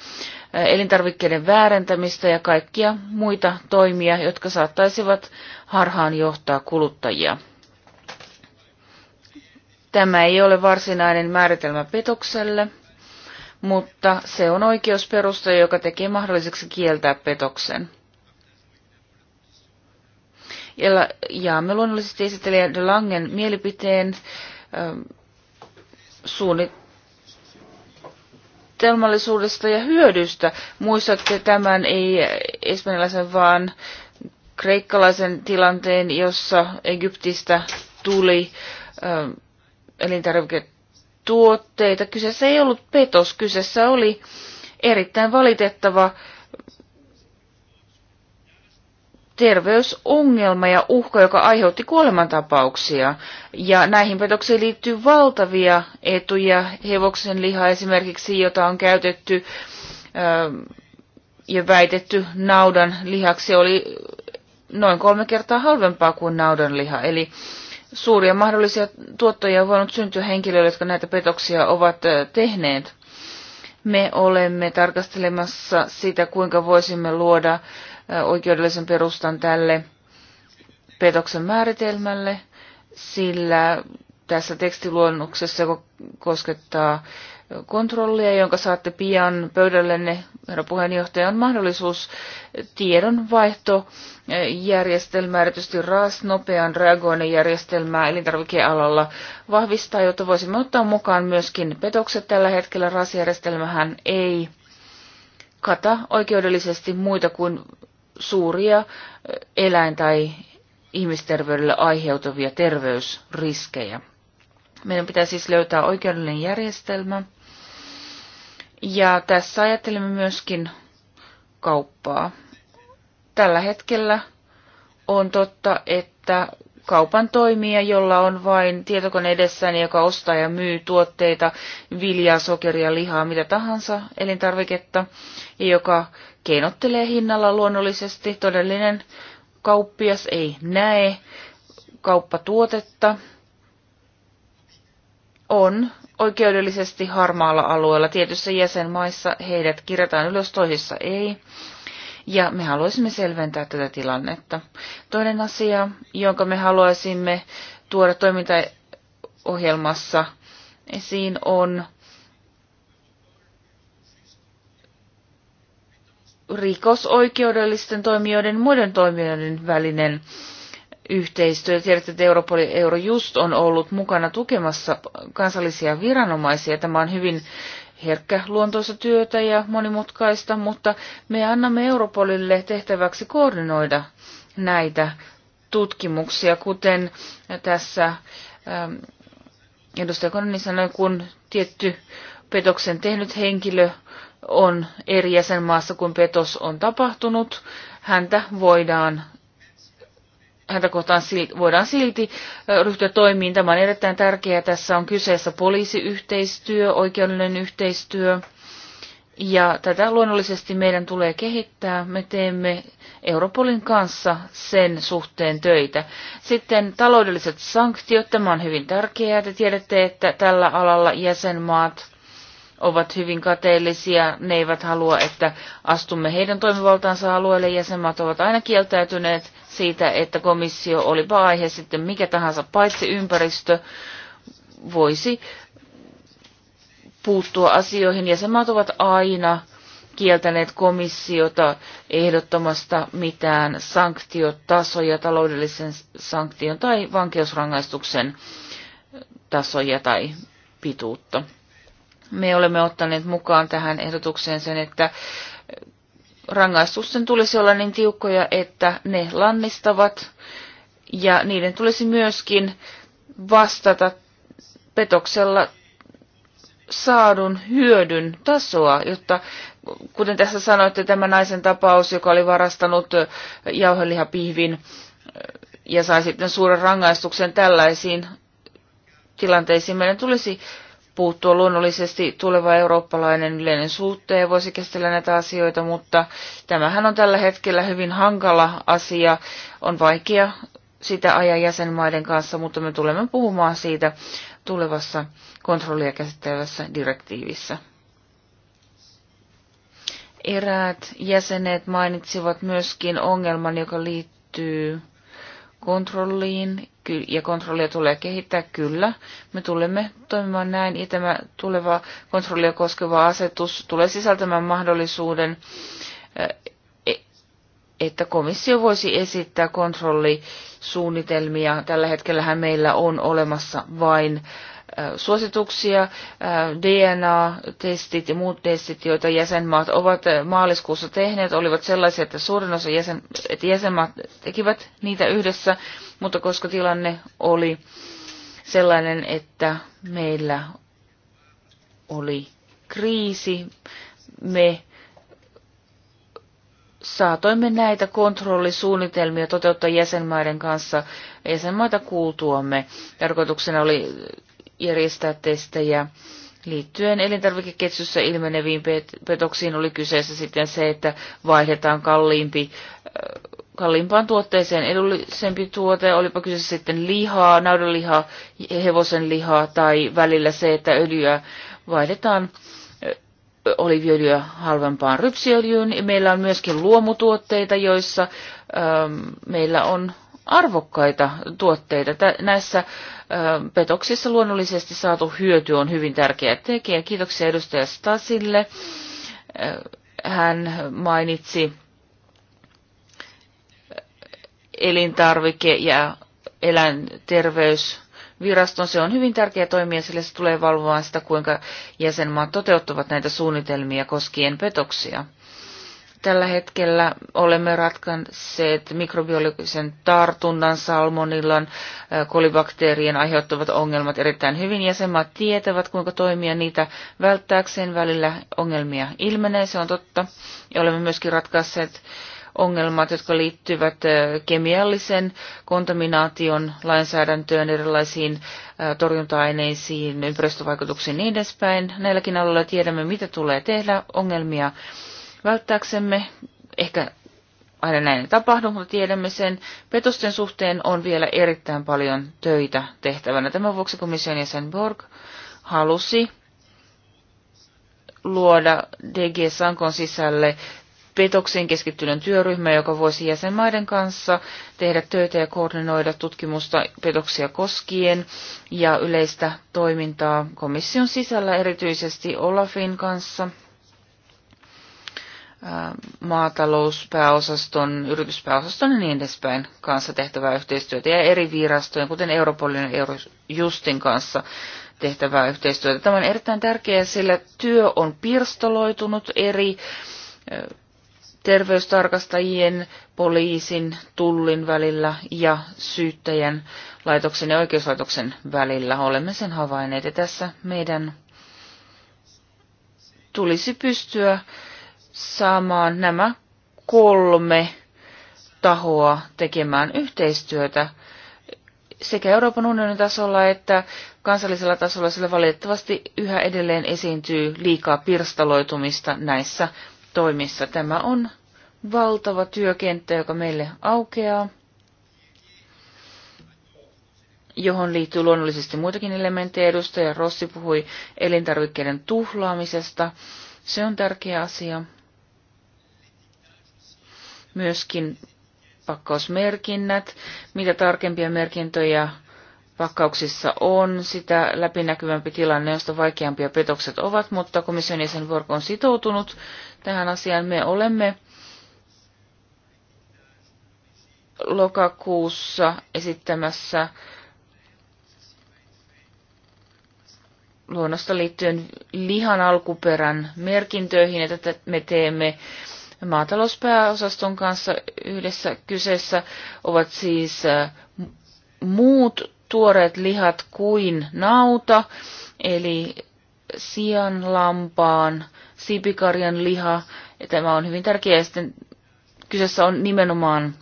S2: elintarvikkeiden väärentämistä ja kaikkia muita toimia, jotka saattaisivat harhaan johtaa kuluttajia. Tämä ei ole varsinainen määritelmä petokselle, mutta se on oikeusperusta, joka tekee mahdolliseksi kieltää petoksen. Ja me luonnollisesti esittelijä De Langen mielipiteen ähm, suunnitelmallisuudesta ja hyödystä. Muistatte tämän ei espanjalaisen, vaan kreikkalaisen tilanteen, jossa Egyptistä tuli ö, ähm, elintarviketuotteita. Kyseessä ei ollut petos, kyseessä oli erittäin valitettava terveysongelma ja uhka, joka aiheutti kuolemantapauksia. Ja näihin petoksiin liittyy valtavia etuja. Hevoksen liha esimerkiksi, jota on käytetty ö, ähm, ja väitetty naudan lihaksi, oli noin kolme kertaa halvempaa kuin naudan liha. Eli suuria mahdollisia tuottoja on voinut syntyä henkilöille, jotka näitä petoksia ovat tehneet. Me olemme tarkastelemassa sitä, kuinka voisimme luoda oikeudellisen perustan tälle petoksen määritelmälle, sillä tässä tekstiluonnoksessa koskettaa kontrollia, jonka saatte pian pöydällenne, herra puheenjohtaja, on mahdollisuus tiedonvaihtojärjestelmää, eh, erityisesti RAS, nopean reagoinnin järjestelmää elintarvikealalla vahvistaa, jotta voisimme ottaa mukaan myöskin petokset. Tällä hetkellä RAS-järjestelmähän ei kata oikeudellisesti muita kuin suuria eh, eläin- tai ihmisterveydelle aiheutuvia terveysriskejä. Meidän pitää siis löytää oikeudellinen järjestelmä, ja tässä ajattelemme myöskin kauppaa. Tällä hetkellä on totta, että kaupan toimija, jolla on vain tietokone edessäni, joka ostaa ja myy tuotteita, viljaa, sokeria, lihaa, mitä tahansa elintarviketta, ja joka keinottelee hinnalla luonnollisesti. Todellinen kauppias ei näe kauppatuotetta, on oikeudellisesti harmaalla alueella. Tietyissä jäsenmaissa heidät kirjataan ylös, toisissa ei. Ja me haluaisimme selventää tätä tilannetta. Toinen asia, jonka me haluaisimme tuoda toimintaohjelmassa esiin, on rikosoikeudellisten toimijoiden ja muiden toimijoiden välinen äh, yhteistyö. Tiedätte, että Europol Eurojust on ollut mukana tukemassa kansallisia viranomaisia. Tämä on hyvin herkkä luontoista työtä ja monimutkaista, mutta me annamme Europolille tehtäväksi koordinoida näitä tutkimuksia, kuten tässä ähm, edustaja Kononi sanoi, kun tietty petoksen tehnyt henkilö on eri jäsenmaassa kuin petos on tapahtunut, häntä voidaan häntä kohtaan silti, voidaan silti ryhtyä toimiin. Tämä on erittäin tärkeää. Tässä on kyseessä poliisiyhteistyö, oikeudellinen yhteistyö. Ja tätä luonnollisesti meidän tulee kehittää. Me teemme Europolin kanssa sen suhteen töitä. Sitten taloudelliset sanktiot, tämä on hyvin tärkeää. Te tiedätte, että tällä alalla jäsenmaat ovat hyvin kateellisia. Ne eivät halua, että astumme heidän toimivaltaansa alueelle. Jäsenmaat ovat aina kieltäytyneet siitä, että komissio, olipa aihe sitten mikä tahansa, paitsi ympäristö, voisi puuttua asioihin. Jäsenmaat ovat aina kieltäneet komissiota ehdottomasta mitään sanktiotasoja, taloudellisen sanktion tai vankeusrangaistuksen tasoja tai pituutta. Me olemme ottaneet mukaan tähän ehdotukseen sen, että rangaistusten tulisi olla niin tiukkoja, että ne lannistavat ja niiden tulisi myöskin vastata petoksella saadun hyödyn tasoa, jotta kuten tässä sanoitte, tämä naisen tapaus, joka oli varastanut jauhelihapihvin ja sai sitten suuren rangaistuksen tällaisiin tilanteisiin, meidän tulisi puuttua. Luonnollisesti tuleva eurooppalainen yleinen suhteen voisi käsitellä näitä asioita, mutta tämähän on tällä hetkellä hyvin hankala asia. On vaikea sitä ajaa jäsenmaiden kanssa, mutta me tulemme puhumaan siitä tulevassa kontrollia käsittelevässä direktiivissä. Eräät jäsenet mainitsivat myöskin ongelman, joka liittyy kontrolliin ja kontrollia tulee kehittää, kyllä. Me tulemme toimimaan näin, ja tämä tuleva kontrollia koskeva asetus tulee sisältämään mahdollisuuden, eh, e- että komissio voisi esittää kontrollisuunnitelmia. Tällä hetkellähän meillä on olemassa vain äh, suosituksia, DNA-testit ja muut testit, joita jäsenmaat ovat maaliskuussa tehneet, olivat sellaisia, että suurin osa jäsen, että jäsenmaat tekivät niitä yhdessä, mutta koska tilanne oli sellainen, että meillä oli kriisi, me saatoimme näitä kontrollisuunnitelmia toteuttaa jäsenmaiden kanssa jäsenmaita kuultuamme. Tarkoituksena oli järjestää testejä. Liittyen elintarvikeketjussa ilmeneviin petoksiin oli kyseessä sitten se, että vaihdetaan kalliimpi, äh, kalliimpaan tuotteeseen edullisempi tuote, olipa kyse sitten lihaa, naudanlihaa, hevosen lihaa tai välillä se, että öljyä vaihdetaan äh, oliviöljyä halvempaan rypsiöljyyn. Meillä on myöskin luomutuotteita, joissa ähm, meillä on arvokkaita tuotteita. Näissä petoksissa luonnollisesti saatu hyöty on hyvin tärkeä tekijä. Kiitoksia edustaja Stasille. Hän mainitsi elintarvike- ja eläinterveysviraston. Se on hyvin tärkeä toimija, sillä se tulee valvomaan sitä, kuinka jäsenmaat toteuttavat näitä suunnitelmia koskien petoksia. Tällä hetkellä olemme ratkaisseet mikrobiologisen tartunnan, salmonillan, kolibakteerien aiheuttavat ongelmat erittäin hyvin. Jäsenmaat tietävät, kuinka toimia niitä välttääkseen. Välillä ongelmia ilmenee, se on totta. Ja olemme myöskin ratkaisseet ongelmat, jotka liittyvät kemiallisen kontaminaation lainsäädäntöön, erilaisiin torjunta-aineisiin, ympäristövaikutuksiin ja niin edespäin. Näilläkin alueilla tiedämme, mitä tulee tehdä. Ongelmia välttääksemme, ehkä aina näin ei tapahdu, mutta tiedämme sen, petosten suhteen on vielä erittäin paljon töitä tehtävänä. Tämän vuoksi komission jäsen Borg halusi luoda DG Sankon sisälle petoksen keskittyneen työryhmä, joka voisi jäsenmaiden kanssa tehdä töitä ja koordinoida tutkimusta petoksia koskien ja yleistä toimintaa komission sisällä erityisesti Olafin kanssa – maatalouspääosaston, yrityspääosaston ja niin edespäin kanssa tehtävää yhteistyötä ja eri virastojen, kuten Europolin ja Eurojustin kanssa tehtävää yhteistyötä. Tämä on erittäin tärkeää, sillä työ on pirstaloitunut eri terveystarkastajien, poliisin, tullin välillä ja syyttäjän laitoksen ja oikeuslaitoksen välillä. Olemme sen havainneet ja tässä meidän tulisi pystyä saamaan nämä kolme tahoa tekemään yhteistyötä sekä Euroopan unionin tasolla että kansallisella tasolla, sillä valitettavasti yhä edelleen esiintyy liikaa pirstaloitumista näissä toimissa. Tämä on valtava työkenttä, joka meille aukeaa, johon liittyy luonnollisesti muitakin elementtejä. Edustaja Rossi puhui elintarvikkeiden tuhlaamisesta. Se on tärkeä asia myöskin pakkausmerkinnät. Mitä tarkempia merkintöjä pakkauksissa on, sitä läpinäkyvämpi tilanne, josta vaikeampia petokset ovat, mutta komission jäsen Vorko on sitoutunut tähän asiaan. Me olemme lokakuussa esittämässä luonnosta liittyen lihan alkuperän merkintöihin, että me teemme maatalouspääosaston kanssa yhdessä kyseessä ovat siis äh, muut tuoreet lihat kuin nauta, eli sian, lampaan, sipikarjan liha. Ja tämä on hyvin tärkeää. sitten kyseessä on nimenomaan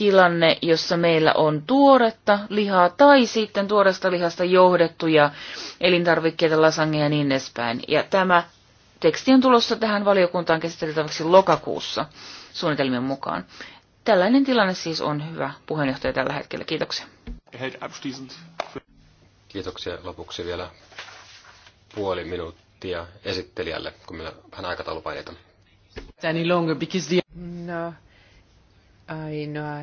S2: tilanne, jossa meillä on tuoretta lihaa tai sitten tuoresta lihasta johdettuja elintarvikkeita, lasangeja ja niin edespäin. Ja tämä teksti on tulossa tähän valiokuntaan käsiteltäväksi lokakuussa suunnitelmien mukaan. Tällainen tilanne siis on hyvä puheenjohtaja tällä hetkellä. Kiitoksia.
S1: Kiitoksia lopuksi vielä puoli minuuttia esittelijälle, kun meillä on vähän aikataulupaineita.
S3: No, ainoa,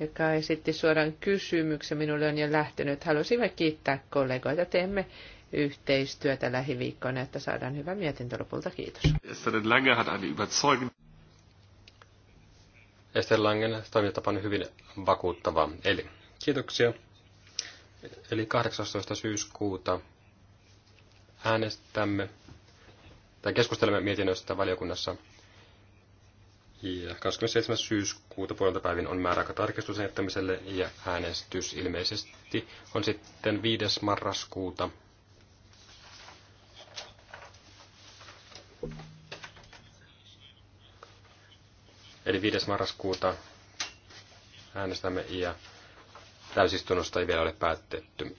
S3: joka esitti suoran kysymyksen minulle on jo lähtenyt. Halusimme kiittää kollegoita. Teemme yhteistyötä lähiviikkoina, että saadaan hyvä mietintö lopulta. Kiitos.
S1: Ester Langen toimintatapa on hyvin vakuuttava. Eli kiitoksia. Eli 18. syyskuuta äänestämme tai keskustelemme mietinnöstä valiokunnassa ja 27. syyskuuta puolelta päivin on määräaika tarkistus jättämiselle ja äänestys ilmeisesti on sitten 5. marraskuuta. Eli 5. marraskuuta äänestämme ja täysistunnosta ei vielä ole päätetty.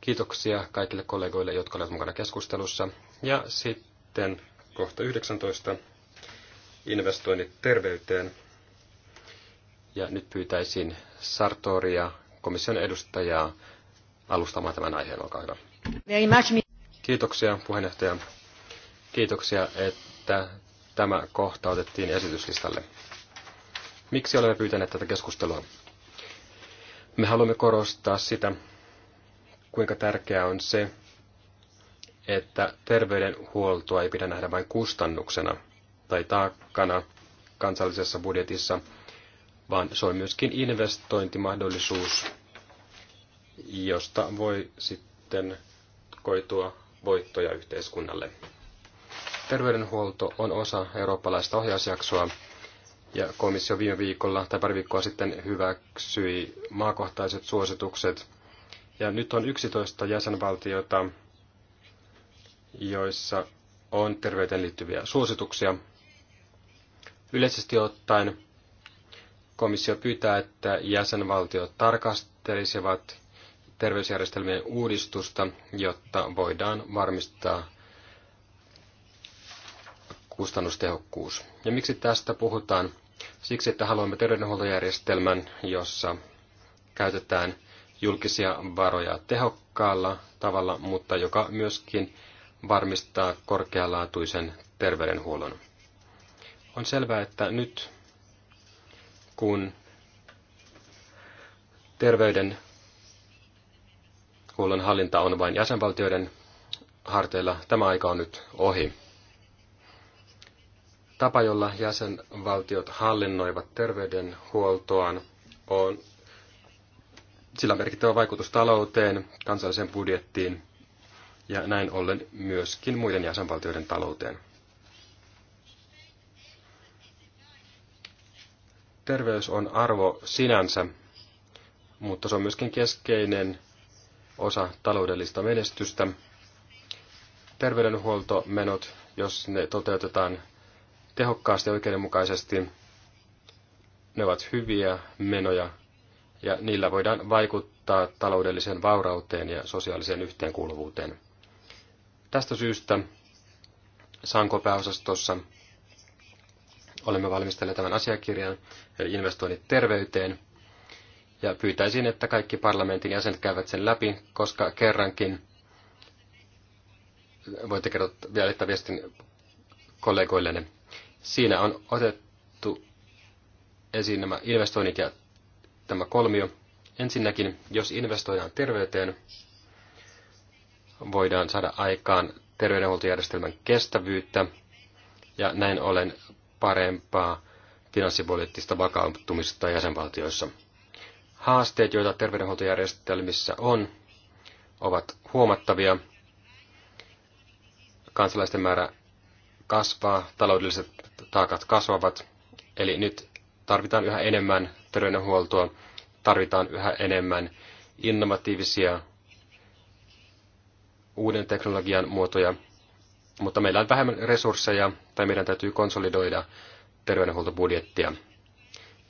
S1: Kiitoksia kaikille kollegoille, jotka olivat mukana keskustelussa. Ja sitten kohta 19 investoinnit terveyteen. Ja nyt pyytäisin Sartoria, komission edustajaa, alustamaan tämän aiheen. Olkaa hyvä. Kiitoksia puheenjohtaja. Kiitoksia, että tämä kohta otettiin esityslistalle. Miksi olemme pyytäneet tätä keskustelua? Me haluamme korostaa sitä, kuinka tärkeää on se, että terveydenhuoltoa ei pidä nähdä vain kustannuksena – tai taakkana kansallisessa budjetissa, vaan se on myöskin investointimahdollisuus, josta voi sitten koitua voittoja yhteiskunnalle. Terveydenhuolto on osa eurooppalaista ohjausjaksoa, ja komissio viime viikolla tai pari viikkoa sitten hyväksyi maakohtaiset suositukset. Ja nyt on 11 jäsenvaltiota, joissa on terveyteen liittyviä suosituksia, Yleisesti ottaen komissio pyytää, että jäsenvaltiot tarkastelisivat terveysjärjestelmien uudistusta, jotta voidaan varmistaa kustannustehokkuus. Ja miksi tästä puhutaan? Siksi, että haluamme terveydenhuoltojärjestelmän, jossa käytetään julkisia varoja tehokkaalla tavalla, mutta joka myöskin varmistaa korkealaatuisen terveydenhuollon. On selvää, että nyt kun terveydenhuollon hallinta on vain jäsenvaltioiden harteilla, tämä aika on nyt ohi. Tapa, jolla jäsenvaltiot hallinnoivat terveydenhuoltoaan, on sillä on merkittävä vaikutus talouteen, kansalliseen budjettiin ja näin ollen myöskin muiden jäsenvaltioiden talouteen. terveys on arvo sinänsä, mutta se on myöskin keskeinen osa taloudellista menestystä. Terveydenhuoltomenot, jos ne toteutetaan tehokkaasti ja oikeudenmukaisesti, ne ovat hyviä menoja ja niillä voidaan vaikuttaa taloudelliseen vaurauteen ja sosiaaliseen yhteenkuuluvuuteen. Tästä syystä Sanko-pääosastossa Olemme valmistelleet tämän asiakirjan investoinnit terveyteen. Ja pyytäisin, että kaikki parlamentin jäsenet käyvät sen läpi, koska kerrankin voitte kertoa vielä viestin kollegoillenne. Siinä on otettu esiin nämä investoinnit ja tämä kolmio. Ensinnäkin, jos investoidaan terveyteen, voidaan saada aikaan terveydenhuoltojärjestelmän kestävyyttä ja näin ollen parempaa finanssipoliittista vakautumista jäsenvaltioissa. Haasteet, joita terveydenhuoltojärjestelmissä on, ovat huomattavia. Kansalaisten määrä kasvaa, taloudelliset taakat kasvavat, eli nyt tarvitaan yhä enemmän terveydenhuoltoa, tarvitaan yhä enemmän innovatiivisia uuden teknologian muotoja, mutta meillä on vähemmän resursseja, tai meidän täytyy konsolidoida terveydenhuoltobudjettia.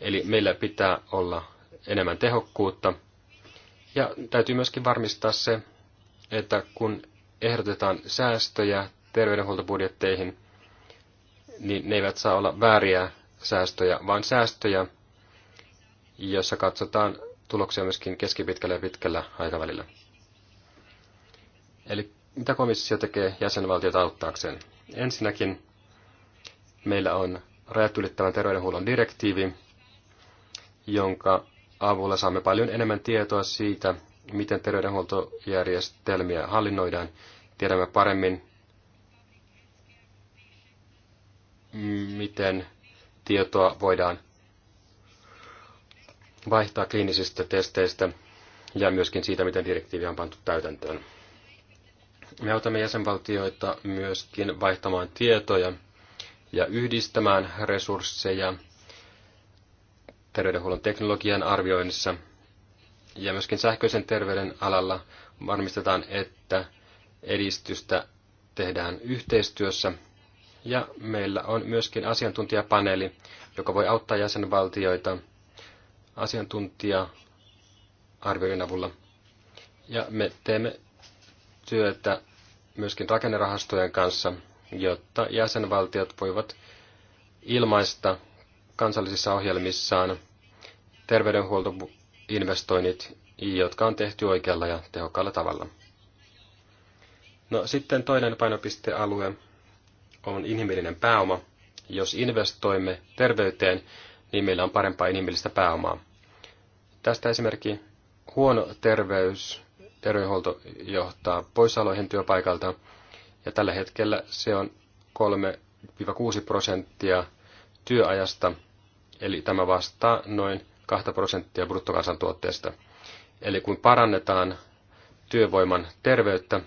S1: Eli meillä pitää olla enemmän tehokkuutta. Ja täytyy myöskin varmistaa se, että kun ehdotetaan säästöjä terveydenhuoltobudjetteihin, niin ne eivät saa olla vääriä säästöjä, vaan säästöjä, jossa katsotaan tuloksia myöskin keskipitkällä ja pitkällä aikavälillä. Eli mitä komissio tekee jäsenvaltiot auttaakseen? Ensinnäkin meillä on rajat ylittävän terveydenhuollon direktiivi, jonka avulla saamme paljon enemmän tietoa siitä, miten terveydenhuoltojärjestelmiä hallinnoidaan. Tiedämme paremmin, miten tietoa voidaan vaihtaa kliinisistä testeistä ja myöskin siitä, miten direktiivi on pantu täytäntöön. Me autamme jäsenvaltioita myöskin vaihtamaan tietoja ja yhdistämään resursseja terveydenhuollon teknologian arvioinnissa. Ja myöskin sähköisen terveyden alalla varmistetaan, että edistystä tehdään yhteistyössä. Ja meillä on myöskin asiantuntijapaneeli, joka voi auttaa jäsenvaltioita asiantuntija arvioinnin avulla. Ja me teemme työtä myöskin rakennerahastojen kanssa, jotta jäsenvaltiot voivat ilmaista kansallisissa ohjelmissaan terveydenhuoltoinvestoinnit, jotka on tehty oikealla ja tehokkaalla tavalla. No sitten toinen painopistealue on inhimillinen pääoma. Jos investoimme terveyteen, niin meillä on parempaa inhimillistä pääomaa. Tästä esimerkki huono terveys terveydenhuolto johtaa poissaoloihin työpaikalta, ja tällä hetkellä se on 3-6 prosenttia työajasta, eli tämä vastaa noin 2 prosenttia bruttokansantuotteesta. Eli kun parannetaan työvoiman terveyttä,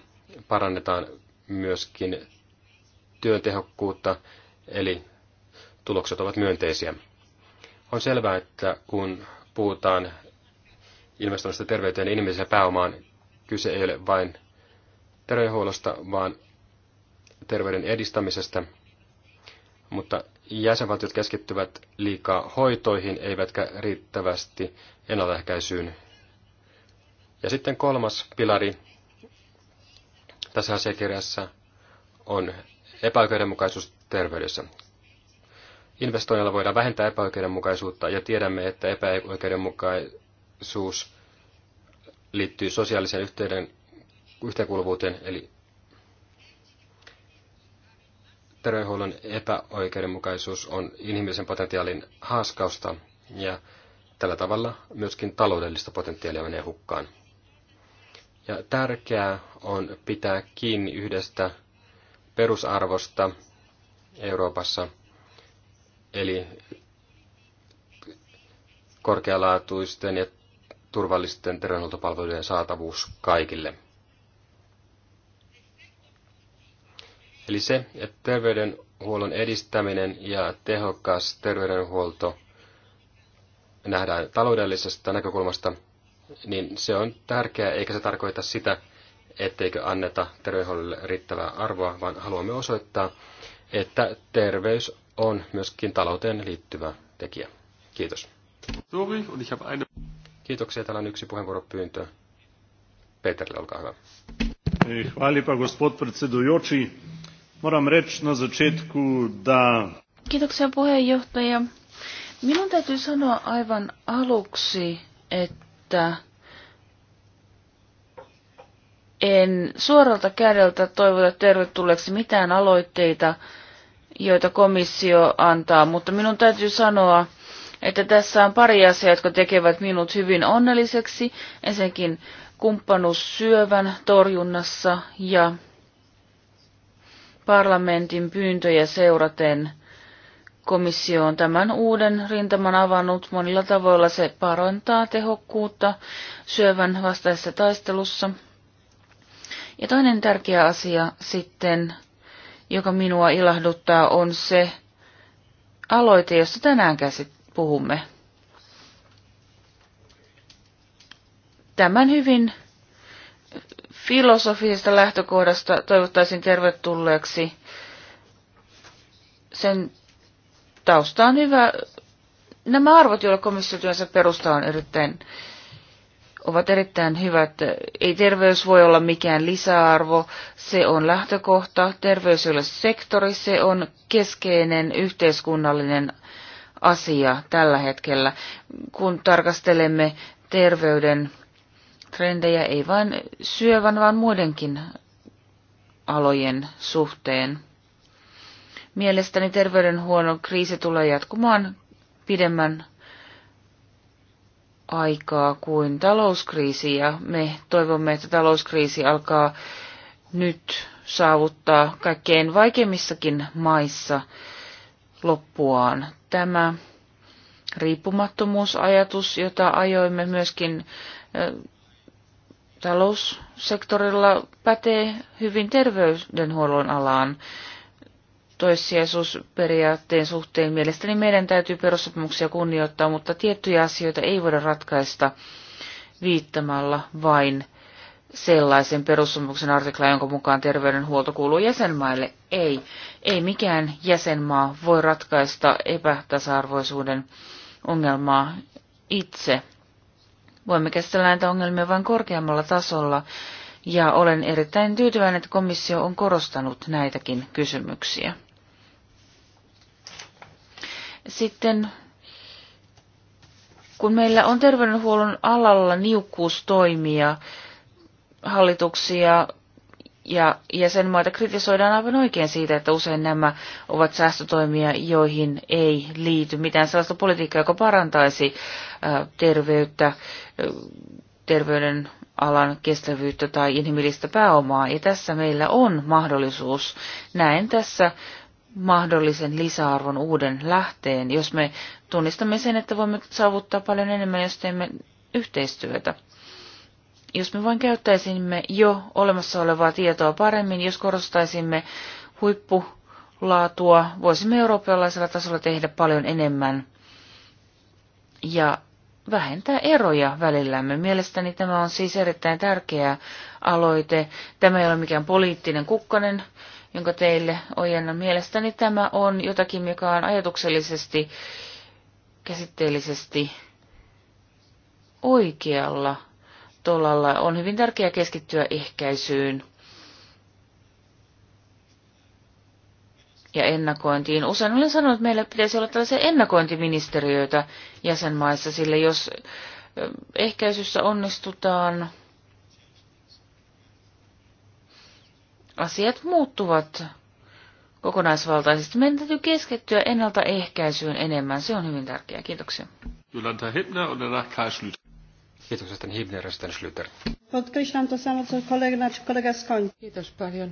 S1: parannetaan myöskin työn tehokkuutta, eli tulokset ovat myönteisiä. On selvää, että kun puhutaan investoinnista terveyteen ja inhimilliseen pääomaan, kyse ei ole vain terveydenhuollosta, vaan terveyden edistämisestä. Mutta jäsenvaltiot keskittyvät liikaa hoitoihin, eivätkä riittävästi ennaltaehkäisyyn. Ja sitten kolmas pilari tässä asiakirjassa on epäoikeudenmukaisuus terveydessä. Investoinnilla voidaan vähentää epäoikeudenmukaisuutta ja tiedämme, että epäoikeudenmukaisuus liittyy sosiaaliseen yhteyden, yhteenkuuluvuuteen, eli terveydenhuollon epäoikeudenmukaisuus on inhimillisen potentiaalin haaskausta ja tällä tavalla myöskin taloudellista potentiaalia menee hukkaan. Ja tärkeää on pitää kiinni yhdestä perusarvosta Euroopassa, eli korkealaatuisten ja turvallisten terveydenhuoltopalvelujen saatavuus kaikille. Eli se, että terveydenhuollon edistäminen ja tehokas terveydenhuolto nähdään taloudellisesta näkökulmasta, niin se on tärkeää, eikä se tarkoita sitä, etteikö anneta terveydenhuollolle riittävää arvoa, vaan haluamme osoittaa, että terveys on myöskin talouteen liittyvä tekijä. Kiitos. Sorry, und ich habe eine... Kiitoksia. Täällä on yksi puheenvuoropyyntö. Peterille, olkaa hyvä. Hvala
S2: gospod predsedujoči. Moram reći na začetku, da... Kiitoksia puheenjohtaja. Minun täytyy sanoa aivan aluksi, että en suoralta kädeltä toivota tervetulleeksi mitään aloitteita, joita komissio antaa, mutta minun täytyy sanoa, että tässä on pari asiaa, jotka tekevät minut hyvin onnelliseksi. Ensinnäkin kumppanuus syövän torjunnassa ja parlamentin pyyntöjä seuraten komissio on tämän uuden rintaman avannut. Monilla tavoilla se parantaa tehokkuutta syövän vastaisessa taistelussa. Ja toinen tärkeä asia sitten, joka minua ilahduttaa, on se aloite, josta tänään käsit puhumme. Tämän hyvin filosofisesta lähtökohdasta toivottaisin tervetulleeksi. Sen tausta on hyvä. Nämä arvot, joilla komissiotyönsä perusta on erittäin, ovat erittäin hyvät. Ei terveys voi olla mikään lisäarvo, se on lähtökohta. Terveys ei ole sektori, se on keskeinen yhteiskunnallinen asia tällä hetkellä, kun tarkastelemme terveyden trendejä ei vain syövän, vaan muidenkin alojen suhteen. Mielestäni terveydenhuollon kriisi tulee jatkumaan pidemmän aikaa kuin talouskriisi ja me toivomme, että talouskriisi alkaa nyt saavuttaa kaikkein vaikeimmissakin maissa loppuaan. Tämä riippumattomuusajatus, jota ajoimme myöskin taloussektorilla, pätee hyvin terveydenhuollon alaan toissijaisuusperiaatteen suhteen mielestäni meidän täytyy perussopimuksia kunnioittaa, mutta tiettyjä asioita ei voida ratkaista viittamalla vain sellaisen perussopimuksen artikla, jonka mukaan terveydenhuolto kuuluu jäsenmaille. Ei. Ei mikään jäsenmaa voi ratkaista epätasa-arvoisuuden ongelmaa itse. Voimme käsitellä näitä ongelmia vain korkeammalla tasolla, ja olen erittäin tyytyväinen, että komissio on korostanut näitäkin kysymyksiä. Sitten kun meillä on terveydenhuollon alalla niukkuustoimia, toimia, hallituksia ja jäsenmaita kritisoidaan aivan oikein siitä, että usein nämä ovat säästötoimia, joihin ei liity mitään sellaista politiikkaa, joka parantaisi terveyttä, terveyden alan kestävyyttä tai inhimillistä pääomaa. Ja tässä meillä on mahdollisuus. Näen tässä mahdollisen lisäarvon uuden lähteen, jos me tunnistamme sen, että voimme saavuttaa paljon enemmän, jos teemme yhteistyötä jos me vain käyttäisimme jo olemassa olevaa tietoa paremmin, jos korostaisimme huippulaatua, voisimme eurooppalaisella tasolla tehdä paljon enemmän ja vähentää eroja välillämme. Mielestäni tämä on siis erittäin tärkeä aloite. Tämä ei ole mikään poliittinen kukkanen, jonka teille ojennan. Mielestäni tämä on jotakin, mikä on ajatuksellisesti, käsitteellisesti oikealla tolalla. On hyvin tärkeää keskittyä ehkäisyyn ja ennakointiin. Usein olen sanonut, että meillä pitäisi olla tällaisia ennakointiministeriöitä jäsenmaissa, sillä jos ehkäisyssä onnistutaan, asiat muuttuvat kokonaisvaltaisesti. Meidän täytyy keskittyä ennaltaehkäisyyn enemmän. Se on hyvin tärkeää. Kiitoksia.
S1: Jolanta Hipner Karl Schlüter. Kiitos, sitten Hibner ja sitten Schlüter.
S2: Podkreślam to samo, co kolega, kolega skończył. Kiitos
S3: paljon.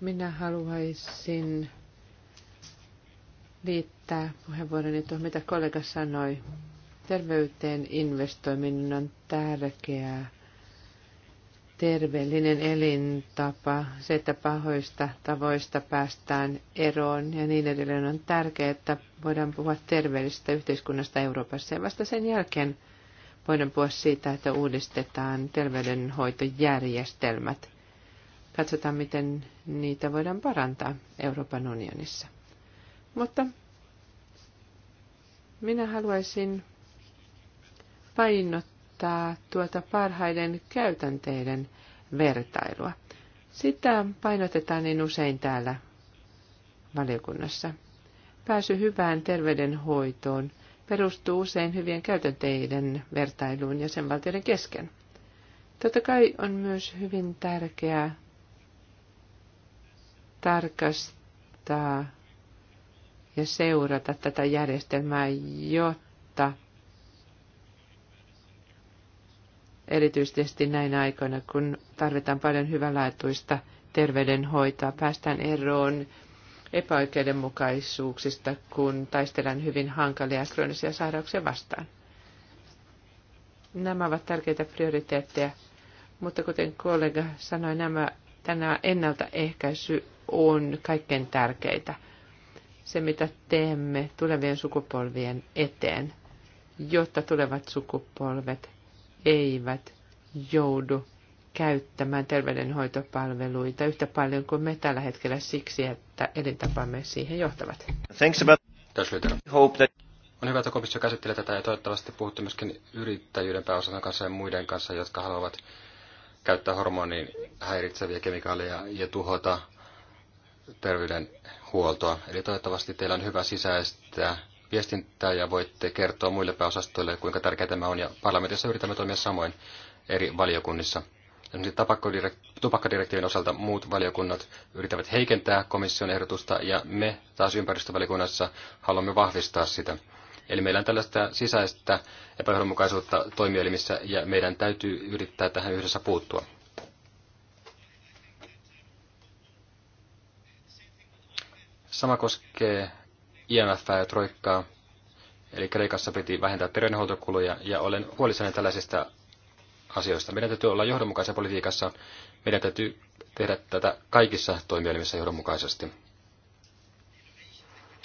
S3: Minä haluaisin liittää puheenvuoroni tuohon, mitä kollega sanoi. Terveyteen investoiminen on tärkeää. Terveellinen elintapa, se, että pahoista tavoista päästään eroon ja niin edelleen on tärkeää, että voidaan puhua terveellisestä yhteiskunnasta Euroopassa. Ja vasta sen jälkeen voidaan puhua siitä, että uudistetaan terveydenhoitojärjestelmät. Katsotaan, miten niitä voidaan parantaa Euroopan unionissa. Mutta minä haluaisin painottaa tuota parhaiden käytänteiden vertailua. Sitä painotetaan niin usein täällä valiokunnassa. Pääsy hyvään terveydenhoitoon perustuu usein hyvien käytänteiden vertailuun jäsenvaltioiden kesken. Totta kai on myös hyvin tärkeää tarkastaa ja seurata tätä järjestelmää, jotta erityisesti näin aikoina, kun tarvitaan paljon hyvänlaatuista terveydenhoitoa, päästään eroon epäoikeudenmukaisuuksista, kun taistellaan hyvin hankalia ja kroonisia sairauksia vastaan. Nämä ovat tärkeitä prioriteetteja, mutta kuten kollega sanoi, nämä tänä ennaltaehkäisy on kaikkein tärkeintä. Se, mitä teemme tulevien sukupolvien eteen, jotta tulevat sukupolvet eivät joudu käyttämään terveydenhoitopalveluita yhtä paljon kuin me tällä hetkellä siksi, että elintapamme siihen johtavat.
S1: Thanks about... On hyvä, että komissio käsittelee tätä ja toivottavasti puhutte myöskin yrittäjyyden pääosan kanssa ja muiden kanssa, jotka haluavat käyttää hormoniin häiritseviä kemikaaleja ja tuhota terveydenhuoltoa. Eli toivottavasti teillä on hyvä sisäistä viestintää ja voitte kertoa muille pääosastoille, kuinka tärkeää tämä on. Ja parlamentissa yritämme toimia samoin eri valiokunnissa tupakkadirektiivin osalta muut valiokunnat yrittävät heikentää komission ehdotusta ja me taas ympäristövaliokunnassa haluamme vahvistaa sitä. Eli meillä on tällaista sisäistä epäjohdonmukaisuutta toimielimissä ja meidän täytyy yrittää tähän yhdessä puuttua. Sama koskee IMF ja Troikkaa. Eli Kreikassa piti vähentää terveydenhuoltokuluja ja olen huolissani tällaisista asioista. Meidän täytyy olla johdonmukaisia politiikassa. Meidän täytyy tehdä tätä kaikissa toimielimissä johdonmukaisesti.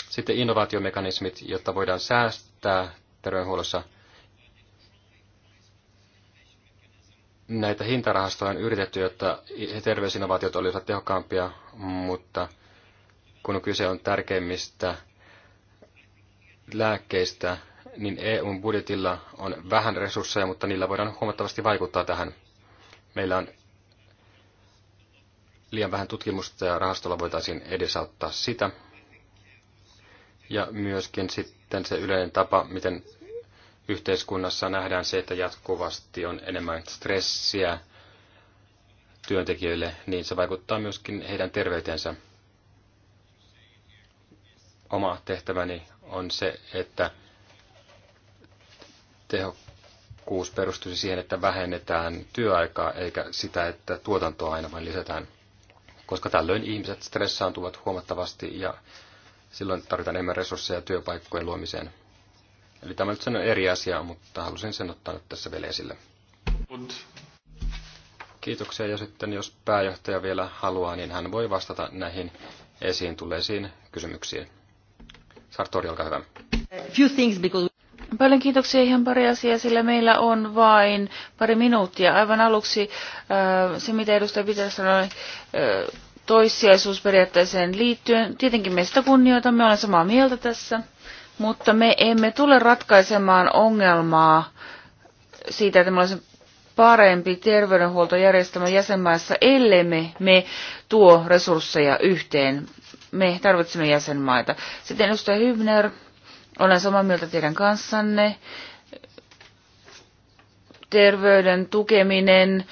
S1: Sitten innovaatiomekanismit, jotta voidaan säästää terveydenhuollossa. Näitä hintarahastoja on yritetty, jotta terveysinnovaatiot olisivat tehokkaampia, mutta kun kyse on tärkeimmistä lääkkeistä, niin EUn budjetilla on vähän resursseja, mutta niillä voidaan huomattavasti vaikuttaa tähän. Meillä on liian vähän tutkimusta ja rahastolla voitaisiin edesauttaa sitä. Ja myöskin sitten se yleinen tapa, miten yhteiskunnassa nähdään se, että jatkuvasti on enemmän stressiä työntekijöille, niin se vaikuttaa myöskin heidän terveytensä. Oma tehtäväni on se, että tehokkuus perustuisi siihen, että vähennetään työaikaa eikä sitä, että tuotantoa aina vain lisätään. Koska tällöin ihmiset stressaantuvat huomattavasti ja silloin tarvitaan enemmän resursseja työpaikkojen luomiseen. Eli tämä nyt on eri asia, mutta halusin sen ottaa nyt tässä vielä esille. Kiitoksia ja sitten jos pääjohtaja vielä haluaa, niin hän voi vastata näihin esiin tulleisiin kysymyksiin. Sartori, olkaa hyvä.
S2: Few things because Paljon kiitoksia ihan pari asiaa, sillä meillä on vain pari minuuttia. Aivan aluksi äh, se, mitä edustaja Peter sanoi äh, toissijaisuusperiaatteeseen liittyen. Tietenkin me sitä kunnioitamme, olen samaa mieltä tässä, mutta me emme tule ratkaisemaan ongelmaa siitä, että me olisimme parempi terveydenhuoltojärjestelmä jäsenmaissa, me, me tuo resursseja yhteen. Me tarvitsemme jäsenmaita. Sitten edustaja Hybner olen samaa mieltä teidän kanssanne. Terveyden tukeminen,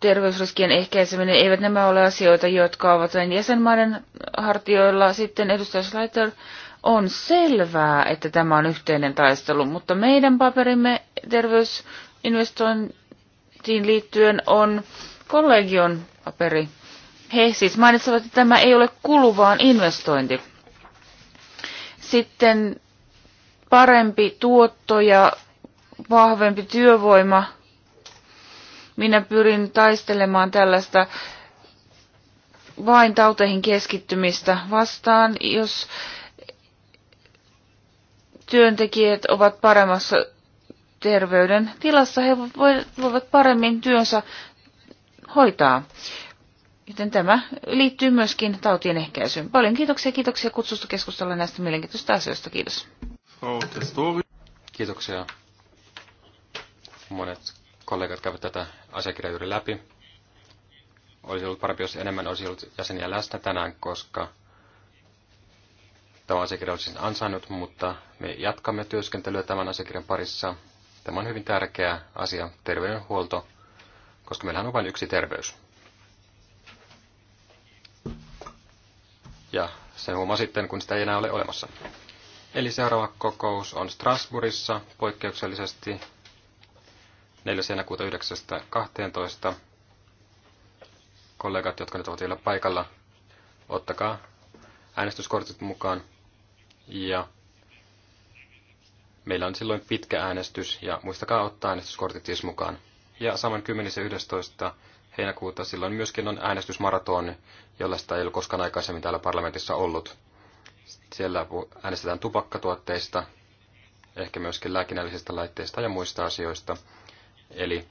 S2: terveysriskien ehkäiseminen, eivät nämä ole asioita, jotka ovat vain jäsenmaiden hartioilla. Sitten edustaja on selvää, että tämä on yhteinen taistelu, mutta meidän paperimme terveysinvestointiin liittyen on kollegion paperi. He siis mainitsevat, että tämä ei ole kuluvaan investointi. Sitten parempi tuotto ja vahvempi työvoima. Minä pyrin taistelemaan tällaista vain tauteihin keskittymistä vastaan, jos työntekijät ovat paremmassa terveyden tilassa, he voivat paremmin työnsä hoitaa. Joten tämä liittyy myöskin tautien ehkäisyyn. Paljon kiitoksia, kiitoksia kutsusta keskustella näistä mielenkiintoisista asioista.
S1: Kiitos. Frau Kiitoksia. Monet kollegat käyvät tätä asiakirjaa juuri läpi. Olisi ollut parempi, jos enemmän olisi ollut jäseniä läsnä tänään, koska tämä asiakirja olisi sen ansainnut, mutta me jatkamme työskentelyä tämän asiakirjan parissa. Tämä on hyvin tärkeä asia, terveydenhuolto, koska meillähän on vain yksi terveys. Ja sen huomaa sitten, kun sitä ei enää ole olemassa. Eli seuraava kokous on Strasbourgissa poikkeuksellisesti 4.9.12. Kollegat, jotka nyt ovat vielä paikalla, ottakaa äänestyskortit mukaan. Ja meillä on silloin pitkä äänestys ja muistakaa ottaa äänestyskortit siis mukaan. Ja saman 10.11. heinäkuuta silloin myöskin on äänestysmaratoni, jolla sitä ei ollut koskaan aikaisemmin täällä parlamentissa ollut. Siellä äänestetään tupakkatuotteista, ehkä myöskin lääkinnällisistä laitteista ja muista asioista. Eli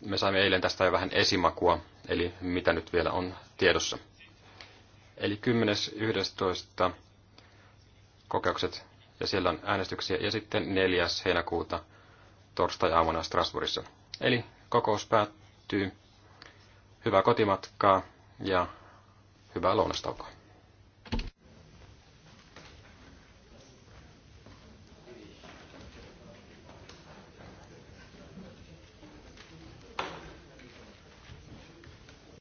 S1: me saimme eilen tästä jo vähän esimakua, eli mitä nyt vielä on tiedossa. Eli 10.11. kokeukset ja siellä on äänestyksiä ja sitten 4. heinäkuuta torstai-aamuna Strasbourgissa. Eli kokous päättyy. Hyvää kotimatkaa ja Hyvää lounastaukoa.